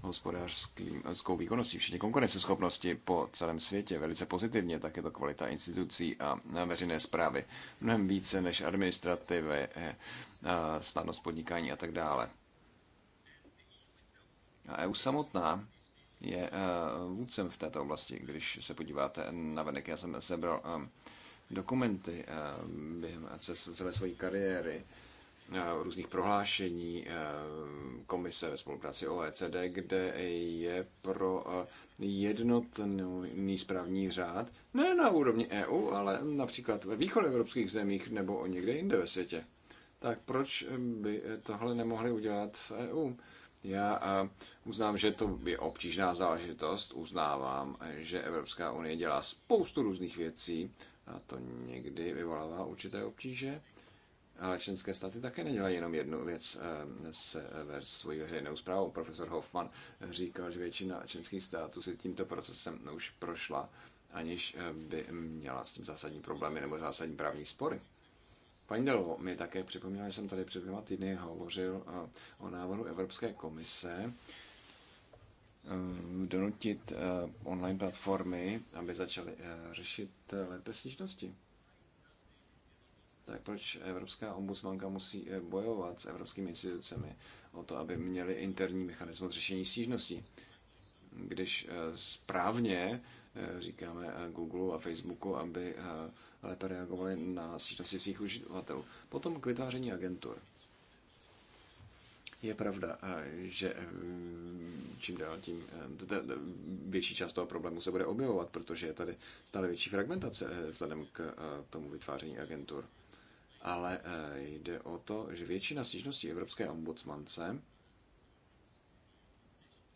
hospodářskou výkonností, včetně konkurenceschopnosti po celém světě velice pozitivně, tak je to kvalita institucí a veřejné zprávy. Mnohem více než administrativy, snadnost podnikání a tak dále. A EU samotná je eh, vůdcem v této oblasti. Když se podíváte na venek, já jsem sebral eh, dokumenty eh, během celé své kariéry, různých prohlášení komise ve spolupráci OECD, kde je pro jednotný správní řád, ne na úrovni EU, ale například ve východoevropských zemích nebo někde jinde ve světě. Tak proč by tohle nemohli udělat v EU? Já uznám, že to je obtížná záležitost, uznávám, že Evropská unie dělá spoustu různých věcí a to někdy vyvolává určité obtíže, ale členské státy také nedělají jenom jednu věc eh, se ver svojí veřejnou zprávou. Profesor Hoffman říkal, že většina členských států si tímto procesem už prošla, aniž eh, by měla s tím zásadní problémy nebo zásadní právní spory. Paní Delvo mi také připomněla, že jsem tady před dvěma týdny hovořil o návrhu Evropské komise um, donutit uh, online platformy, aby začaly uh, řešit uh, lépe stížnosti. Tak proč Evropská ombudsmanka musí bojovat s evropskými institucemi o to, aby měli interní mechanismus řešení stížností? Když správně Eh, říkáme eh, Google a Facebooku, aby eh, lépe reagovali na stížnosti svých uživatelů. Potom k vytváření agentur. Je pravda, že čím dál tím větší část toho problému se bude objevovat, protože je tady stále větší fragmentace vzhledem k tomu vytváření agentur. Ale jde o to, že většina stížností Evropské ombudsmance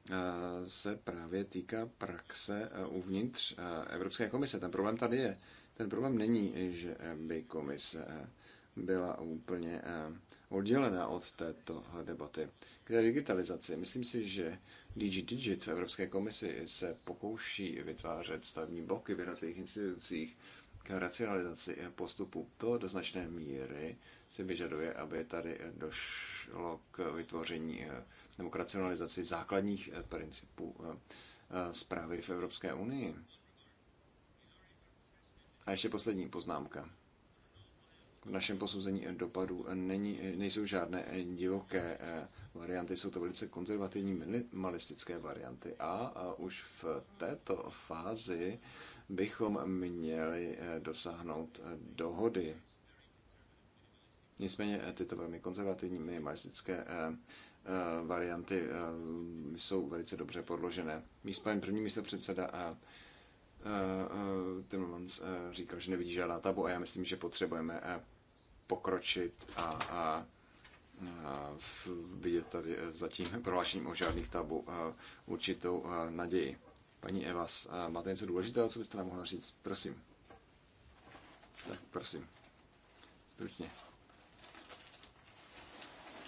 Eh, se právě týká praxe eh, uvnitř eh, Evropské komise. Ten problém tady je. Ten problém není, že by komise byla úplně oddělená od této debaty. K té digitalizaci, myslím si, že DG Digit v Evropské komisi se pokouší vytvářet stavní bloky v jednotlivých institucích k racionalizaci postupu. To do značné míry si vyžaduje, aby tady došlo k vytvoření eh, nebo k racionalizaci základních eh, principů eh, zprávy v Evropské unii. A ještě poslední poznámka. V našem posouzení dopadů není, nejsou žádné divoké varianty, jsou to velice konzervativní minimalistické varianty a, a už v této fázi bychom měli dosáhnout dohody Nicméně eh, tyto velmi konzervativní minimalistické eh, eh, varianty jsou velice dobře podložené. Míst paní první místo předseda Timmermans říkal, že nevidí žádná tabu a já myslím, že potřebujeme pokročit a, a vidět tady zatím prohlášením o žádných tabu určitou naději. Paní Evas, máte něco důležitého, co byste nám mohla říct? Prosím. Tak prosím. Stručně.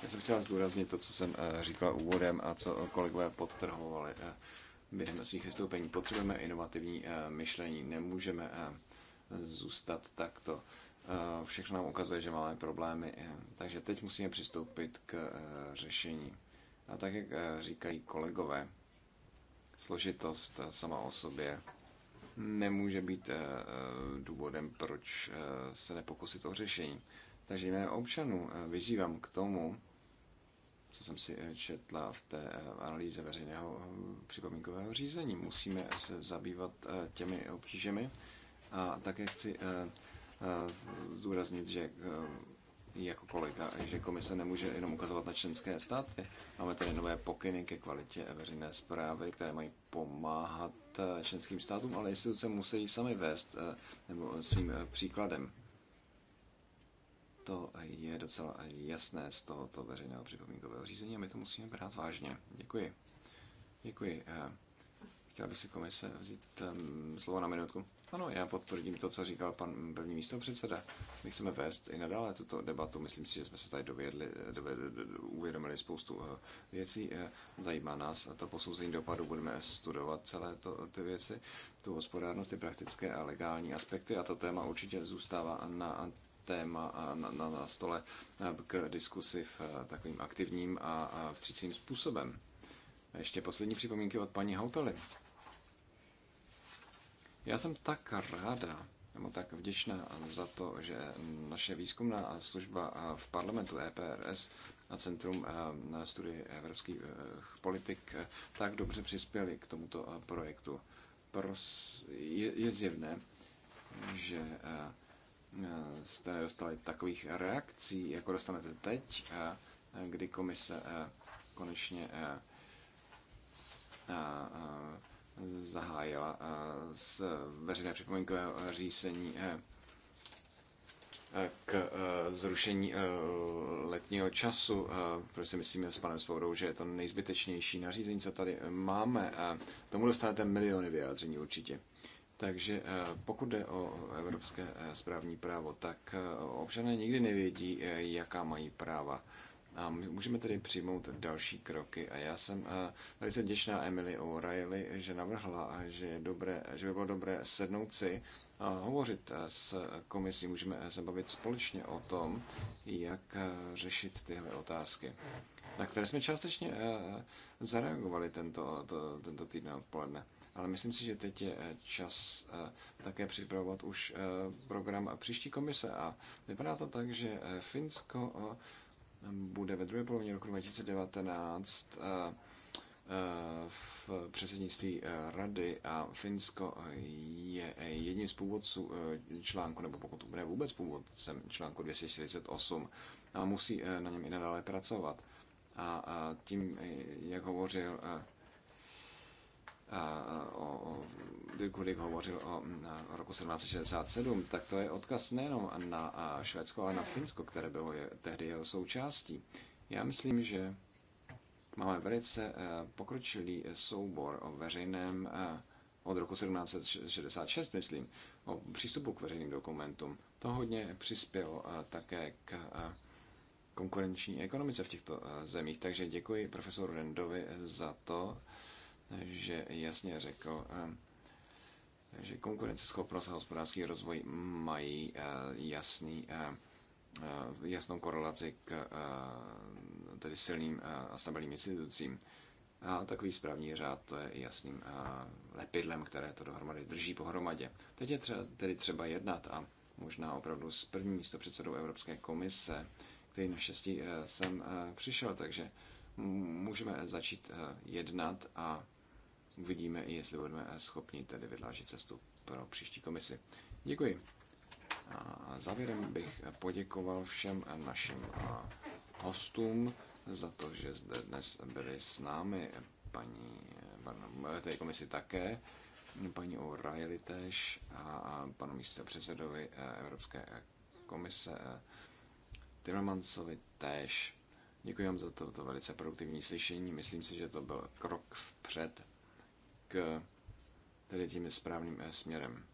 Já jsem chtěla zdůraznit to, co jsem eh, říkala úvodem a co kolegové podtrhovali eh, během svých vystoupení. Potřebujeme inovativní eh, myšlení, nemůžeme zůstat takto. Všechno nám ukazuje, že máme problémy, takže teď musíme přistoupit k řešení. A tak, jak říkají kolegové, složitost sama o sobě nemůže být důvodem, proč se nepokusit o řešení. Takže jménem občanů vyzývám k tomu, co jsem si eh, četla v té eh, analýze veřejného hm, připomínkového řízení. Musíme se zabývat eh, těmi obtížemi a také chci zdůraznit, že jako kolega, že komise nemůže jenom ukazovat na členské státy. Máme tady nové pokyny ke kvalitě veřejné zprávy, které mají pomáhat členským státům, ale instituce musí sami vést nebo svým příkladem. To je docela jasné z tohoto veřejného připomínkového řízení a my to musíme brát vážně. Děkuji. Děkuji. Eh, chtěla by si komise vzít ehm, slovo na minutku? Ano, já potvrdím to, co říkal pan první místo předseda. My chceme vést i nadále tuto debatu. Myslím si, že jsme se tady dovědli, eh, dovědli, uvědomili spoustu eh, věcí. Zajímá nás to posouzení dopadu. Budeme studovat celé to, ty věci, tu hospodárnost, ty praktické a legální aspekty. A to téma určitě zůstává na téma na, na, na stole eh, k diskusi v eh, takovým aktivním a, a vstřícným způsobem. Ještě poslední připomínky od paní Hautely. Já jsem tak ráda, nebo tak vděčná za to, že naše výzkumná služba eh, v parlamentu EPRS a Centrum studie evropských politik tak dobře přispěli k tomuto projektu. Je, je zjevné, že jste nedostali takových reakcí, jako dostanete teď, kdy komise konečně zahájila z veřejné připomínkového řízení k zrušení letního času, protože si myslíme s panem Svobodou, že je to nejzbytečnější nařízení, co tady máme. Tomu dostanete miliony vyjádření určitě. Takže eh, pokud jde o evropské eh, správní právo, tak eh, občané nikdy nevědí, jaká mají práva. A my můžeme tedy přijmout další kroky. A já jsem velice vděčná Emily O'Reilly, že navrhla, že, je dobré, že by bylo dobré sednout si a hovořit s komisí. Můžeme se bavit společně o tom, jak řešit tyhle otázky, na které jsme částečně zareagovali tento, to, tento týden odpoledne. Ale myslím si, že teď je eh, čas eh, také připravovat už eh, program příští komise. A vypadá to tak, že Finsko bude ve druhé polovině roku 2019 v předsednictví rady a Finsko je jedním z původců článku, nebo pokud bude vůbec původcem článku 248 a musí na něm i nadále pracovat. A tím, jak hovořil o, o Dirk hovořil o, o roku 1767, tak to je odkaz nejenom na Švédsko, ale na Finsko, které bylo je, tehdy jeho součástí. Já myslím, že máme velice e, pokročilý e, soubor o veřejném e, od roku 1766, myslím, o přístupu k veřejným dokumentům. To hodně přispělo také k konkurenční ekonomice v těchto zemích. Takže děkuji profesoru Rendovi za to, že jasně řekl, ehm, že konkurenceschopnost a hospodářský rozvoj mají eh, jasný, eh, eh, jasnou korelaci k tedy silným a stabilním institucím. A takový správní řád to je jasným lepidlem, které to dohromady drží pohromadě. Teď je třeba, tedy třeba jednat a možná opravdu s prvním místo předsedou Evropské komise, který na šestí jsem přišel, takže můžeme začít jednat a uvidíme, jestli budeme schopni tedy vydlážit cestu pro příští komisi. Děkuji. A závěrem bych poděkoval všem našim hostům za to, že zde dnes byli s námi. Paní té komisi také, paní O'Reilly tež a panu místopředsedovi e, Evropské komise e, Timmermansovi též. Děkuji vám za toto to velice produktivní slyšení. Myslím si, že to byl krok vpřed k tedy tím správným eh, směrem.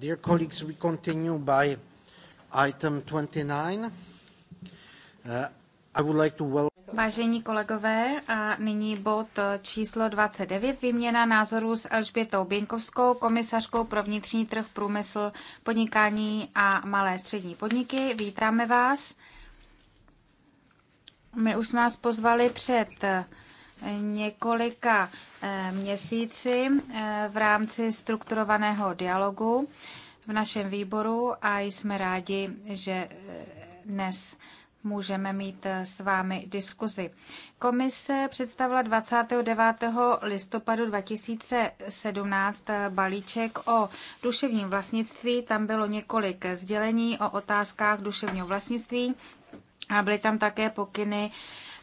Dear colleagues, we continue by item 29. Uh, I would like to welcome...
Vážení kolegové, a nyní bod uh, číslo 29, výměna názorů s Elžbětou Běnkovskou, komisařkou pro vnitřní trh, průmysl, podnikání a malé střední podniky. Vítáme vás. My už jsme vás pozvali před několika eh, měsíci eh, v rámci strukturovaného dialogu v našem výboru a jsme rádi, že eh, dnes můžeme mít s vámi diskuzi. Komise představila 29. listopadu 2017 balíček o duševním vlastnictví. Tam bylo několik sdělení o otázkách duševního vlastnictví a byly tam také pokyny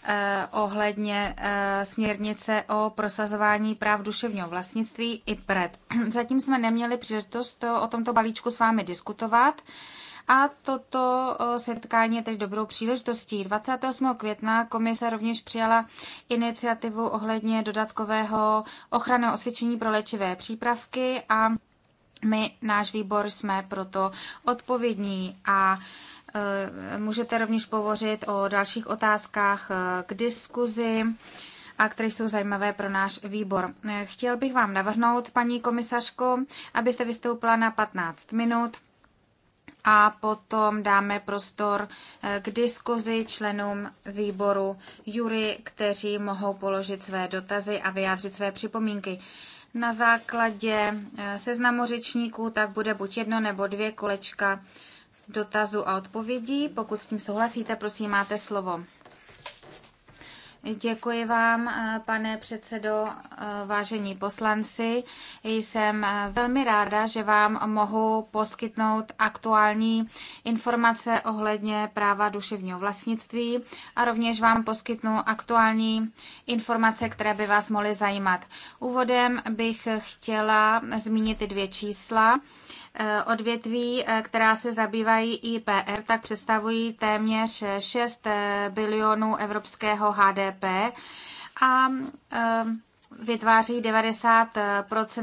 Eh, ohledně eh, směrnice o prosazování práv duševního vlastnictví i PRED. Zatím jsme neměli příležitost o tomto balíčku s vámi diskutovat. A toto eh, setkání je tedy dobrou příležitostí. 28. května komise rovněž přijala iniciativu ohledně dodatkového ochranného osvědčení pro léčivé přípravky a my, náš výbor, jsme proto odpovědní a Eh, můžete rovněž povořit o dalších otázkách eh, k diskuzi a které jsou zajímavé pro náš výbor. Eh, chtěl bych vám navrhnout, paní komisařko, abyste vystoupila na 15 minut a potom dáme prostor k diskuzi členům výboru Jury, kteří mohou položit své dotazy a vyjádřit své připomínky. Na základě seznamu řečníků tak bude buď jedno nebo dvě kolečka dotazů a odpovědí. Pokud s tím souhlasíte, prosím, máte slovo. Děkuji vám, eh, pane předsedo, eh, vážení poslanci. Jsem eh, velmi ráda, že vám mohu poskytnout aktuální informace ohledně práva duševního vlastnictví a rovněž vám poskytnu aktuální informace, které by vás mohly zajímat. Úvodem bych chtěla zmínit dvě čísla odvětví, která se zabývají IPR, tak představují téměř 6 bilionů evropského HDP HDP a ehm, vytváří 90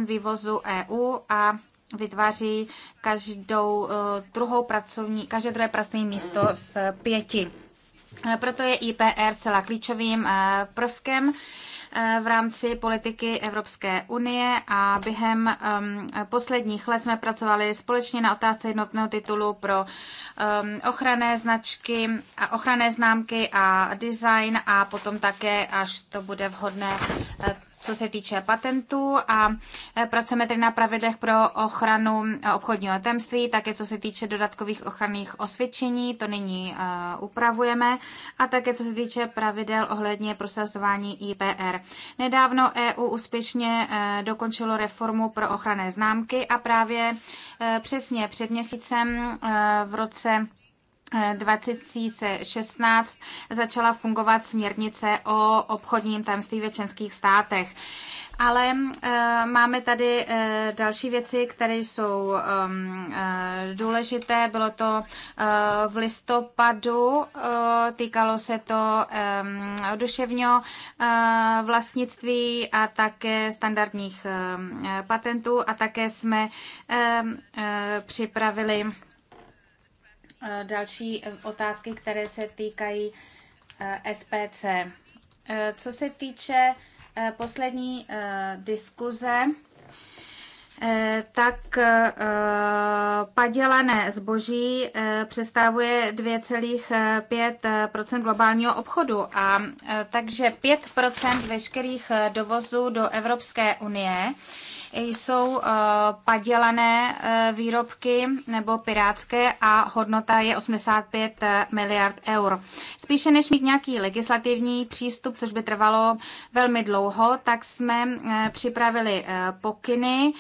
vývozu EU a vytváří každou eh, druhou pracovní, každé druhé pracovní místo z pěti. Proto je IPR celá klíčovým eh, prvkem Eh, v rámci politiky Evropské unie a během posledních let jsme pracovali společně na otázce jednotného titulu pro ochranné značky a ochranné známky a design a potom také, až to bude vhodné, eh, co se týče patentů a e, pracujeme tedy na pravidlech pro ochranu e, obchodního tajemství, také co se týče dodatkových ochranných osvědčení, to nyní e, upravujeme, a také co se týče pravidel ohledně prosazování IPR. Nedávno EU úspěšně dokončilo reformu pro ochranné známky a právě přesně před měsícem v roce 2016 začala fungovat směrnice o obchodním tajemství ve členských státech. Ale e, máme tady e, další věci, které jsou e, důležité. Bylo to e, v listopadu, e, týkalo se to e, duševního e, vlastnictví a také standardních e, patentů a také jsme e, e, připravili další eh, otázky, které se týkají eh, SPC. Eh, co se týče poslední diskuze, tak padělané zboží představuje 2,5 globálního obchodu a takže 5 veškerých dovozů do Evropské unie jsou eh, padělané eh, výrobky nebo pirátské a hodnota je 85 eh, miliard eur. Spíše než mít nějaký legislativní přístup, což by trvalo velmi dlouho, tak jsme připravili pokyny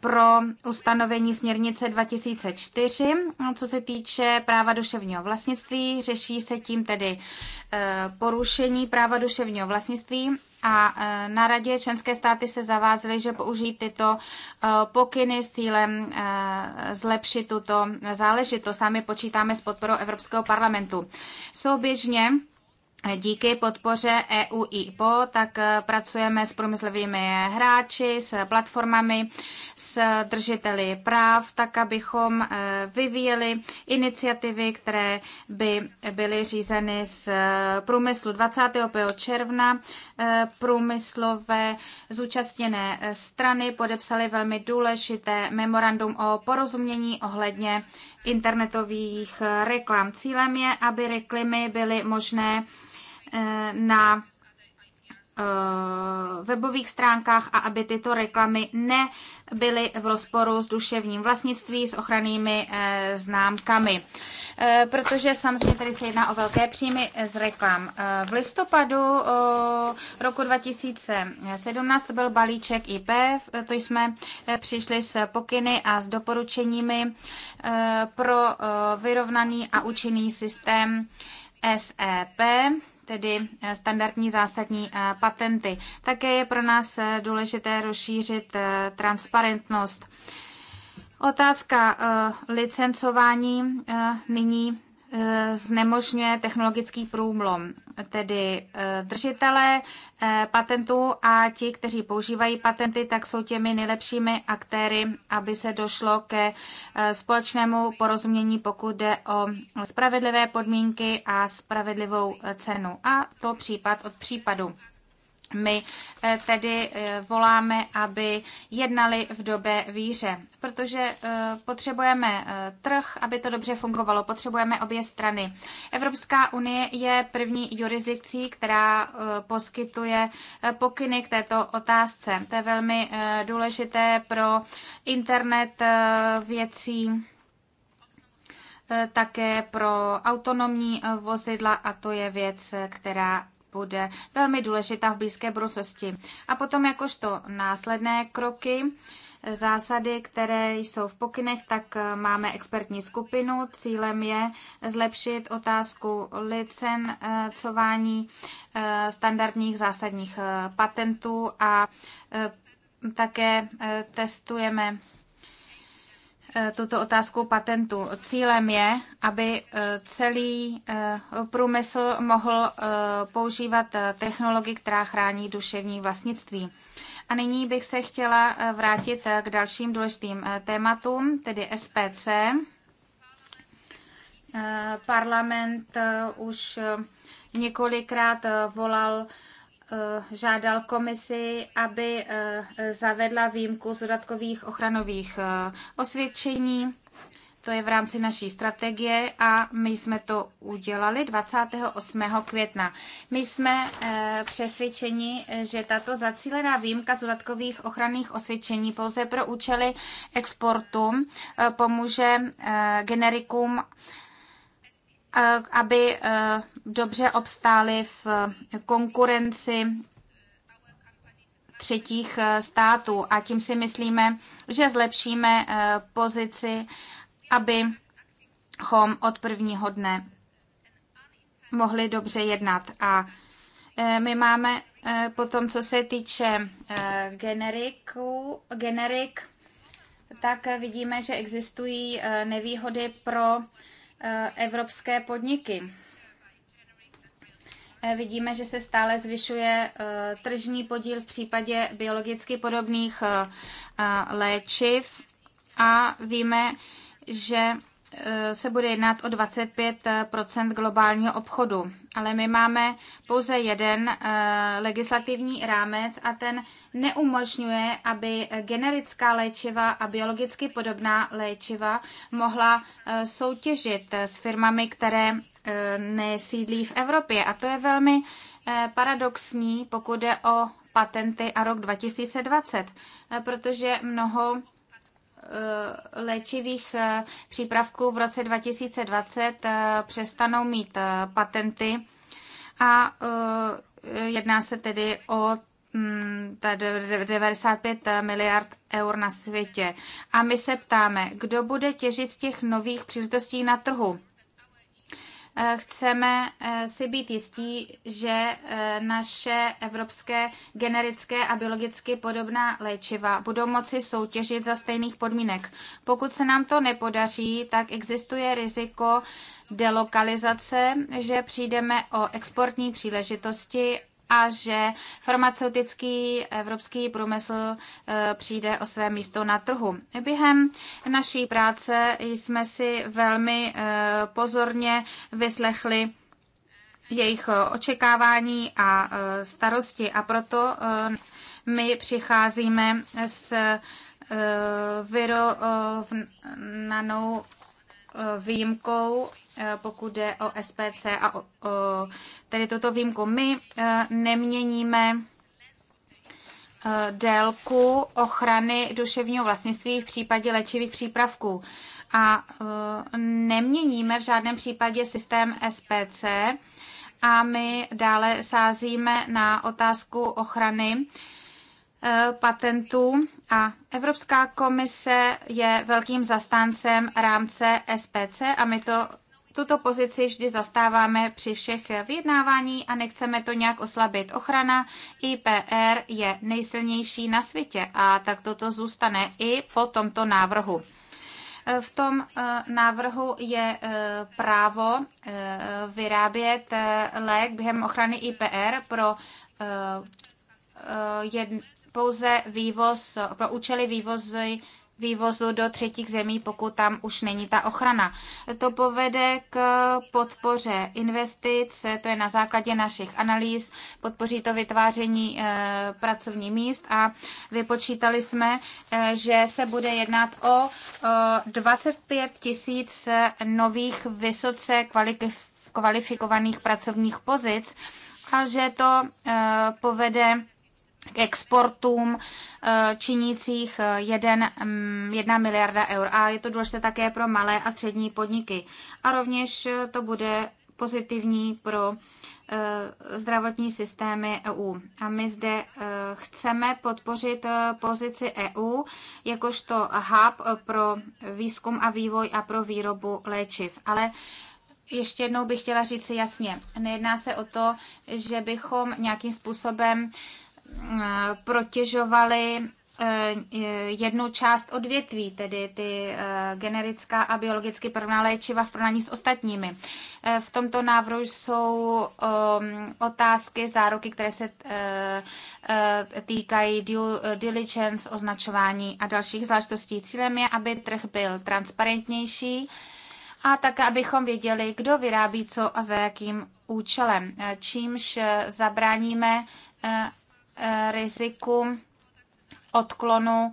pro ustanovení směrnice 2004, co se týče práva duševního vlastnictví. Řeší se tím tedy porušení práva duševního vlastnictví a e, na radě členské státy se zavázaly, že použijí tyto e, pokyny s cílem e, zlepšit tuto záležitost. A my počítáme s podporou Evropského parlamentu. Souběžně Díky podpoře EU IPO tak eh, pracujeme s průmyslovými hráči, s platformami, s držiteli práv, tak abychom eh, vyvíjeli iniciativy, které by byly řízeny z eh, průmyslu 25. června. Průmyslové zúčastněné strany podepsaly velmi důležité memorandum o porozumění ohledně internetových reklam. Cílem je, aby reklamy byly možné eh, na Eh, webových stránkách a aby tyto reklamy nebyly v rozporu s duševním vlastnictví, s ochrannými eh, známkami. Eh, protože samozřejmě tady se jedná o velké příjmy z reklam. V listopadu roku 2017 byl balíček IP, to jsme přišli s pokyny a s doporučeními pro vyrovnaný a účinný systém SEP tedy eh, standardní zásadní eh, patenty. Také je pro nás eh, důležité rozšířit transparentnost. Otázka licencování nyní Eh, znemožňuje technologický průmlom, tedy eh, držitele eh, patentů a ti, kteří používají patenty, tak jsou těmi nejlepšími aktéry, aby se došlo ke společnému porozumění, pokud jde o spravedlivé podmínky a spravedlivou cenu. A to případ od případu my eh, tedy eh, voláme, aby jednali v dobré víře, protože eh, potřebujeme trh, aby to dobře fungovalo, potřebujeme obě strany. Evropská unie je první jurisdikcí, která poskytuje pokyny k této otázce. To je velmi důležité pro internet věcí také pro autonomní vozidla a to je věc, která bude velmi důležitá v blízké budoucnosti. A potom jakožto následné kroky, zásady, které jsou v pokynech, tak eh, máme expertní skupinu. Cílem je zlepšit otázku licencování eh, standardních zásadních eh, patentů a také testujeme E, tuto otázku patentu. Cílem je, aby e, celý e, průmysl mohl používat technologii, která chrání duševní vlastnictví. A nyní bych se chtěla vrátit k dalším důležitým tématům, tedy SPC. Parlament už několikrát volal Eh, žádal komisi, aby eh, zavedla výjimku z dodatkových ochranových eh, osvědčení. To je v rámci naší strategie a my jsme to udělali 28. května. My jsme přesvědčeni, že tato zacílená výjimka z dodatkových ochranných osvědčení pouze pro účely exportu pomůže generikům Eh, aby eh, dobře obstály v konkurenci třetích eh, států. A tím si myslíme, že zlepšíme pozici, abychom od prvního dne mohli dobře jednat. A my máme potom, co se týče generiku, generik, tak vidíme, že existují nevýhody pro Eh, evropské podniky. Eh, vidíme, že se stále zvyšuje eh, tržní podíl v případě biologicky podobných léčiv a víme, že Eh, se bude jednat o 25 globálního obchodu. Ale my máme pouze jeden eh, legislativní rámec a ten neumožňuje, aby generická léčiva a biologicky podobná léčiva mohla eh, soutěžit s firmami, které nesídlí v Evropě. A to je velmi paradoxní, pokud jde o patenty a rok 2020, protože mnoho Eh, léčivých eh, přípravků v roce 2020 eh, přestanou mít patenty a jedná se tedy o 95 mm, miliard eur na světě. A my se ptáme, kdo bude těžit z těch nových příležitostí na trhu Eh, chceme eh, si být jistí, že eh, naše evropské generické a biologicky podobná léčiva budou moci soutěžit za stejných podmínek. Pokud se nám to nepodaří, tak existuje riziko delokalizace, že přijdeme o exportní příležitosti a že farmaceutický evropský průmysl e, přijde o své místo na trhu. Během naší práce jsme si velmi e, pozorně vyslechli jejich očekávání a e, starosti a proto my přicházíme s vyrovnanou Eh, výjimkou, eh, pokud jde o SPC a o, o, tedy tuto výjimku. My eh, neměníme délku ochrany duševního vlastnictví v případě léčivých přípravků a neměníme v žádném případě systém SPC a my dále sázíme na otázku ochrany Eh, patentů a Evropská komise je velkým zastáncem rámce SPC a my to tuto pozici vždy zastáváme při všech vyjednávání a nechceme to nějak oslabit. Ochrana IPR je nejsilnější na světě a tak toto zůstane i po tomto návrhu. Eh, v tom eh, návrhu je právo vyrábět lék během ochrany IPR pro pouze vývoz, pro účely vývozy vývozu do třetích zemí, pokud tam už není ta ochrana. To povede k podpoře investic, to je na základě našich analýz, podpoří to vytváření eh, pracovních míst a vypočítali jsme, eh, že se bude jednat o 25 eh, tisíc nových vysoce kvalifikovaných pracovních pozic a že to povede k exportům eh, činících 1, eh, 1 mm, miliarda eur. A je to důležité také pro malé a střední podniky. A rovněž eh, to bude pozitivní pro zdravotní systémy EU. A my zde chceme podpořit pozici EU jakožto hub pro výzkum a vývoj a pro výrobu léčiv. Ale ještě jednou bych chtěla říct si jasně, nejedná se o to, že bychom nějakým způsobem uh, protěžovaly eh, eh, jednu část odvětví, tedy ty eh, generická a biologicky prvná léčiva v porovnání s ostatními. V tomto návrhu jsou ehm, otázky, záruky, které se týkají due diligence, označování a dalších záležitostí. Cílem je, aby trh byl transparentnější a také, abychom věděli, kdo vyrábí co a za jakým účelem, čímž zabráníme Eh, riziku odklonu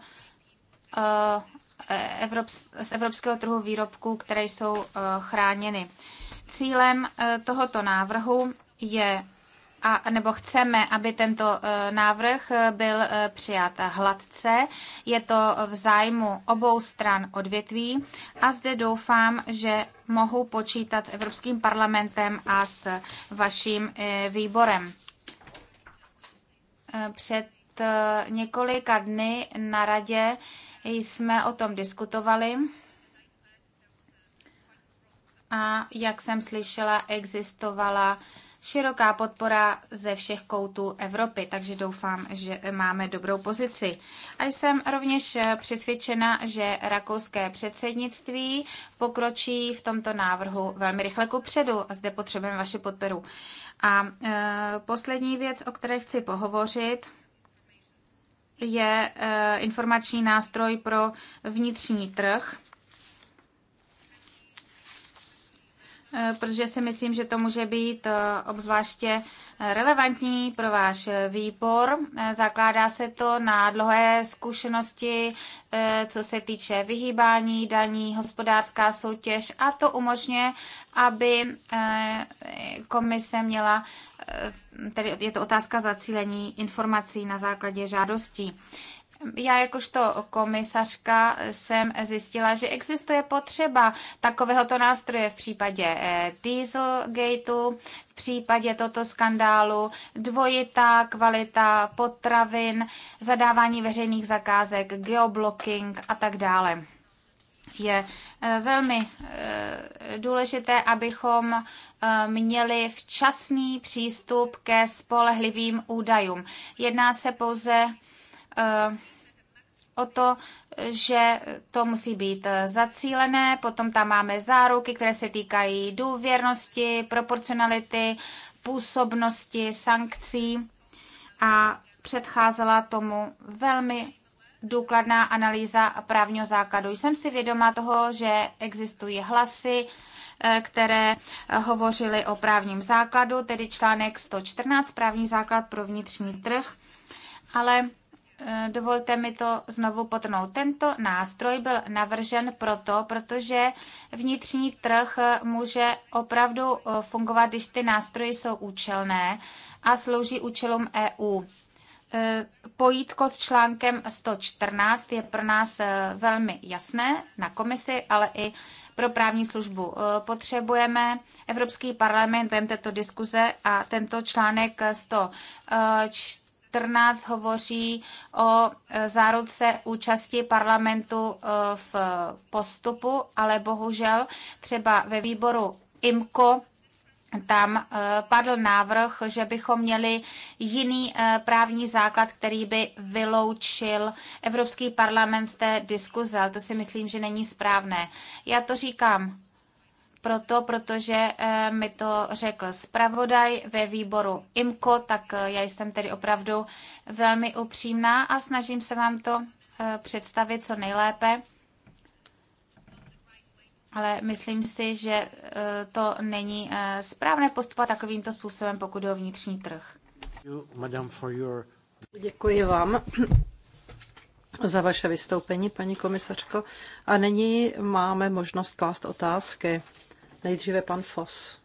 eh, z evropského trhu výrobků, které jsou eh, chráněny. Cílem tohoto návrhu je, a, nebo chceme, aby tento návrh byl přijat hladce. Je to v zájmu obou stran odvětví a zde doufám, že mohu počítat s Evropským parlamentem a s vaším výborem. Eh, před eh, několika dny na radě jsme o tom diskutovali a jak jsem slyšela, existovala široká podpora ze všech koutů Evropy, takže doufám, že máme dobrou pozici. A jsem rovněž eh, přesvědčena, že rakouské předsednictví pokročí v tomto návrhu velmi rychle ku předu a zde potřebujeme vaši podporu. A e, poslední věc, o které chci pohovořit, je e, informační nástroj pro vnitřní trh. Eh, protože si myslím, že to může být eh, obzvláště eh, relevantní pro váš výbor. Zakládá se to na dlouhé zkušenosti, co se týče vyhýbání daní, hospodářská soutěž a to umožňuje, aby komise měla, tedy je to otázka zacílení informací na základě žádostí. Já jakožto komisařka jsem zjistila, že existuje potřeba takovéhoto nástroje v případě eh, Dieselgateu, v případě toto skandálu, dvojitá kvalita potravin, zadávání veřejných zakázek, geoblocking a tak dále je eh, velmi eh, důležité, abychom měli včasný přístup ke spolehlivým údajům. Jedná se pouze o to, že to musí být eh, zacílené, potom tam máme záruky, které se týkají důvěrnosti, proporcionality, působnosti, sankcí a předcházela tomu velmi důkladná analýza právního základu. Jsem si vědoma toho, že existují hlasy, eh, které hovořily o právním základu, tedy článek 114, právní základ pro vnitřní trh, ale Eh, dovolte mi to znovu potrhnout. Tento nástroj byl navržen proto, protože vnitřní trh může opravdu eh, fungovat, když ty nástroje jsou účelné a slouží účelům EU. Eh, Pojítko s článkem 114 je pro nás velmi jasné na komisi, ale i pro právní službu. Potřebujeme Evropský parlament během této diskuze a tento článek 114 14 hovoří o e, záruce účasti parlamentu e, v postupu, ale bohužel třeba ve výboru IMCO tam e, padl návrh, že bychom měli jiný právní základ, který by vyloučil Evropský parlament z té diskuze, ale to si myslím, že není správné. Já to říkám proto, protože eh, mi to řekl zpravodaj ve výboru IMKO, tak eh, já jsem tedy opravdu velmi upřímná a snažím se vám to eh, představit co nejlépe. Ale myslím si, že to není správné postupovat takovýmto způsobem, pokud je o vnitřní trh. Děkuji vám
za vaše
vystoupení, paní komisařko. A nyní máme možnost klást otázky.
Nejdříve pan Fos.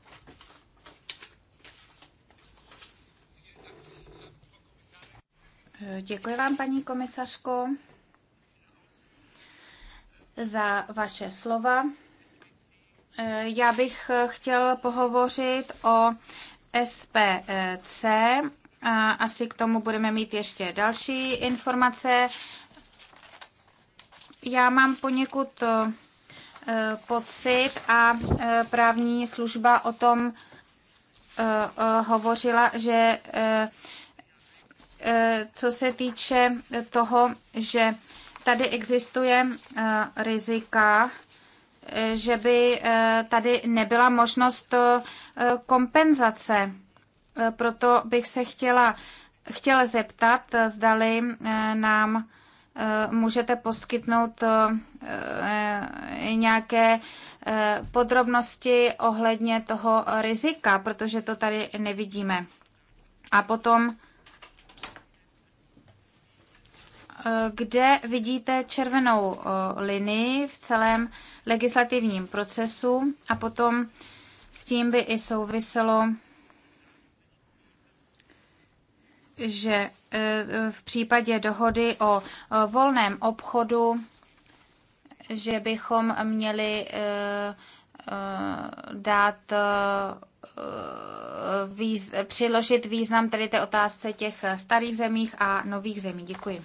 Děkuji vám, paní komisařko, za vaše slova. Já bych chtěl pohovořit o SPC. Asi k tomu budeme mít ještě další informace. Já mám poněkud Eh, pocit a eh, právní služba o tom eh, hovořila, že co se týče toho, že tady existuje rizika, že by tady nebyla možnost kompenzace. Proto bych se chtěla, chtěla zeptat, zdali nám Eh, můžete poskytnout eh, eh, nějaké podrobnosti ohledně toho rizika, protože to tady nevidíme. A potom, kde vidíte červenou linii v celém legislativním procesu a potom s tím by i souviselo že e, v případě dohody o e, volném obchodu, že bychom měli e, dát výz, přiložit význam tedy té otázce těch starých zemích a nových zemí. Děkuji.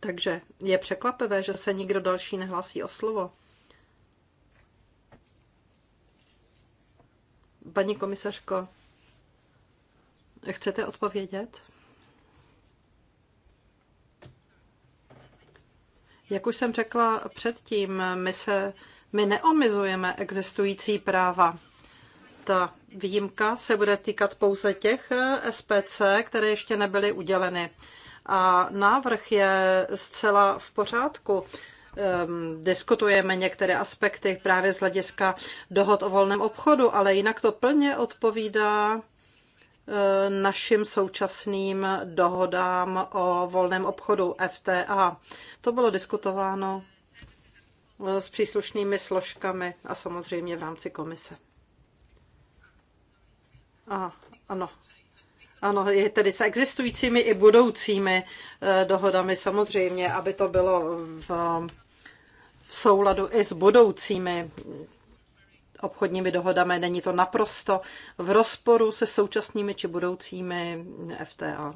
Takže je překvapivé, že se nikdo další nehlásí o slovo. Paní komisařko, chcete odpovědět? Jak už jsem řekla předtím, my se my neomizujeme existující práva. Ta výjimka se bude týkat pouze těch SPC, které ještě nebyly uděleny. A návrh je zcela v pořádku um, diskutujeme některé aspekty právě z hlediska dohod o volném obchodu, ale jinak to plně odpovídá eh, našim současným dohodám o volném obchodu FTA. To bylo diskutováno eh, s příslušnými složkami a samozřejmě v rámci komise. A, ano. Ano, je tedy s existujícími i budoucími eh, dohodami samozřejmě, aby to bylo v v souladu i s budoucími obchodními dohodami. Není to naprosto v rozporu se současnými či budoucími FTA.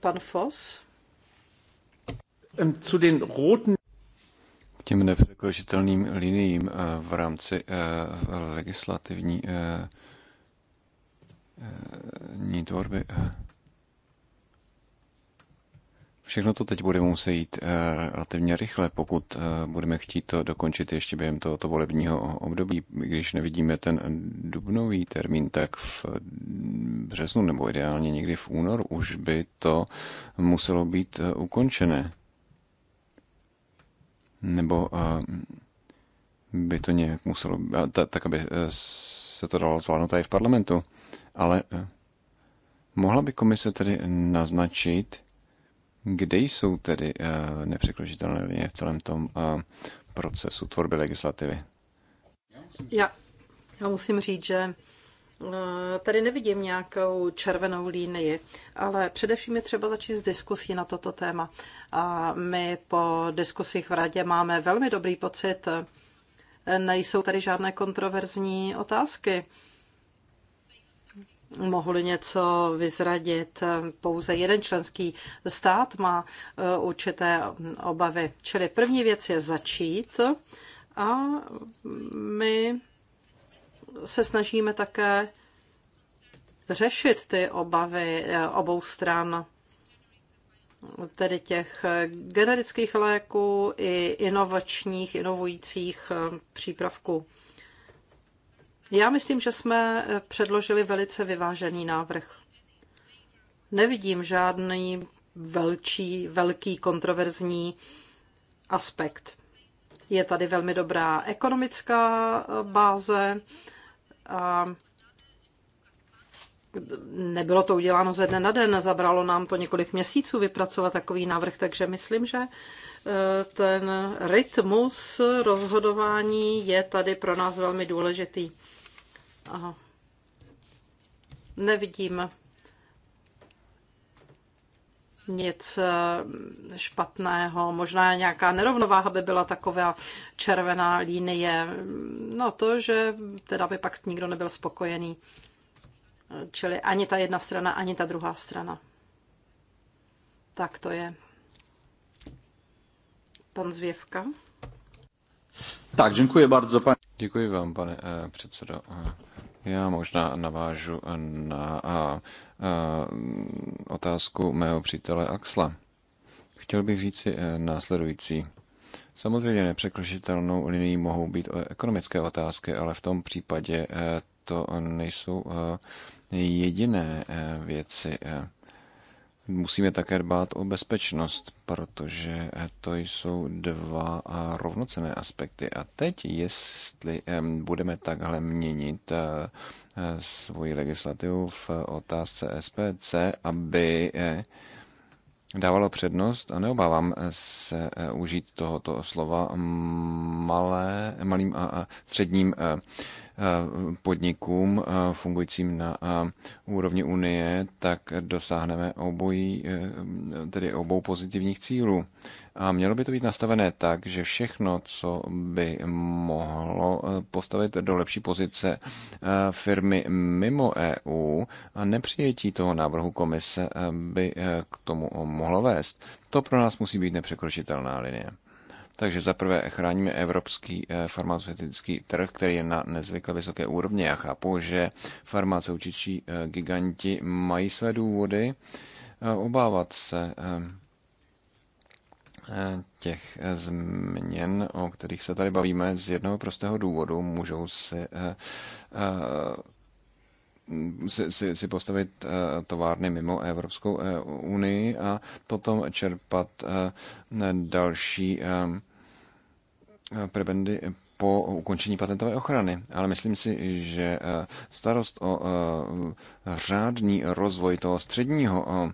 Pan Foss?
k těm nepřekročitelným liniím eh, v rámci eh, legislativní eh, tvorby. Všechno to teď bude muset jít eh, relativně rychle, pokud eh, budeme chtít to dokončit ještě během tohoto volebního období. Když nevidíme ten dubnový termín, tak v březnu nebo ideálně někdy v únoru už by to muselo být eh, ukončené. Nebo by to nějak muselo, tak aby se to dalo zvládnout tady v parlamentu. Ale mohla by komise tedy naznačit, kde jsou tedy eh, nepřekročitelné linie v celém tom eh, procesu tvorby legislativy?
Já, já musím říct, že eh, Tady nevidím nějakou červenou línii, ale především je třeba začít s diskusí na toto téma. A my po diskusích v radě máme velmi dobrý pocit, nejsou tady žádné kontroverzní otázky mohli něco vyzradit. Pouze jeden členský stát má eh, určité obavy. Čili první věc je začít a my se snažíme také řešit ty obavy eh, obou stran, tedy těch generických léků i inovačních, inovujících eh, přípravků. Já myslím, že jsme eh, předložili velice vyvážený návrh. Nevidím žádný velčí, velký kontroverzní aspekt. Je tady velmi dobrá ekonomická eh, báze. A nebylo to uděláno ze dne na den, zabralo nám to několik měsíců vypracovat takový návrh, takže myslím, že eh, ten rytmus rozhodování je tady pro nás velmi důležitý. Aha. Nevidím nic eh, špatného. Možná nějaká nerovnováha by byla taková červená linie. No to, že teda by pak nikdo nebyl spokojený. Čili ani ta jedna strana, ani ta druhá strana. Tak to je. Pan Zvěvka.
Tak, děkuji bardzo. Pan... Děkuji vám, pane eh, předsedo. Eh, já možná navážu eh, na otázku mého přítele Axla. Chtěl bych říci následující. Samozřejmě nepřekročitelnou linií mohou být ekonomické otázky, ale v tom případě to nejsou jediné věci. Musíme také dbát o bezpečnost, protože to jsou dva rovnocené aspekty. A teď, jestli budeme takhle měnit e, e, svoji legislativu v otázce SPC, aby e, dávalo přednost a neobávám se užít tohoto slova malé, malým a středním Eh, podnikům eh, fungujícím na eh, úrovni Unie, tak dosáhneme obojí, tedy obou pozitivních cílů. A mělo by to být nastavené tak, že všechno, co by mohlo postavit do lepší pozice firmy mimo EU a nepřijetí toho návrhu komise by k tomu mohlo vést. To pro nás musí být nepřekročitelná linie. Takže za prvé chráníme evropský eh, farmaceutický trh, který je na nezvykle vysoké úrovni. Já chápu, že farmaceutičtí eh, giganti mají své důvody eh, obávat se těch změn, o kterých se tady bavíme, z jednoho prostého důvodu můžou si si, si, si postavit továrny mimo Evropskou unii a potom čerpat další Eh, prebendy po ukončení patentové ochrany, ale myslím si, že eh, starost o eh, řádný rozvoj toho středního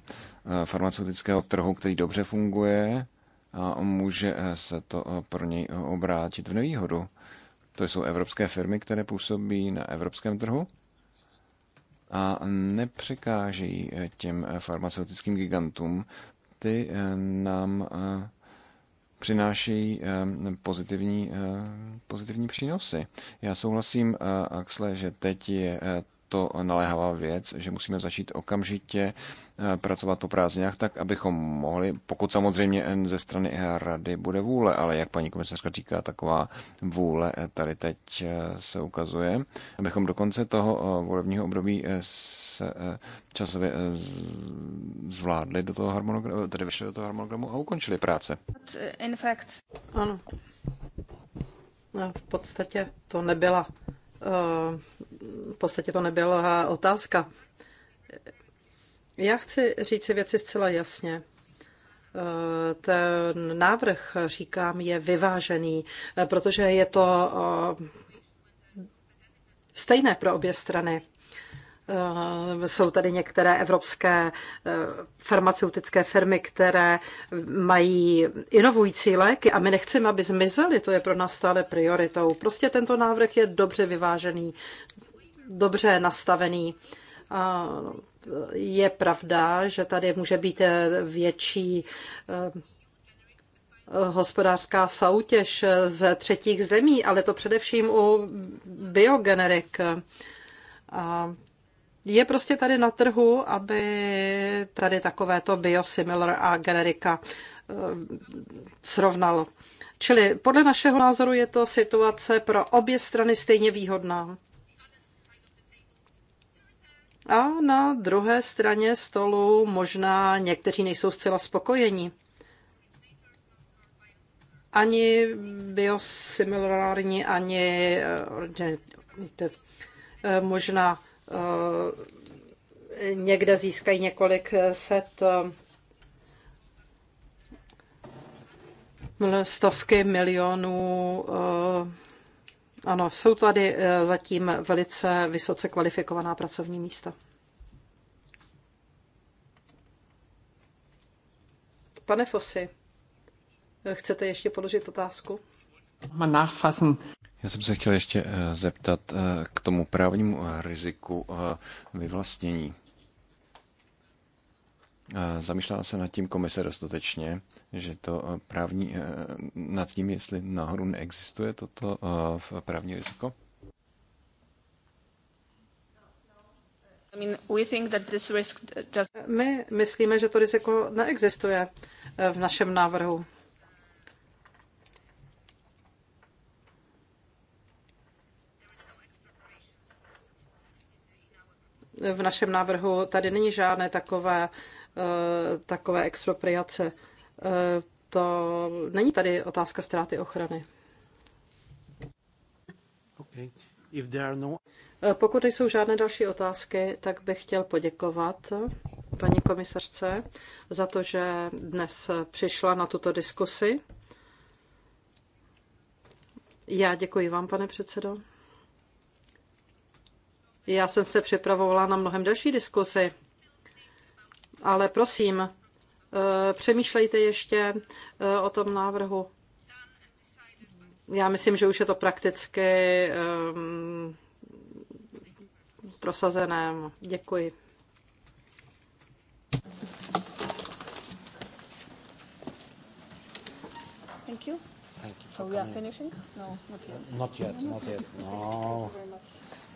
farmaceutického trhu, který dobře funguje, a může se to pro něj obrátit v nevýhodu. To jsou evropské firmy, které působí na evropském trhu a nepřekážejí těm farmaceutickým gigantům. Ty nám přinášejí ehm, pozitivní, ehm, pozitivní přínosy. Já souhlasím, eh, Axle, že teď je eh, to naléhavá věc, že musíme začít okamžitě eh, pracovat po prázdninách tak, abychom mohli, pokud samozřejmě eh, ze strany eh, rady bude vůle, ale jak paní komisařka říká, taková vůle tady teď se ukazuje, abychom do konce toho volebního období se časově zvládli do toho harmonogramu, tedy vešli do toho harmonogramu a ukončili práce.
In fact.
Ano. No, v podstatě to nebyla v podstatě to nebyla otázka. Já chci říct si věci zcela jasně. Ten návrh, říkám, je vyvážený, protože je to eh, stejné pro obě strany. Eh, jsou tady některé evropské eh, farmaceutické firmy, které mají inovující léky a my nechceme, aby zmizely. To je pro nás stále prioritou. Prostě tento návrh je dobře vyvážený, dobře nastavený. Je pravda, že tady může být eh, větší hospodářská soutěž ze třetích zemí, ale to především u biogenerik. A je prostě tady na trhu, aby tady takovéto biosimilar a generika eh, srovnal. Čili podle našeho názoru je to situace pro obě strany stejně výhodná. A na druhé straně stolu možná někteří nejsou zcela spokojeni. Ani biosimilární, ani eh, možná Eh, někde získají několik eh, set eh, stovky milionů. Ano, jsou tady zatím velice vysoce kvalifikovaná pracovní místa. Pane Fosy, chcete ještě položit otázku?
Nachfassen. Já jsem se chtěl ještě eh, zeptat eh, k tomu právnímu eh, riziku vyvlastnění. Zamýšlela se nad tím komise dostatečně, že to právní, nad tím, jestli nahoru neexistuje toto právní riziko?
My myslíme, že to riziko neexistuje v našem návrhu. V našem návrhu tady není žádné takové, eh, takové expropriace. Eh, to není tady otázka ztráty ochrany.
Okay. If there are no...
Eh, pokud nejsou žádné další otázky, tak bych chtěl poděkovat paní komisařce za to, že dnes přišla na tuto diskusi. Já děkuji vám, pane předsedo. Já jsem se připravovala na mnohem delší diskusy, ale prosím, eh, přemýšlejte ještě eh, o tom návrhu. Já myslím, že už je to prakticky ehm, prosazené. Děkuji.
Thank you. Thank you for so we are finishing? No, not yet. Not yet, not yet. No. Thank
you very no. much.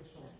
Krishna.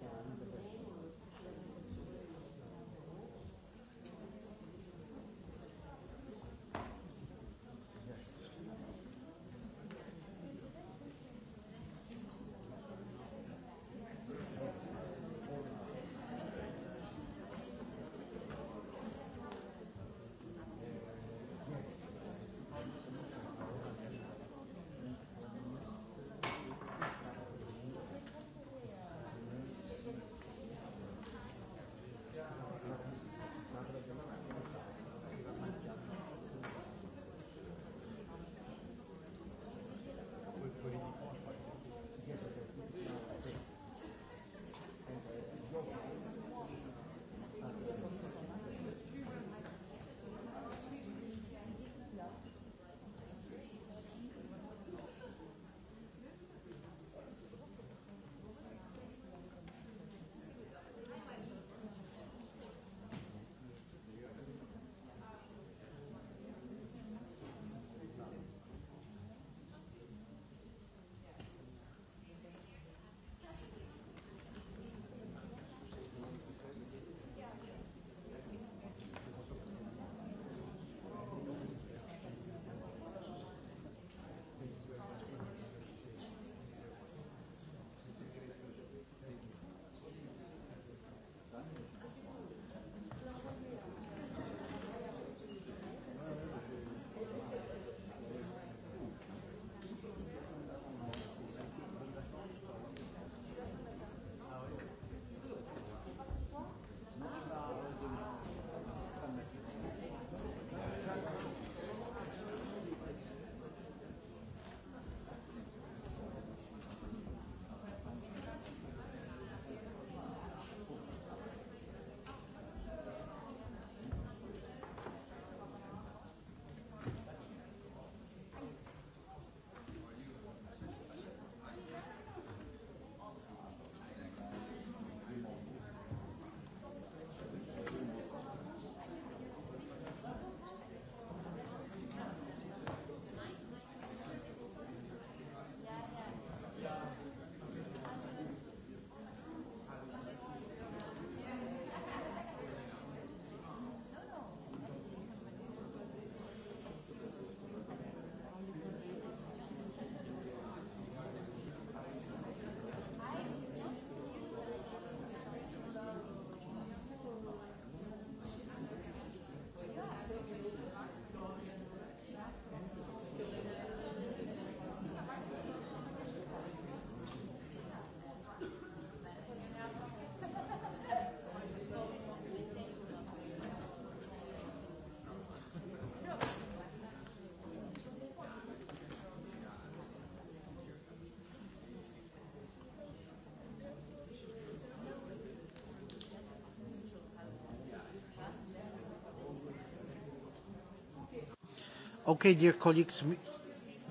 Okay, dear colleagues,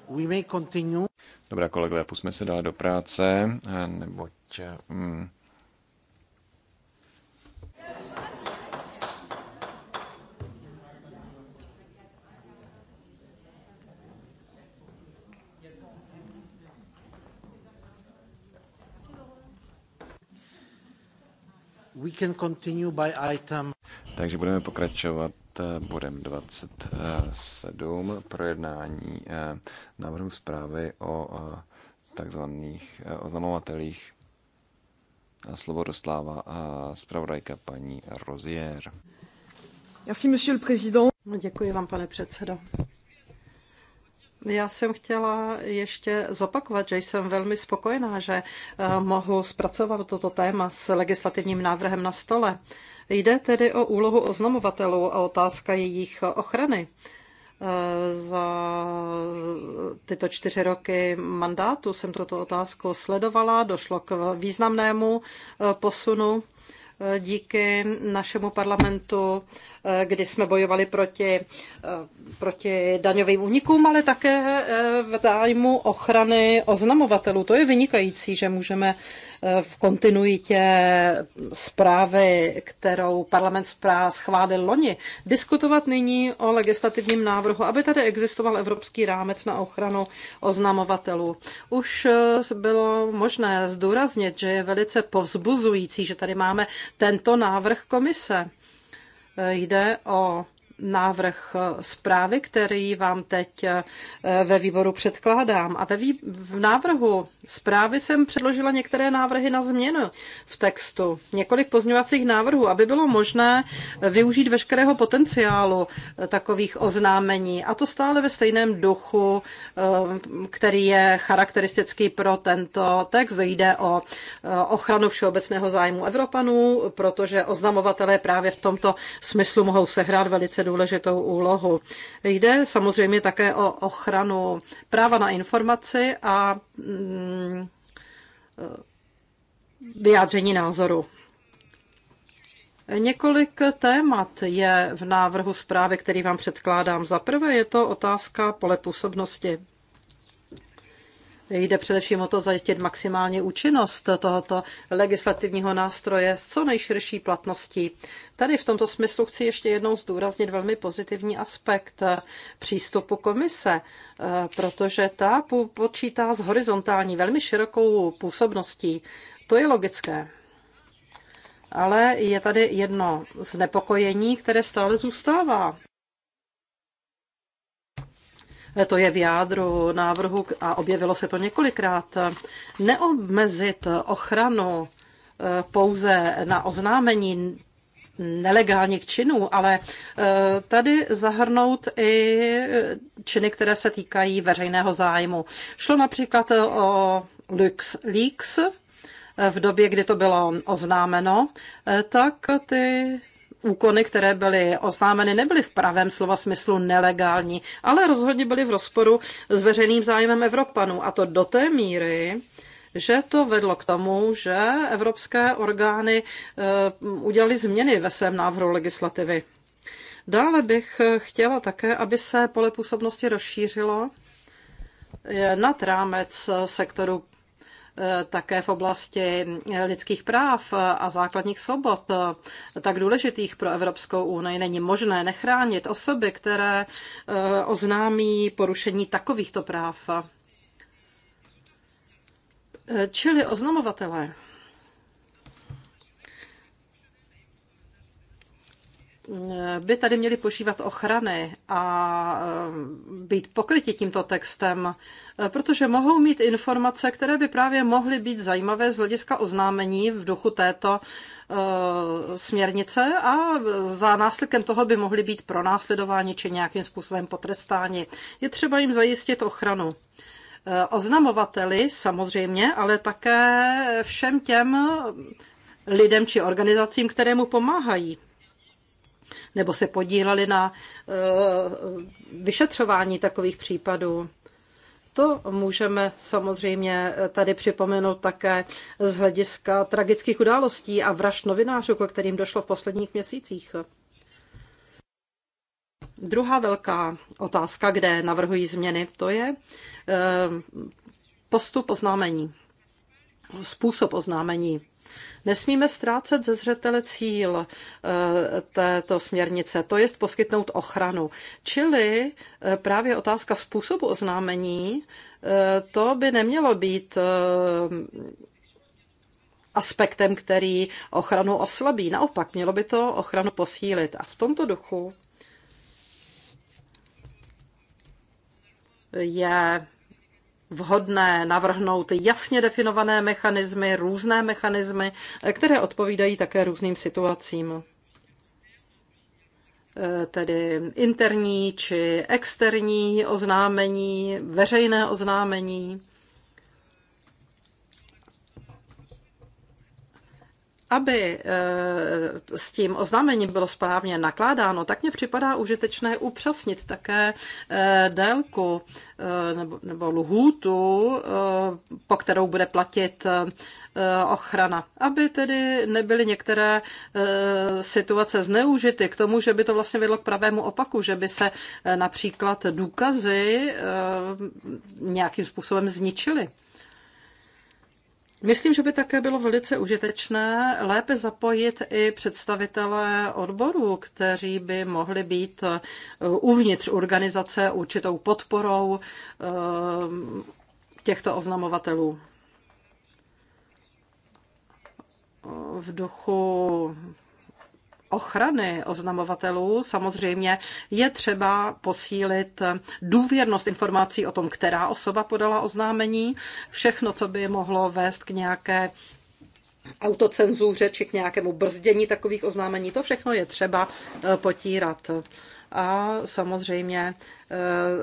we may continue. Dobrá kolegové, pusme se dál do práce, eh, neboť... Eh, mm,
We can continue by
item. Takže budeme pokračovat bodem 27 projednání eh, návrhu zprávy o eh, takzvaných eh, oznamovatelích. slovo dostává zpravodajka paní Rozier.
Merci, monsieur le président. No, děkuji vám, pane předsedo. Já jsem chtěla ještě zopakovat, že jsem velmi spokojená, že eh, mohu zpracovat toto téma s legislativním návrhem na stole. Jde tedy o úlohu oznamovatelů a otázka jejich ochrany eh, za tyto čtyři roky mandátu jsem tuto otázku sledovala. Došlo k významnému eh, posunu díky našemu parlamentu kdy jsme bojovali proti, eh, proti daňovým únikům, ale také eh, v zájmu ochrany oznamovatelů. To je vynikající, že můžeme eh, v kontinuitě zprávy, kterou parlament zpráv schválil loni, diskutovat nyní o legislativním návrhu, aby tady existoval evropský rámec na ochranu oznamovatelů. Už bylo možné zdůraznit, že je velice povzbuzující, že tady máme tento návrh komise. Jde o návrh zprávy, který vám teď eh, ve výboru předkládám. A ve vý... v návrhu zprávy jsem předložila některé návrhy na změnu v textu, několik pozňovacích návrhů, aby bylo možné využít veškerého potenciálu eh, takových oznámení. A to stále ve stejném duchu, eh, který je charakteristický pro tento text. Jde o ochranu všeobecného zájmu Evropanů, protože oznamovatelé právě v tomto smyslu mohou sehrát velice důležitou úlohu. Jde samozřejmě také o ochranu práva na informaci a mm, vyjádření názoru. Několik témat je v návrhu zprávy, který vám předkládám. Za prvé je to otázka pole působnosti. Jde především o to zajistit maximálně účinnost tohoto legislativního nástroje s co nejširší platností. Tady v tomto smyslu chci ještě jednou zdůraznit velmi pozitivní aspekt eh, přístupu komise, eh, protože ta počítá s horizontální, velmi širokou působností. To je logické. Ale je tady jedno znepokojení, které stále zůstává to je v jádru návrhu a objevilo se to několikrát, Neobmezit ochranu eh, pouze na oznámení nelegálních činů, ale eh, tady zahrnout i eh, činy, které se týkají veřejného zájmu. Šlo například o LuxLeaks, v době, kdy to bylo oznámeno, tak ty úkony, které byly oznámeny, nebyly v pravém slova smyslu nelegální, ale rozhodně byly v rozporu s veřejným zájmem Evropanů. A to do té míry, že to vedlo k tomu, že evropské orgány eh, udělali změny ve svém návrhu legislativy. Dále bych chtěla také, aby se pole působnosti rozšířilo eh, nad rámec sektoru také v oblasti lidských práv a základních svobod, tak důležitých pro Evropskou unii, není možné nechránit osoby, které eh, oznámí porušení takovýchto práv. Eh, čili oznamovatelé by tady měli požívat ochrany a eh, být pokryti tímto textem, eh, protože mohou mít informace, které by právě mohly být zajímavé z hlediska oznámení v duchu této eh, směrnice a za následkem toho by mohly být pronásledováni či nějakým způsobem potrestáni. Je třeba jim zajistit ochranu oznamovateli samozřejmě, ale také všem těm lidem či organizacím, které mu pomáhají nebo se podíleli na eh, vyšetřování takových případů. To můžeme samozřejmě tady připomenout také z hlediska tragických událostí a vražd novinářů, ke kterým došlo v posledních měsících. Druhá velká otázka, kde navrhují změny, to je eh, postup oznámení, způsob oznámení. Nesmíme ztrácet ze zřetele cíl eh, této směrnice, to je poskytnout ochranu. Čili eh, právě otázka způsobu oznámení, eh, to by nemělo být aspektem, který ochranu oslabí. Naopak, mělo by to ochranu posílit. A v tomto duchu je vhodné navrhnout jasně definované mechanismy, různé mechanismy, které odpovídají také různým situacím eh, tedy interní či externí oznámení, veřejné oznámení. aby eh, s tím oznámením bylo správně nakládáno, tak mně připadá užitečné upřesnit také eh, délku eh, nebo, nebo lhůtu, po kterou bude platit ochrana, aby tedy nebyly některé situace zneužity k tomu, že by to vlastně vedlo k pravému opaku, že by se například důkazy nějakým způsobem zničily. Myslím, že by také bylo velice užitečné lépe zapojit i představitele odborů, kteří by mohli být eh, uvnitř organizace určitou podporou eh, těchto oznamovatelů. V duchu ochrany oznamovatelů samozřejmě je třeba posílit důvěrnost informací o tom, která osoba podala oznámení, všechno, co by mohlo vést k nějaké autocenzuře či k nějakému brzdění takových oznámení. To všechno je třeba eh, potírat. A samozřejmě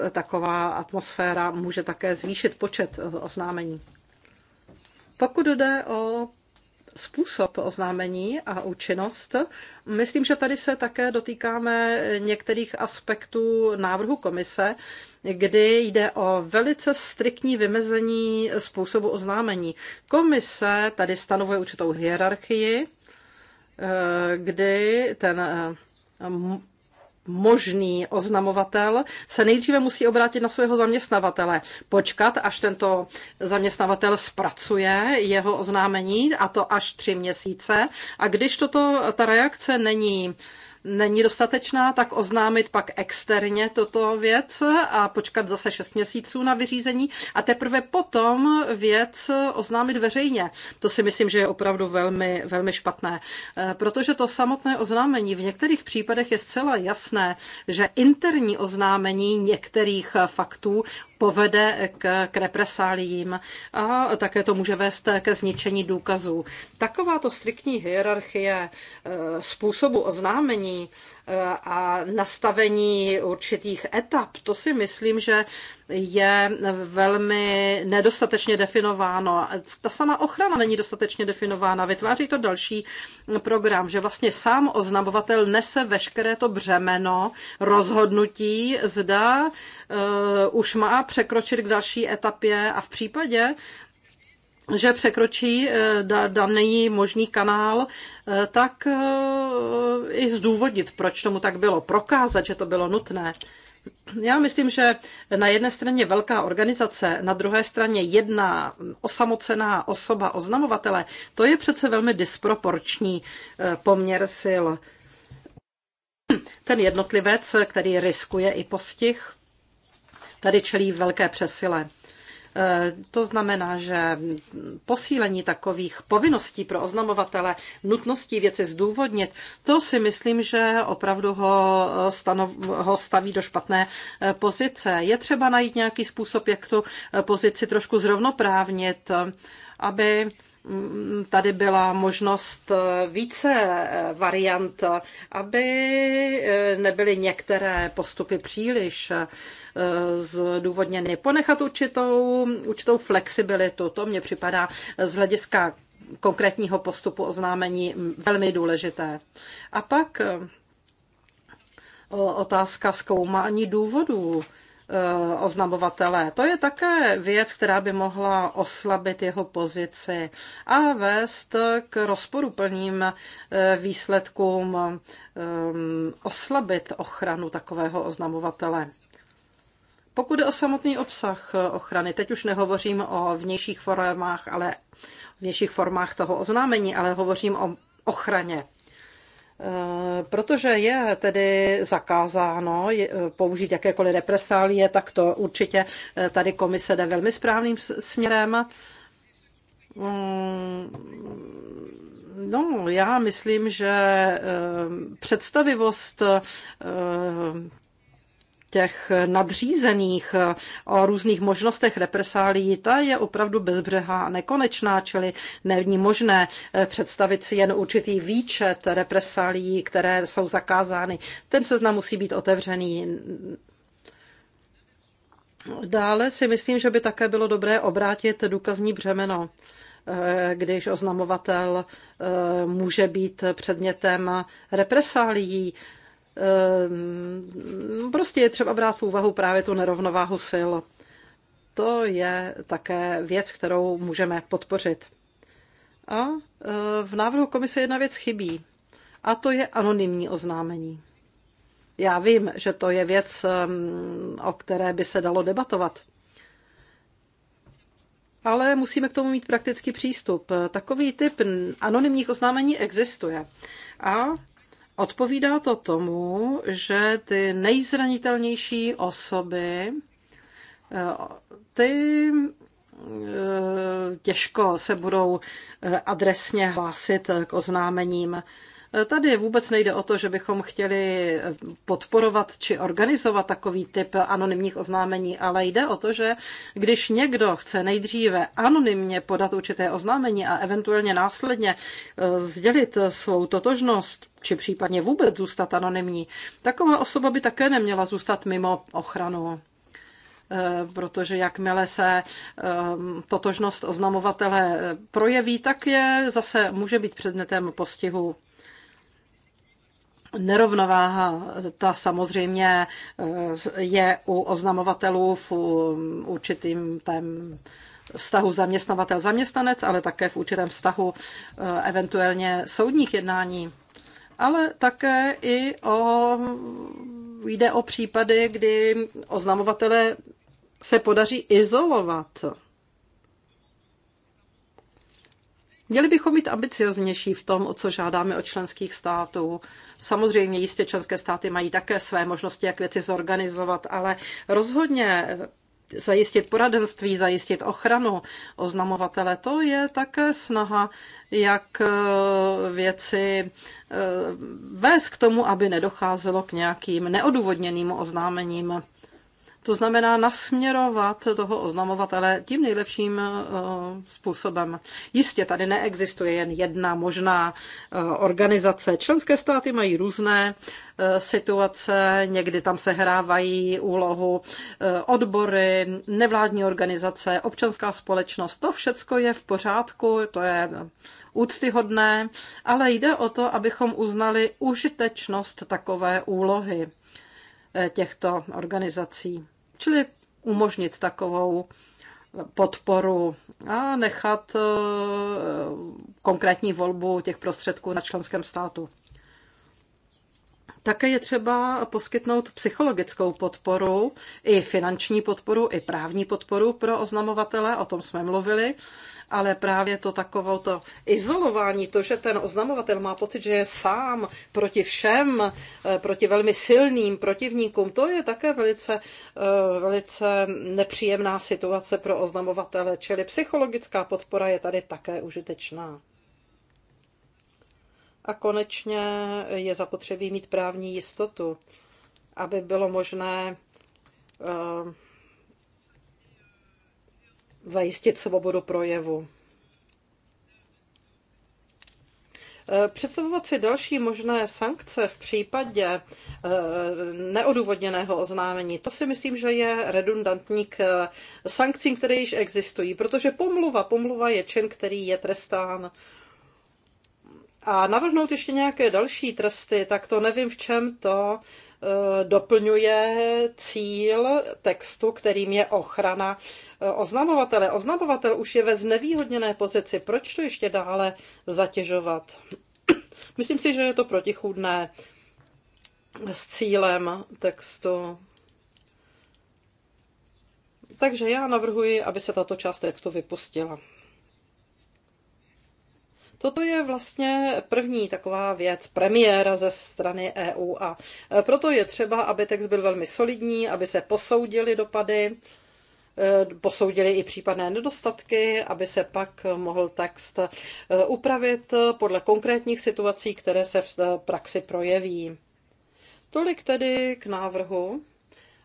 eh, taková atmosféra může také zvýšit počet eh, oznámení. Pokud jde o způsob oznámení a účinnost. Myslím, že tady se také dotýkáme některých aspektů návrhu komise, kdy jde o velice striktní vymezení způsobu oznámení. Komise tady stanovuje určitou hierarchii, eh, kdy ten eh, možný oznamovatel se nejdříve musí obrátit na svého zaměstnavatele, počkat, až tento zaměstnavatel zpracuje jeho oznámení, a to až tři měsíce. A když toto, ta reakce není není dostatečná, tak oznámit pak externě toto věc a počkat zase 6 měsíců na vyřízení a teprve potom věc oznámit veřejně. To si myslím, že je opravdu velmi, velmi špatné, e, protože to samotné oznámení v některých případech je zcela jasné, že interní oznámení některých faktů povede k, k represálím a také to může vést ke zničení důkazů. Takováto striktní hierarchie eh, způsobu oznámení a nastavení určitých etap, to si myslím, že je velmi nedostatečně definováno. Ta sama ochrana není dostatečně definována. Vytváří to další program, že vlastně sám oznamovatel nese veškeré to břemeno rozhodnutí, zda uh, už má překročit k další etapě a v případě, že překročí eh, daný možný kanál, eh, tak eh, i zdůvodnit, proč tomu tak bylo, prokázat, že to bylo nutné. Já myslím, že na jedné straně velká organizace, na druhé straně jedna osamocená osoba oznamovatele, to je přece velmi disproporční poměr sil. Ten jednotlivec, který riskuje i postih, tady čelí velké přesile. Eh, to znamená, že posílení takových povinností pro oznamovatele, nutností věci zdůvodnit, to si myslím, že opravdu ho, eh, stanov, ho staví do špatné eh, pozice. Je třeba najít nějaký způsob, jak tu pozici trošku zrovnoprávnit, aby tady byla možnost eh, více eh, variant, aby eh, nebyly některé postupy příliš zdůvodněny. Ponechat určitou, určitou flexibilitu, to mně připadá z hlediska konkrétního postupu oznámení velmi důležité. A pak otázka zkoumání důvodů Eh, oznamovatele. To je také věc, která by mohla oslabit jeho pozici a vést k rozporuplným eh, výsledkům, eh, oslabit ochranu takového oznamovatele. Pokud je o samotný obsah ochrany, teď už nehovořím o vnějších formách, ale vnějších formách toho oznámení, ale hovořím o ochraně. Eh, protože je tedy zakázáno eh, použít jakékoliv represálie, tak to určitě eh, tady komise jde velmi správným směrem. Mm, no, já myslím, že představivost těch nadřízených, eh, o různých možnostech represálí, ta je opravdu bezbřehá a nekonečná, čili není možné eh, představit si jen určitý výčet represálí, které jsou zakázány. Ten seznam musí být otevřený Dále si myslím, že by také bylo dobré obrátit důkazní břemeno, eh, když oznamovatel může být předmětem represálií. Ehm, prostě je třeba brát v úvahu právě tu nerovnováhu sil. To je také věc, kterou můžeme podpořit. A e, v návrhu komise jedna věc chybí, a to je anonymní oznámení. Já vím, že to je věc, ehm, o které by se dalo debatovat. Ale musíme k tomu mít praktický přístup. Takový typ anonymních oznámení existuje. A Odpovídá to tomu, že ty nejzranitelnější osoby, eh, ty eh, těžko se budou eh, adresně hlásit k oznámením Eh, tady vůbec nejde o to, že bychom chtěli eh, podporovat či organizovat takový typ anonymních oznámení, ale jde o to, že když někdo chce nejdříve anonymně podat určité oznámení a eventuálně následně eh, sdělit svou totožnost, či případně vůbec zůstat anonymní, taková osoba by také neměla zůstat mimo ochranu protože jakmile se totožnost oznamovatele projeví, tak je zase může být předmětem postihu. Nerovnováha, ta samozřejmě eh, je u oznamovatelů v určitým tém vztahu zaměstnavatel-zaměstnanec, ale také v určitém vztahu eh, eventuálně soudních jednání, ale také i o, jde o případy, kdy oznamovatele se podaří izolovat Měli bychom být ambicioznější v tom, o co žádáme od členských států. Samozřejmě jistě členské státy mají také své možnosti, jak věci zorganizovat, ale rozhodně eh, zajistit poradenství, zajistit ochranu oznamovatele, to je také snaha, jak eh, věci eh, vést k tomu, aby nedocházelo k nějakým neodůvodněným oznámením. To znamená nasměrovat toho oznamovatele tím nejlepším eh, způsobem. Jistě tady neexistuje jen jedna možná eh, organizace. Členské státy mají různé eh, situace, někdy tam se hrávají úlohu odbory, nevládní organizace, občanská společnost. To všecko je v pořádku, to je úctyhodné, ale jde o to, abychom uznali užitečnost takové úlohy těchto organizací. Čili umožnit takovou podporu a nechat eh, konkrétní volbu těch prostředků na členském státu. Také je třeba poskytnout psychologickou podporu, i finanční podporu, i právní podporu pro oznamovatele, o tom jsme mluvili, ale právě to takovou to izolování, to, že ten oznamovatel má pocit, že je sám proti všem, eh, proti velmi silným protivníkům, to je také velice, eh, velice nepříjemná situace pro oznamovatele, čili psychologická podpora je tady také užitečná. A konečně je zapotřebí mít právní jistotu, aby bylo možné eh, zajistit svobodu projevu. Eh, představovat si další možné sankce v případě eh, neodůvodněného oznámení, to si myslím, že je redundantní k sankcím, které již existují, protože pomluva, pomluva je čin, který je trestán a navrhnout ještě nějaké další tresty, tak to nevím, v čem to eh, doplňuje cíl textu, kterým je ochrana eh, oznamovatele. Oznamovatel už je ve znevýhodněné pozici. Proč to ještě dále zatěžovat? Myslím si, že je to protichůdné s cílem textu. Takže já navrhuji, aby se tato část textu vypustila. Toto je vlastně první taková věc, premiéra ze strany EU a e, proto je třeba, aby text byl velmi solidní, aby se posoudili dopady, e, posoudili i případné nedostatky, aby se pak mohl text e, upravit podle konkrétních situací, které se v praxi projeví. Tolik tedy k návrhu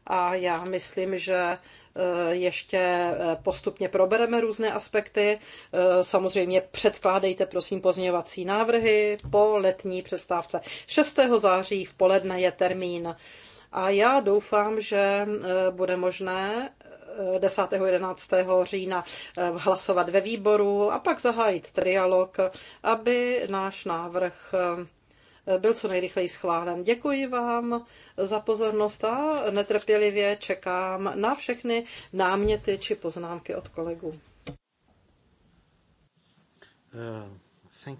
a já myslím, že Eh, ještě eh, postupně probereme různé aspekty. Eh, samozřejmě předkládejte prosím pozměňovací návrhy po letní přestávce. 6. září v poledne je termín. A já doufám, že bude možné 10. 11. října hlasovat ve výboru a pak zahájit trialog, aby náš návrh byl co nejrychleji schválen. Děkuji vám za pozornost a netrpělivě čekám na všechny náměty či poznámky od kolegů.
Uh,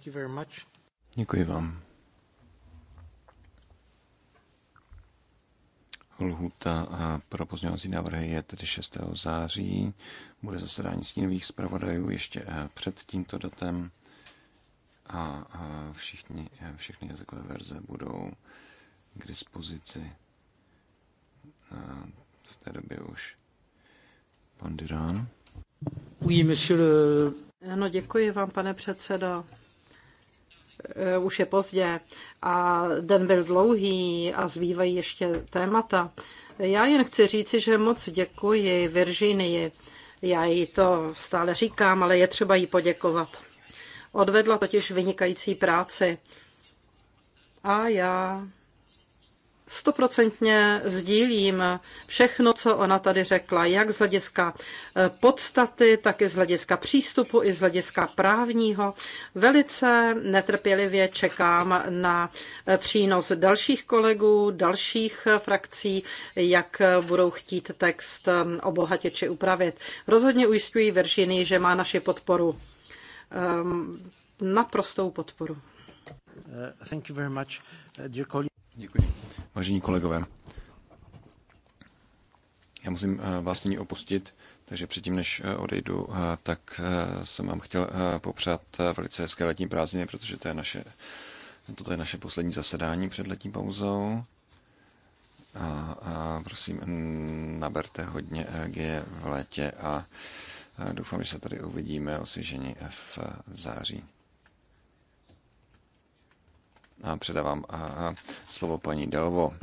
Děkuji vám. Lhuta uh, pro pozměňovací návrhy je tedy 6. září. Bude zasedání stínových zpravodajů ještě uh, před tímto datem a, a všichni, eh, všechny jazykové verze budou k dispozici a eh, v té době už. Pan Durán.
Oui, monsieur
Ano, děkuji vám, pane předsedo eh, už je pozdě a den byl dlouhý a zbývají ještě témata. Já jen chci říci, že moc děkuji Virginii. Já jí to stále říkám, ale je třeba jí poděkovat. Odvedla totiž vynikající práci. A já stoprocentně sdílím všechno, co ona tady řekla, jak z hlediska eh, podstaty, tak i z hlediska přístupu, i z hlediska právního. Velice netrpělivě čekám na eh, přínos dalších kolegů, dalších eh, frakcí, jak budou chtít text obohatit či upravit. Rozhodně ujistuji Viršiny, že má naši podporu. Ehm, naprostou podporu. Eh, thank you very much, eh, dear
Děkuji. Vážení kolegové, já musím eh, vás nyní opustit, takže předtím, než odejdu, tak jsem vám chtěl popřát velice hezké letní prázdniny, protože to je naše, toto je naše poslední zasedání před letní pauzou. A, a prosím, naberte hodně energie v létě a Doufám, že se tady uvidíme osvěžení v září. A předávám a, a slovo paní Delvo.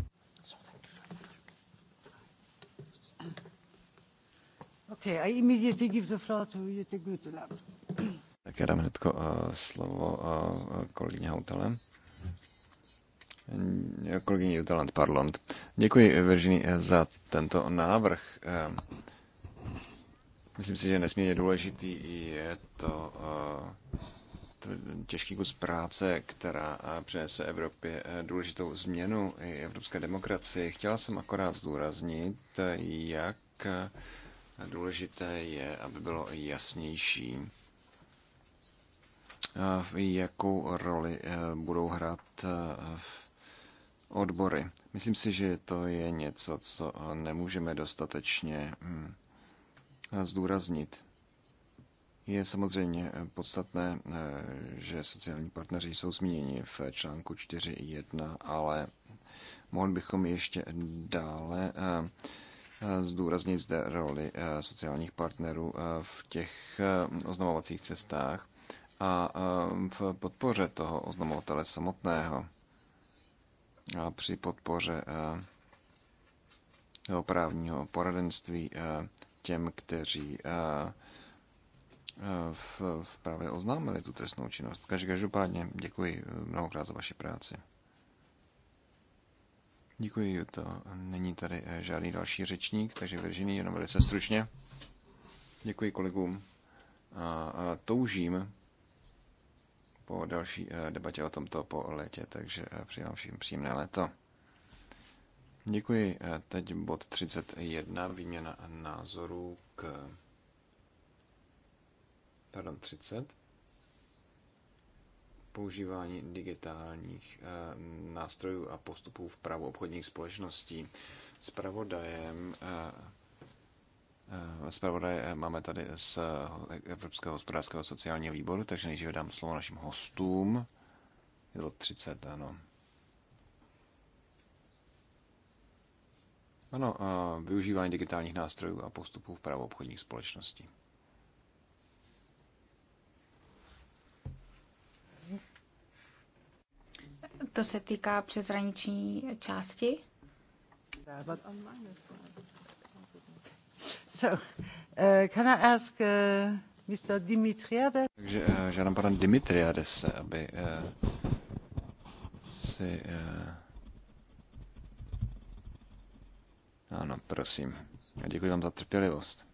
Okay, I immediately give the floor to
Tak já dám hned uh, slovo uh, kolegyně Hautele. Kolegyně Jutaland, pardon. Děkuji, Virginie, za tento návrh. Uh, Myslím si, že nesmírně důležitý je to eh, těžký kus práce, která eh, přinese Evropě eh, důležitou změnu i evropské demokracii. Chtěla jsem akorát zdůraznit, jak důležité je, aby bylo jasnější, jakou roli budou hrát odbory. Myslím si, že to je něco, co nemůžeme dostatečně hm, zdůraznit. Je samozřejmě eh, podstatné, eh, že sociální partneři jsou zmíněni v článku 4.1, ale mohli bychom ještě dále eh, zdůraznit zde roli sociálních partnerů v těch oznamovacích cestách a v podpoře toho oznamovatele samotného a při podpoře právního poradenství těm, kteří eh, eh, v, v právě oznámili tu trestnou činnost. Každopádně děkuji eh, mnohokrát za vaši práci. Děkuji, Juto. Není tady žádný další řečník, takže Virginie, jenom velice stručně. Děkuji kolegům. A, a toužím po další debatě o tomto po létě, takže přeji vám všem příjemné léto. Děkuji. Teď bod 31, výměna názorů k... Pardon, 30. Používání digitálních eh, nástrojů a postupů v právu obchodních společností. S pravodajem eh, eh, Zpravodaje máme tady z Evropského hospodářského sociálního výboru, takže nejdříve dám slovo našim hostům. Je to 30, ano. Ano, využívání digitálních nástrojů a postupů v právo obchodních společností.
To se týká přeshraniční části?
So, uh, can I ask uh, Mr. Dimitriades?
Takže uh, žádám pana Dimitriades, aby uh, si uh, Ano, prosím. A děkuji vám za trpělivost.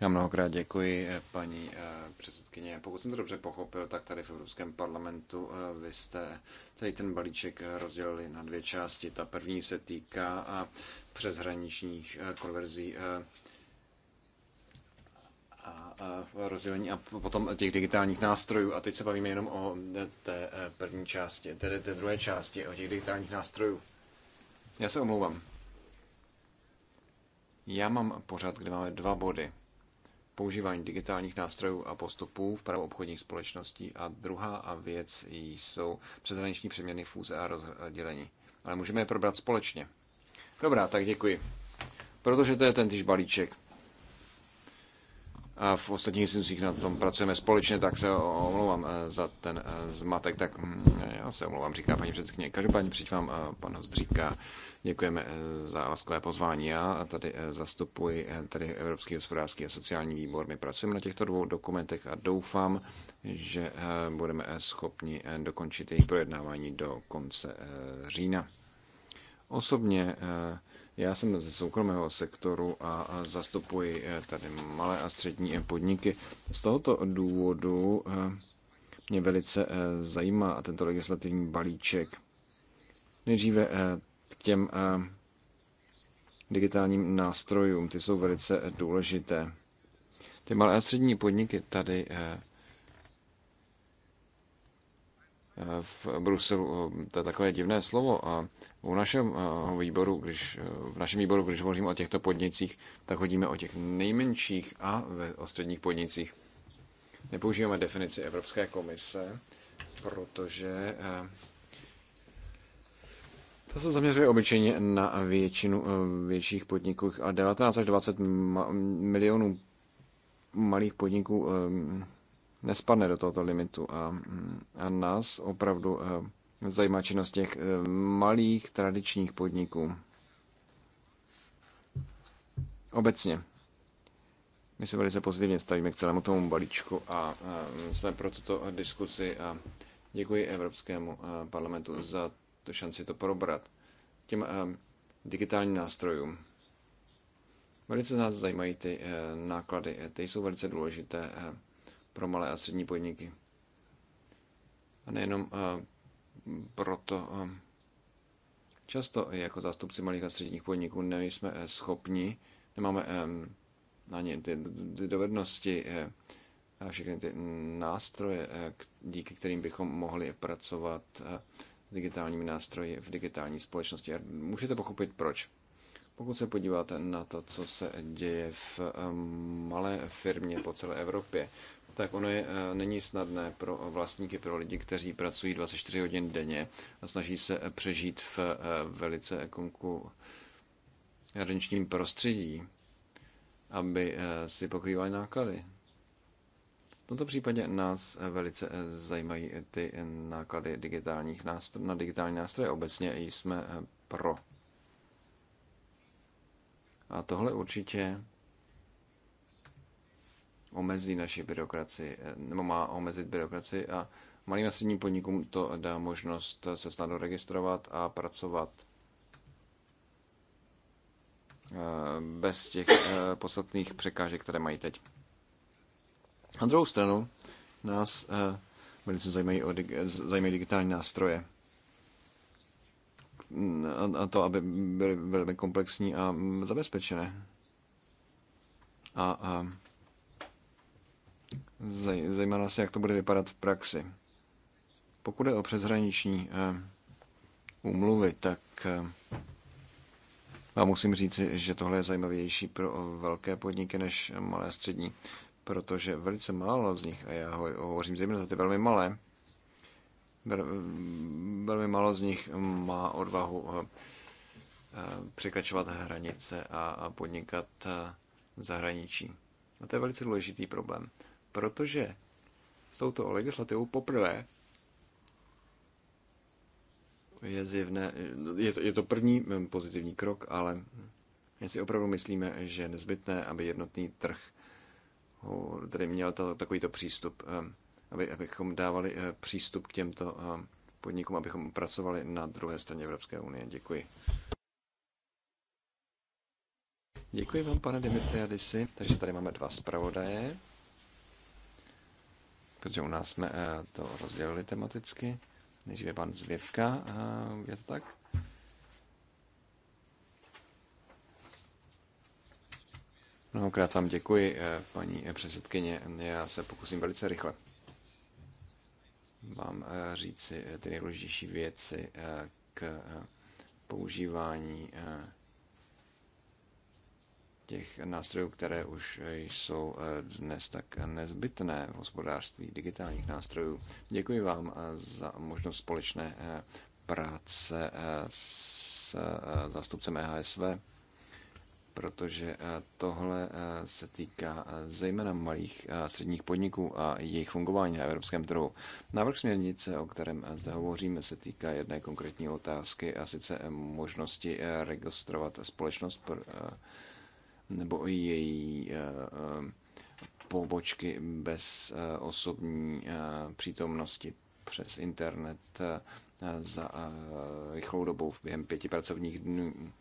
Já mnohokrát děkuji, eh, paní eh, předsedkyně. Pokud jsem to dobře pochopil, tak tady v Evropském parlamentu eh, vy jste celý ten balíček rozdělili na dvě části. Ta první se týká přeshraničních konverzí a rozdělení a potom těch digitálních nástrojů. A teď se bavíme jenom o té první části, tedy té druhé části, o těch digitálních nástrojů. Já se omlouvám. Já mám pořad, kde máme dva body. Používání digitálních nástrojů a postupů v právu obchodních společností a druhá a věc jsou přeshraniční přeměny fůze a rozdělení. Ale můžeme je probrat společně. Dobrá, tak děkuji. Protože to je ten týž balíček a v ostatních institucích na tom pracujeme společně, tak se omlouvám eh, za ten eh, zmatek. Tak hm, já se omlouvám, říká paní předsedkyně. Každopádně přijď vám, eh, pan Host děkujeme za laskové pozvání. Já tady zastupuji tady Evropský hospodářský a sociální výbor. My pracujeme na těchto dvou dokumentech a doufám, že budeme schopni dokončit jejich projednávání do konce října. Osobně já jsem ze soukromého sektoru a zastupuji eh, tady malé a střední eh, podniky. Z tohoto důvodu eh, mě velice zajímá tento legislativní balíček. Nejdříve k těm digitálním nástrojům, ty jsou velice důležité. Ty malé a střední podniky tady v Bruselu, to je takové divné slovo. A u našem výboru, když, v našem výboru, když hovoříme o těchto podnicích, tak hodíme o těch nejmenších a o středních podnicích. Nepoužíváme definici Evropské komise, protože e, to se zaměřuje obyčejně na většinu e, větších podniků a 19 až 20 milionů malých podniků e, nespadne do tohoto limitu. A, mm, a nás opravdu eh, zajímá činnost těch eh, malých tradičních podniků. Obecně. My se velice pozitivně stavíme k celému tomu balíčku a eh, jsme pro tuto diskusi a děkuji Evropskému parlamentu za tu šanci to probrat. Těm digitálním nástrojům. Velice nás zajímají ty náklady, ty jsou velice důležité pro malé a střední podniky. A nejenom eh, proto, eh, často jako zástupci malých a středních podniků nejsme eh, schopni, nemáme ani ty dovednosti a všechny ty nástroje, díky kterým bychom mohli pracovat s digitálními nástroji v digitální společnosti. A můžete pochopit proč. Pokud se podíváte na to, co se děje v malé firmě po celé Evropě, tak ono je, eh, není snadné pro vlastníky, pro lidi, kteří pracují 24 hodin denně a snaží se eh, přežít v eh, velice konkurenčním prostředí, aby si pokrývali náklady. V tomto případě nás velice zajímají ty náklady digitálních nástroj, na digitální nástroje. Obecně jsme pro. A tohle určitě omezí naši byrokraci, eh, nebo má omezit byrokraci a malým a středním podnikům to dá možnost se snadno registrovat a pracovat eh, bez těch eh, podstatných překážek, které mají teď. Na druhou stranu nás velice zajímají, o, zajímají digitální nástroje. Mm, a to, aby byly velmi komplexní a mm, zabezpečené. A, a Zaj, zajímá nás, jak to bude vypadat v praxi. Pokud je o přeshraniční eh, úmluvy, tak eh, vám musím říct, že tohle je zajímavější pro eh, velké podniky než malé střední, protože velice málo z nich, a já hovořím zejména za ty velmi malé, velmi málo z nich má odvahu překračovat hranice a podnikat v zahraničí. A to je velice důležitý problém protože s touto legislativou poprvé je zjevné, je to, je to první hm, pozitivní krok, ale my si opravdu myslíme, že je nezbytné, aby jednotný trh tady měl to, takovýto přístup, hm, aby, abychom dávali eh, přístup k těmto hm, podnikům, abychom pracovali na druhé straně Evropské unie. Děkuji. Děkuji vám, pane Dimitriadisi. Takže tady máme dva zpravodaje protože u nás jsme eh, to rozdělili tematicky. Nejdříve pan Zvěvka, eh, je to tak? Mnohokrát vám děkuji, eh, paní předsedkyně. Já se pokusím velice rychle vám říci ty nejdůležitější věci k používání těch nástrojů, které už jsou eh, dnes tak nezbytné v hospodářství, digitálních nástrojů. Děkuji vám eh, za možnost společné eh, práce s zástupcem EHSV, protože tohle se týká zejména malých a středních podniků a jejich fungování na evropském trhu. Návrh směrnice, o kterém zde hovoříme, se týká jedné konkrétní otázky a sice možnosti registrovat společnost nebo i její eh, eh, pobočky bez eh, osobní přítomnosti přes internet za rychlou dobou během pěti pracovních dnů.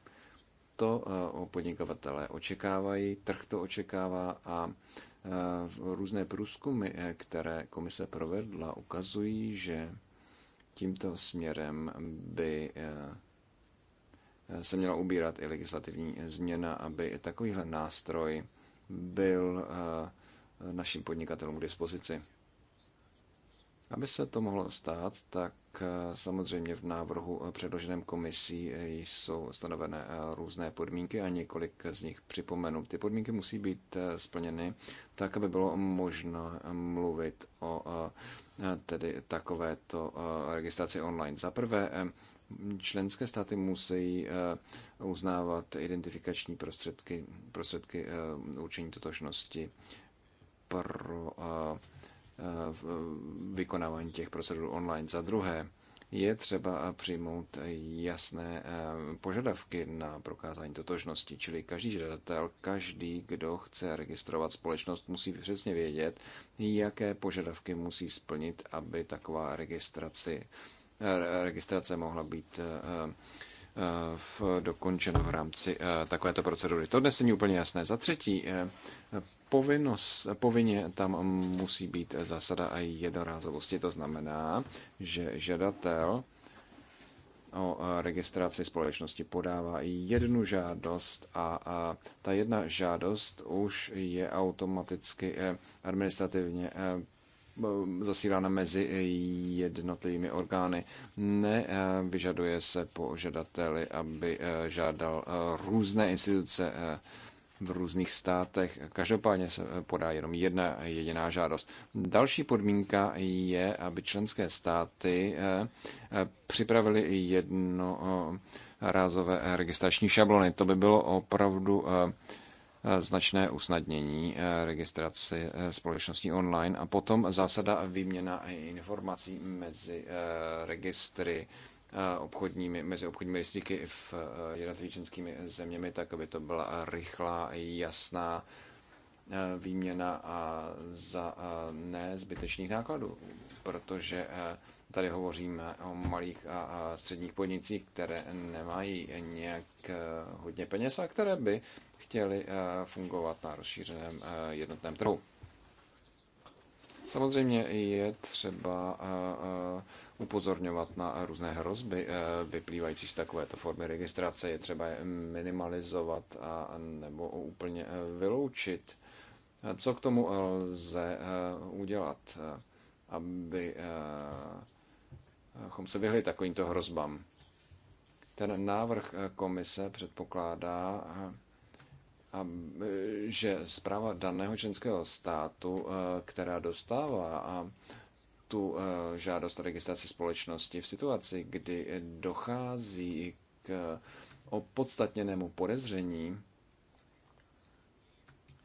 To podnikatelé očekávají, trh to očekává a různé průzkumy, které komise provedla, ukazují, že tímto směrem by se měla ubírat i legislativní změna, aby takovýhle nástroj byl eh, našim podnikatelům k dispozici. Aby se to mohlo stát, tak eh, samozřejmě v návrhu eh, předloženém komisí jsou stanovené různé podmínky a několik z nich připomenu. Ty podmínky musí být splněny tak, aby bylo možno mluvit o tedy takovéto registraci online. Za prvé, Členské státy musí eh, uznávat identifikační prostředky, prostředky eh, určení totožnosti pro eh, vykonávání těch procedur online. Za druhé, je třeba přijmout jasné požadavky na prokázání totožnosti, čili každý žadatel, každý, kdo chce registrovat společnost, musí přesně vědět, jaké požadavky musí splnit, aby taková registraci Eh, registrace mohla být eh, eh, v, dokončena v rámci takovéto procedury. To dnes není úplně jasné. Za třetí, povinnost, povinně tam musí být zásada a jednorázovosti. To znamená, že žadatel o registraci společnosti podává jednu žádost a, a ta jedna žádost už je automaticky administrativně Eh, zasílána mezi jednotlivými orgány. Nevyžaduje eh, se po žadateli, aby eh, žádal různé instituce v různých státech. Každopádně se podá jenom jedna jediná žádost. Další podmínka je, aby členské státy připravili jedno rázové registrační šablony. To by bylo opravdu Eh, značné usnadnění eh, registraci eh, společností online a potom zásada výměna informací mezi registry obchodními, mezi obchodními rejstříky v jednotlivých členskými zeměmi, tak aby to byla rychlá, jasná výměna a za nezbytečných nákladů, protože tady hovoříme o malých a středních podnicích, které nemají nějak hodně peněz a které by chtěli eh, fungovat na rozšířeném eh, jednotném trhu. Samozřejmě je třeba eh, upozorňovat na různé hrozby vyplývající z takovéto formy registrace. Je třeba je minimalizovat a, nebo úplně vyloučit. Co k tomu lze udělat, abychom se vyhli takovýmto hrozbám? Ten návrh komise předpokládá že zpráva daného členského státu, e, která dostává a tu e, žádost o registraci společnosti v situaci, kdy dochází k opodstatněnému podezření,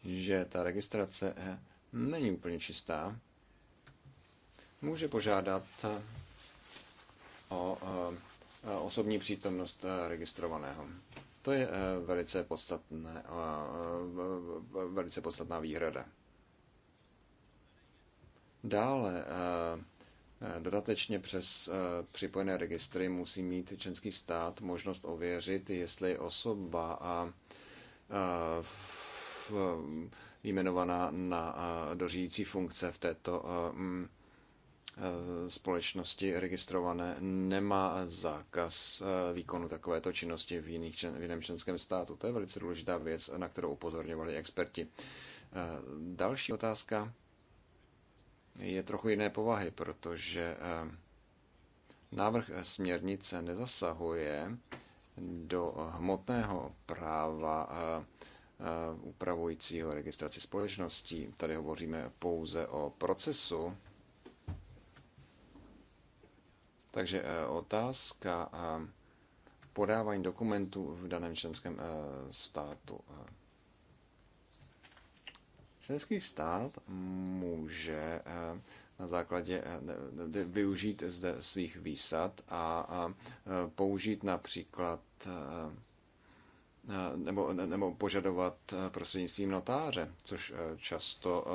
že ta registrace e, není úplně čistá, může požádat o osobní přítomnost registrovaného. To je eh, velice, podstatné, eh, eh, velice podstatná výhrada. Dále Dodatečně přes připojené registry musí mít český stát možnost ověřit, jestli osoba a jmenovaná na dořídící funkce v této mm, Eh, společnosti registrované nemá zákaz eh, výkonu takovéto činnosti v, jiných, v jiném členském státu. To je velice důležitá věc, na kterou upozorňovali experti. Eh, další otázka je trochu jiné povahy, protože návrh směrnice nezasahuje do hmotného práva upravujícího registraci společností. Tady hovoříme pouze o procesu Takže eh, otázka eh, podávání dokumentů v daném členském eh, státu. Členský stát může na základě využít zde svých výsad a použít například Eh, nebo, nebo požadovat eh, prostřednictvím notáře, což eh, často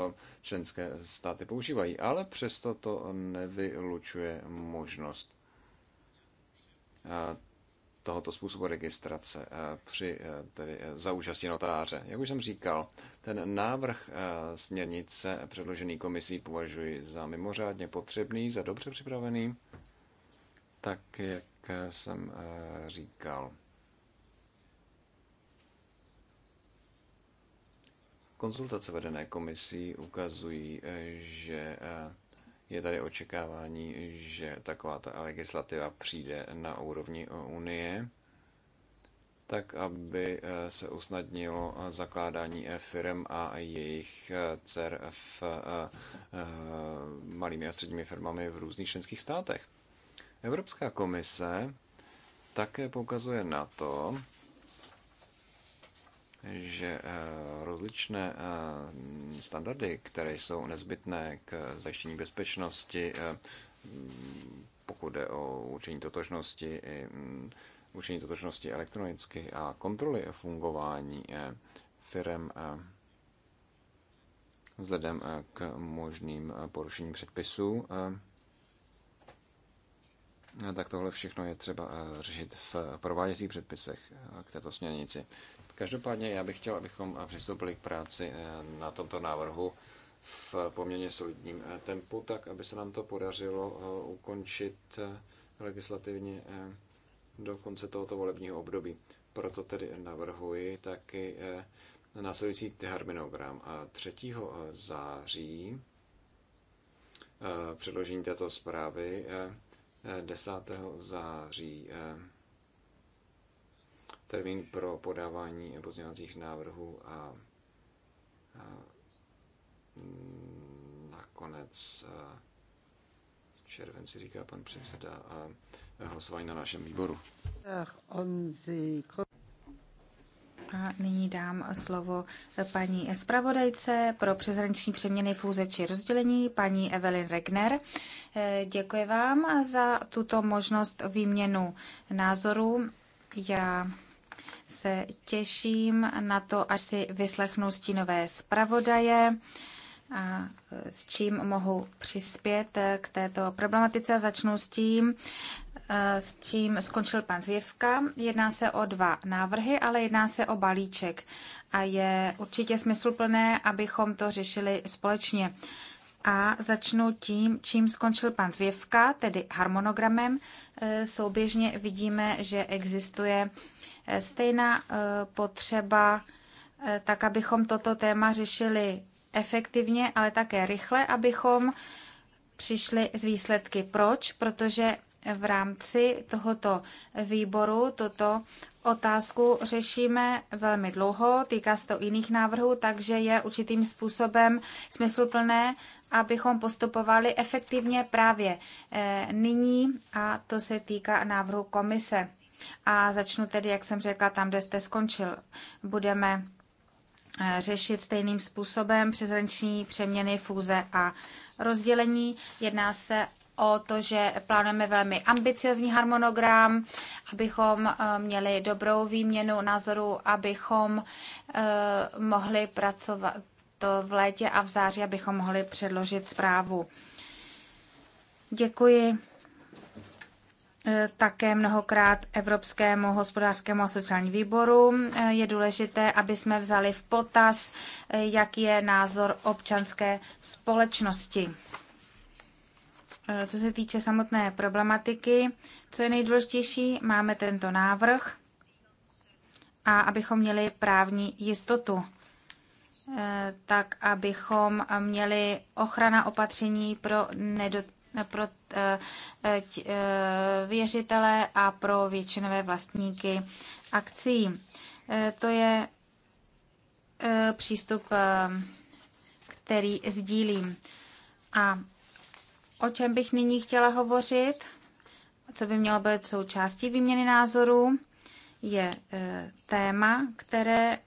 členské státy používají, ale přesto to nevylučuje možnost tohoto způsobu registrace při tedy za účastí notáře. Jak už jsem říkal, ten návrh směrnice předložený komisí považuji za mimořádně potřebný, za dobře připravený, tak jak jsem říkal. Konzultace vedené komisí ukazují, eh, že eh, je tady očekávání, že taková ta legislativa přijde na úrovni eh, Unie, tak aby se usnadnilo zakládání firm a jejich dcer v malými a středními firmami v různých členských státech. Evropská komise také poukazuje na to, že eh, rozličné eh, standardy, které jsou nezbytné k zajištění bezpečnosti, eh, pokud jde o určení totožnosti, mm, určení totožnosti elektronicky a kontroly fungování firm vzhledem k možným porušením předpisů, tak tohle všechno je třeba řešit v prováděcích předpisech k této směrnici. Každopádně já bych chtěl, abychom přistoupili k práci eh, na tomto návrhu v poměrně solidním eh, tempu, tak aby se nám to podařilo eh, ukončit legislativně do konce tohoto volebního období. Proto tedy navrhuji taky následující harmonogram. 3. září předložení této zprávy 10. září termín pro podávání pozměňovacích návrhů a, a nakonec červenci, říká pan předseda, a hlasování na našem výboru.
A nyní dám slovo paní zpravodajce pro přeshraniční přeměny fůze či rozdělení, paní Evelyn Regner. Děkuji vám za tuto možnost výměnu názorů. Já se těším na to, až si vyslechnu stínové zpravodaje, a e, s čím mohu přispět k této problematice. Začnu s tím, e, s tím skončil pan Zvěvka. Jedná se o dva návrhy, ale jedná se o balíček. A je určitě smysluplné, abychom to řešili společně. A začnu tím, čím skončil pan Zvěvka, tedy harmonogramem. E, souběžně vidíme, že existuje Eh, stejná eh, potřeba, eh, tak abychom toto téma řešili efektivně, ale také rychle, abychom přišli z výsledky. Proč? Protože v rámci tohoto výboru tuto otázku řešíme velmi dlouho, týká se to jiných návrhů, takže je určitým způsobem smysluplné, abychom postupovali efektivně právě nyní a to se týká návrhu komise. A začnu tedy, jak jsem řekla, tam, kde jste skončil. Budeme eh, řešit stejným způsobem přezranční přeměny, fúze a rozdělení. Jedná se o to, že plánujeme velmi ambiciozní harmonogram, abychom eh, měli dobrou výměnu názoru, abychom eh, mohli pracovat to v létě a v září, abychom mohli předložit zprávu. Děkuji Eh, také mnohokrát Evropskému hospodářskému a sociálnímu výboru. Eh, je důležité, aby jsme vzali v potaz, eh, jaký je názor občanské společnosti. Co se týče samotné problematiky, co je nejdůležitější, máme tento návrh a abychom měli právní jistotu tak abychom měli ochrana opatření pro nedot, pro eh, eh, eh, věřitele a pro většinové vlastníky akcí. To je přístup, který sdílím. A o čem bych nyní chtěla hovořit, co by mělo být součástí výměny názorů, je téma, které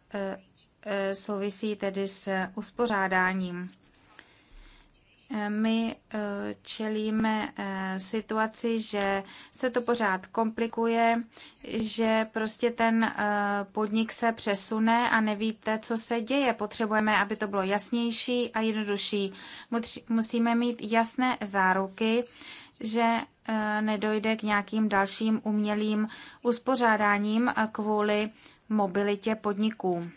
souvisí tedy s uspořádáním my eh, čelíme eh, situaci, že se to pořád komplikuje, že prostě ten eh, podnik se přesune a nevíte, co se děje. Potřebujeme, aby to bylo jasnější a jednodušší. Musíme mít jasné záruky, že nedojde k nějakým dalším umělým uspořádáním kvůli mobilitě podniků.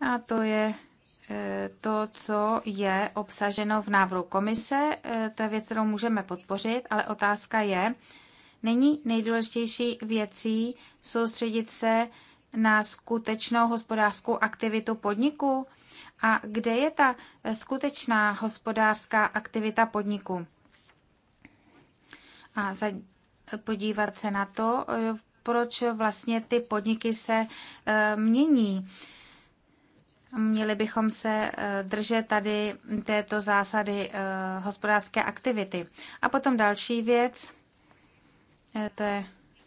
A to je Eh, to, co je obsaženo v návrhu komise, eh, to je věc, kterou můžeme podpořit, ale otázka je, není nejdůležitější věcí soustředit se na skutečnou hospodářskou aktivitu podniku a kde je ta skutečná hospodářská aktivita podniku. A za, podívat se na to, eh, proč vlastně ty podniky se mění Měli bychom se eh, držet tady této zásady eh, hospodářské aktivity. A potom další věc, eh, to je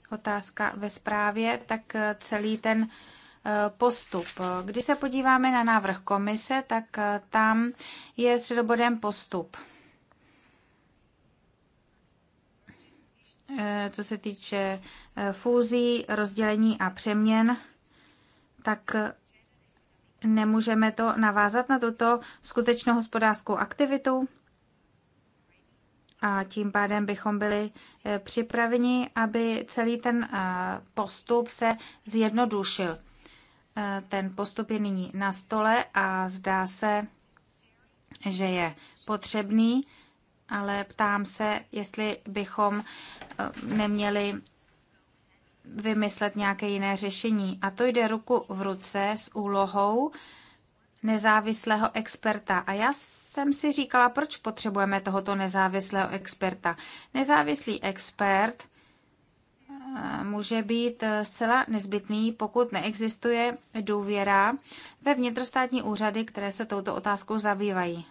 otázka ve zprávě, tak celý ten postup. Když se podíváme na návrh komise, tak tam je středobodem postup. Co se týče fúzí, rozdělení a přeměn, tak Nemůžeme to navázat na tuto skutečnou hospodářskou aktivitu? A tím pádem bychom byli eh, připraveni, aby celý ten eh, postup se zjednodušil. Eh, ten postup je nyní na stole a zdá se, že je potřebný, ale ptám se, jestli bychom neměli vymyslet nějaké jiné řešení. A to jde ruku v ruce s úlohou nezávislého experta. A já jsem si říkala, proč potřebujeme tohoto nezávislého experta. Nezávislý expert eh, může být eh, zcela nezbytný, pokud neexistuje důvěra ve vnitrostátní úřady, které se touto otázkou zabývají.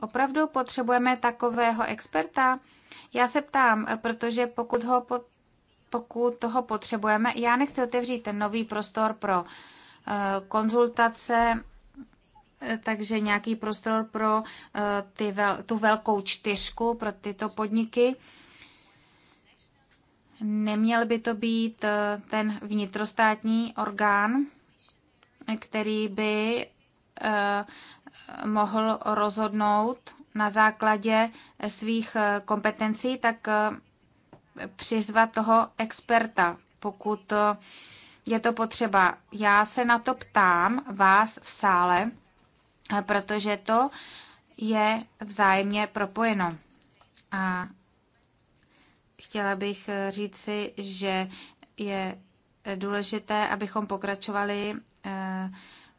Opravdu potřebujeme takového experta? Já se ptám, protože pokud ho pokud toho potřebujeme. Já nechci otevřít ten nový prostor pro eh, konzultace, eh, takže nějaký prostor pro eh, ty vel, tu velkou čtyřku pro tyto podniky. Neměl by to být ten vnitrostátní orgán, který by mohl rozhodnout na základě svých kompetencí, tak přizvat toho experta, pokud eh, je to potřeba. Já se na to ptám vás v sále, eh, protože to je vzájemně propojeno. A chtěla bych eh, říci, že je důležité, abychom pokračovali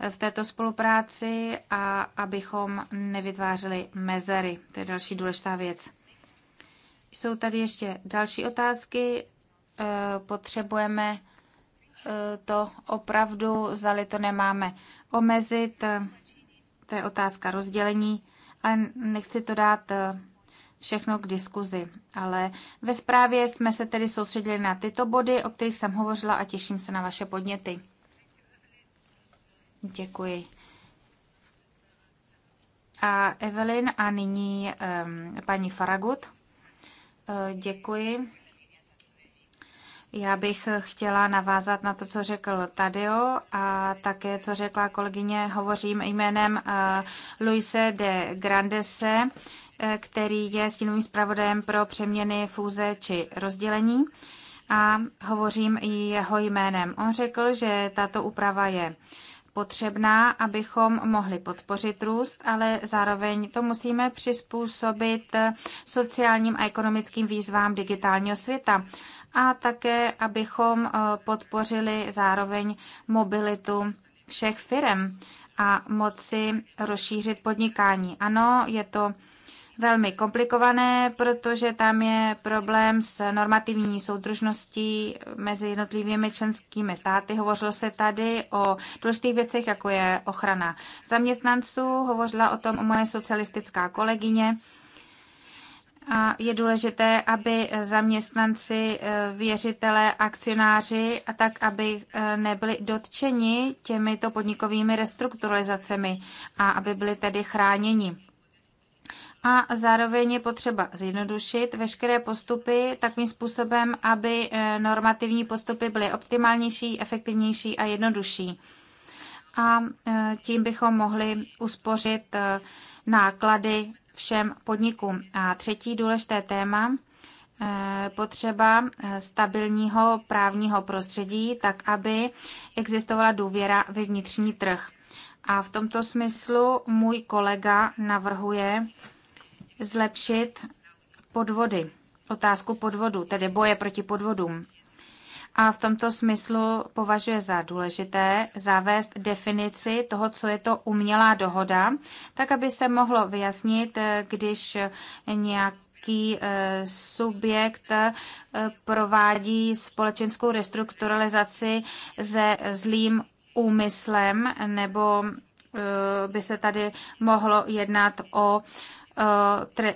v této spolupráci a abychom nevytvářeli mezery. To je další důležitá věc. Jsou tady ještě další otázky. Eh, potřebujeme eh, to opravdu, zali to nemáme omezit. Eh, to je otázka rozdělení, A nechci to dát všechno k diskuzi. Ale ve zprávě jsme se tedy soustředili na tyto body, o kterých jsem hovořila a těším se na vaše podněty. Děkuji. A Evelyn a nyní um, paní Faragut. Eh, děkuji. Já bych chtěla navázat na to, co řekl Tadeo a také, co řekla kolegyně, hovořím jménem eh, Luise de Grandese, eh, který je stínovým zpravodajem pro přeměny, fůze či rozdělení a hovořím i jeho jménem. On řekl, že tato úprava je potřebná, abychom mohli podpořit růst, ale zároveň to musíme přizpůsobit sociálním a ekonomickým výzvám digitálního světa a také, abychom eh, podpořili zároveň mobilitu všech firm a moci rozšířit podnikání. Ano, je to velmi komplikované, protože tam je problém s normativní soudržností mezi jednotlivými členskými státy. Hovořilo se tady o důležitých věcech, jako je ochrana zaměstnanců, hovořila o tom moje socialistická kolegyně. A je důležité, aby zaměstnanci, eh, věřitelé, akcionáři, a tak, aby eh, nebyli dotčeni těmito podnikovými restrukturalizacemi a aby byli tedy chráněni a zároveň je potřeba zjednodušit veškeré postupy takovým způsobem, aby eh, normativní postupy byly optimálnější, efektivnější a jednodušší. A eh, tím bychom mohli uspořit eh, náklady všem podnikům. A třetí důležité téma, potřeba stabilního právního prostředí, tak aby existovala důvěra ve vnitřní trh. A v tomto smyslu můj kolega navrhuje zlepšit podvody, otázku podvodu, tedy boje proti podvodům. A v tomto smyslu považuje za důležité zavést definici toho, co je to umělá dohoda, tak aby se mohlo vyjasnit, když nějak nějaký eh, subjekt eh, provádí společenskou restrukturalizaci se zlým úmyslem, nebo eh, by se tady mohlo jednat o tre,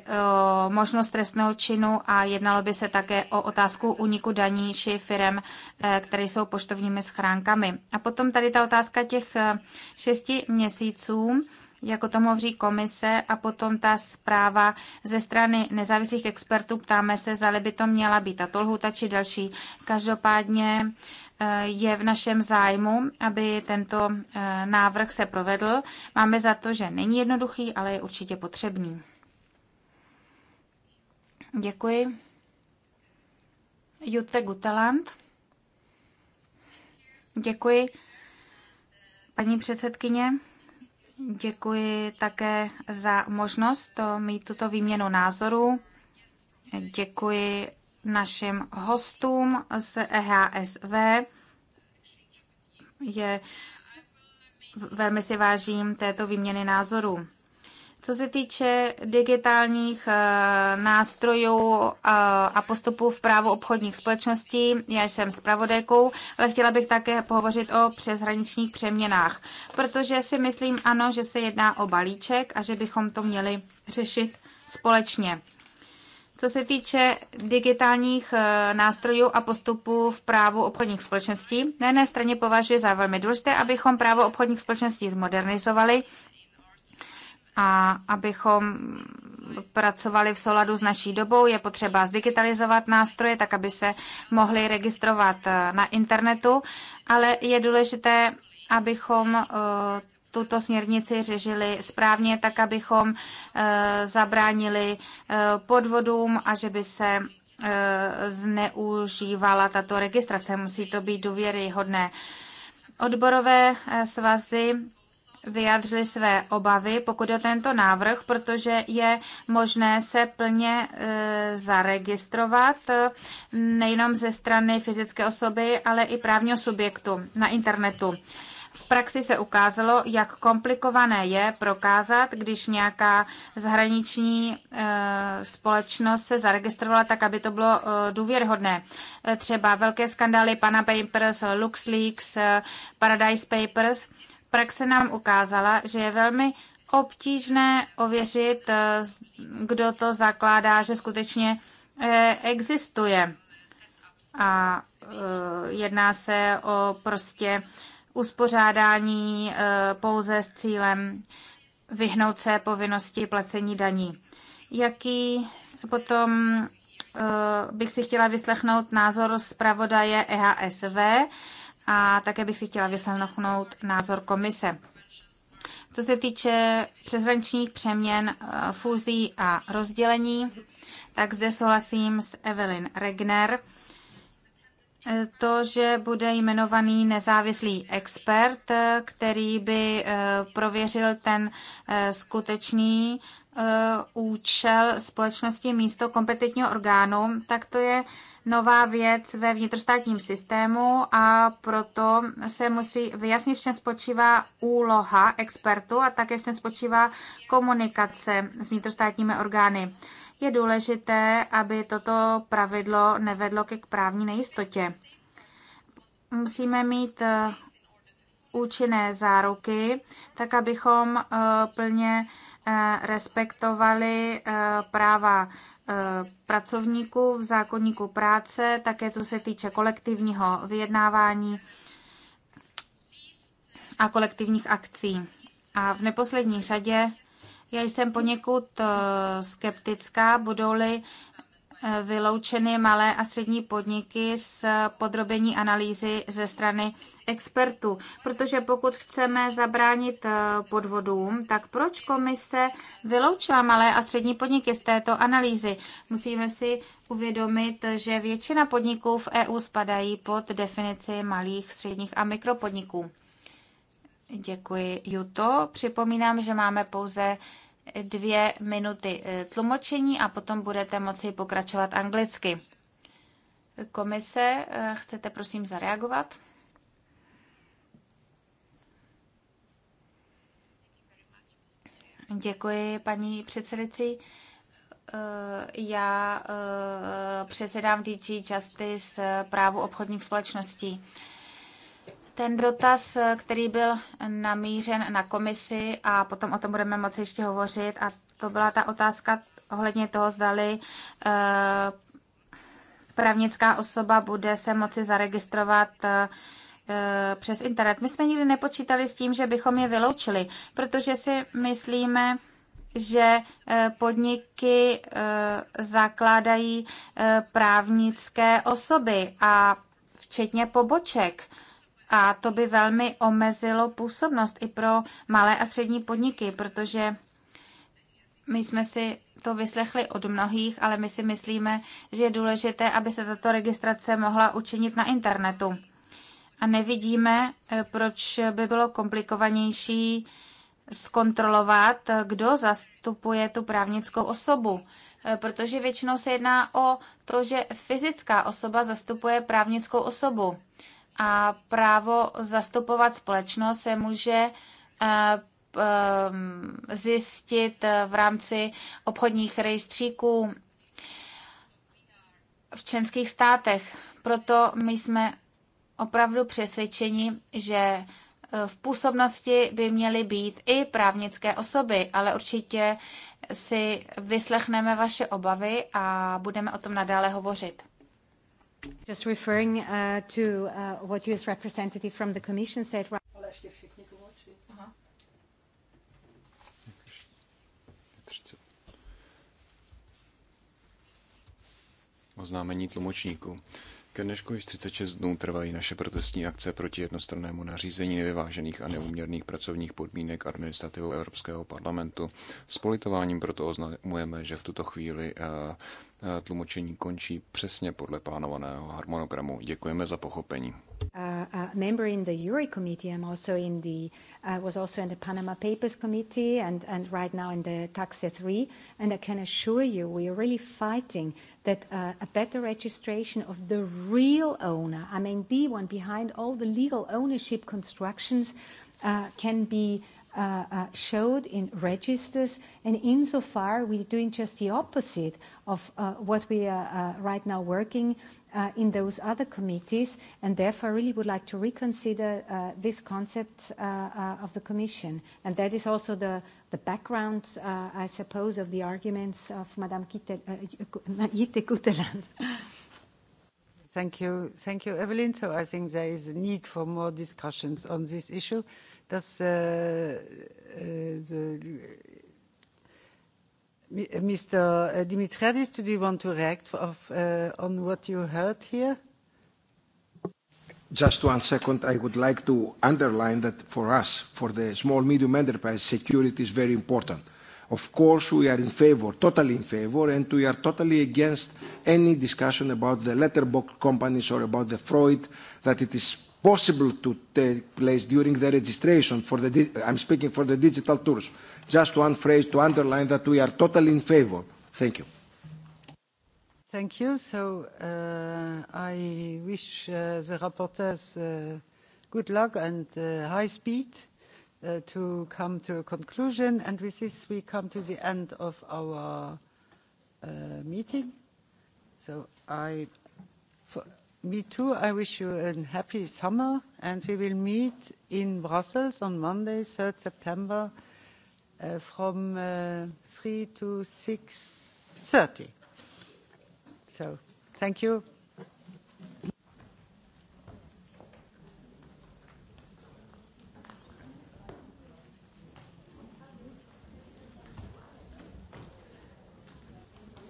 možnost trestného činu a jednalo by se také o otázku uniku daní či firem, e, které jsou poštovními schránkami. A potom tady ta otázka těch e, šesti měsíců jako tomu hovří komise a potom ta zpráva ze strany nezávislých expertů. Ptáme se, zda by to měla být tato lhuta či další. Každopádně Eh, je v našem zájmu, aby tento eh, návrh se provedl. Máme za to, že není jednoduchý, ale je určitě potřebný. Děkuji. Jutte Gutaland. Děkuji. Paní předsedkyně, děkuji také za možnost mít tuto výměnu názorů. Děkuji našim hostům z EHSV. Je, velmi si vážím této výměny názorů. Co se týče digitálních eh, nástrojů eh, a postupů v právu obchodních společností, já jsem zpravodajkou, ale chtěla bych také pohovořit o přeshraničních přeměnách, protože si myslím, ano, že se jedná o balíček a že bychom to měli řešit společně. Co se týče digitálních eh, nástrojů a postupů v právu obchodních společností, na jedné straně považuji za velmi důležité, abychom právo obchodních společností zmodernizovali a abychom pracovali v souladu s naší dobou, je potřeba zdigitalizovat nástroje, tak aby se mohli registrovat eh, na internetu, ale je důležité, abychom eh, tuto směrnici řešili správně, tak abychom eh, zabránili eh, podvodům a že by se eh, zneužívala tato registrace. Musí to být důvěryhodné. Odborové svazy vyjádřili své obavy, pokud o tento návrh, protože je možné se plně e, zaregistrovat nejenom ze strany fyzické osoby, ale i právního subjektu na internetu. V praxi se ukázalo, jak komplikované je prokázat, když nějaká zahraniční eh, společnost se zaregistrovala tak, aby to bylo eh, důvěrhodné. Eh, třeba velké skandály Pana Papers, LuxLeaks, Paradise Papers. Praxe nám ukázala, že je velmi obtížné ověřit, kdo to zakládá, že skutečně existuje. A jedná se o prostě uspořádání eh, pouze s cílem vyhnout se povinnosti placení daní. Jaký potom eh, bych si chtěla vyslechnout názor zpravodaje EHSV a také bych si chtěla vyslechnout názor komise. Co se týče přeshraničních přeměn, eh, fúzí a rozdělení, tak zde souhlasím s Evelyn Regner to, že bude jmenovaný nezávislý expert, který by eh, prověřil ten eh, skutečný eh, účel společnosti místo kompetentního orgánu, tak to je nová věc ve vnitrostátním systému a proto se musí vyjasnit, v čem spočívá úloha expertu a také v čem spočívá komunikace s vnitrostátními orgány je důležité, aby toto pravidlo nevedlo ke právní nejistotě. Musíme mít eh, účinné záruky, tak abychom eh, plně eh, respektovali práva pracovníků v zákonníku práce, také co se týče kolektivního vyjednávání a kolektivních akcí. A v neposlední řadě já jsem poněkud eh, skeptická, budou-li eh, vyloučeny malé a střední podniky s podrobení analýzy ze strany expertů. Protože pokud chceme zabránit eh, podvodům, tak proč komise vyloučila malé a střední podniky z této analýzy? Musíme si uvědomit, že většina podniků v EU spadají pod definici malých, středních a mikropodniků. Děkuji, Juto. Připomínám, že máme pouze dvě minuty eh, tlumočení a potom budete moci pokračovat anglicky. Komise, eh, chcete prosím zareagovat? Děkuji, paní předsedici. Eh, já předsedám DG Justice právu obchodních společností. Ten dotaz, který byl namířen na komisi a potom o tom budeme moci ještě hovořit a to byla ta otázka ohledně toho, zdali eh, právnická osoba bude se moci zaregistrovat eh, přes internet. My jsme nikdy nepočítali s tím, že bychom je vyloučili, protože si myslíme, že eh, podniky zakládají právnické osoby a včetně poboček. A to by velmi omezilo působnost i pro malé a střední podniky, protože my jsme si to vyslechli od mnohých, ale my si myslíme, že je důležité, aby se tato registrace mohla učinit na internetu. A nevidíme, eh, proč by bylo komplikovanější zkontrolovat, eh, kdo zastupuje tu právnickou osobu. Eh, protože většinou se jedná o to, že fyzická osoba zastupuje právnickou osobu a právo zastupovat společnost se může eh, ehm, zjistit eh, v rámci obchodních rejstříků v členských státech. Proto my jsme opravdu přesvědčeni, že eh, v působnosti by měly být i právnické osoby, ale určitě si vyslechneme vaše obavy a budeme o tom nadále hovořit. Just referring uh, to uh, what US representative from the commission said. Right
ještě Oznámení tlumočníků. Ke dnešku již 36 dnů trvají naše protestní akce proti jednostrannému nařízení nevyvážených a neuměrných pracovních podmínek administrativou Evropského parlamentu. S politováním proto oznamujeme, že v tuto chvíli eh, tlumočení končí přesně podle plánovaného harmonogramu. Děkujeme za pochopení.
Uh, uh, member in the Uri committee, I'm also in the, uh, was also in the Panama Papers committee and, and right now in the Taxa 3. And I can assure you, we are really fighting that uh, a better registration of the real owner, I mean the one behind all the legal ownership constructions, uh, can be Uh, uh,
showed in registers. And insofar, we're doing just the opposite of uh, what we are right now working in those other committees. And therefore,
I really would like to reconsider this concept of the Commission. And that is also the, the background, I suppose, of the arguments of Madame Kitte, uh,
Thank you. Thank you, Evelyn. So I think there is a need for more discussions on this issue dass äh, äh, äh, Mr. Dimitriadis, do you want to react of, uh, on what you heard here?
Just one second. I would like to underline that for us, for the small medium enterprise, security is very important. Of course, we are in favor, totally in favor, and we are totally against any discussion about the letterbox companies or about the Freud, that it is possible to take place during the registration for the, I'm speaking for the digital tours. Just one phrase to underline that we are totally in favor. Thank you.
Thank you. So uh, I wish uh, the rapporteurs uh, good luck and uh, high speed uh, to come to a conclusion. And with this, we come to the end of our uh, meeting. So I Me too. I wish you a happy summer, and we will meet in Brussels on Monday, 3rd September, uh, from uh, 3 to 6:30. So, thank you.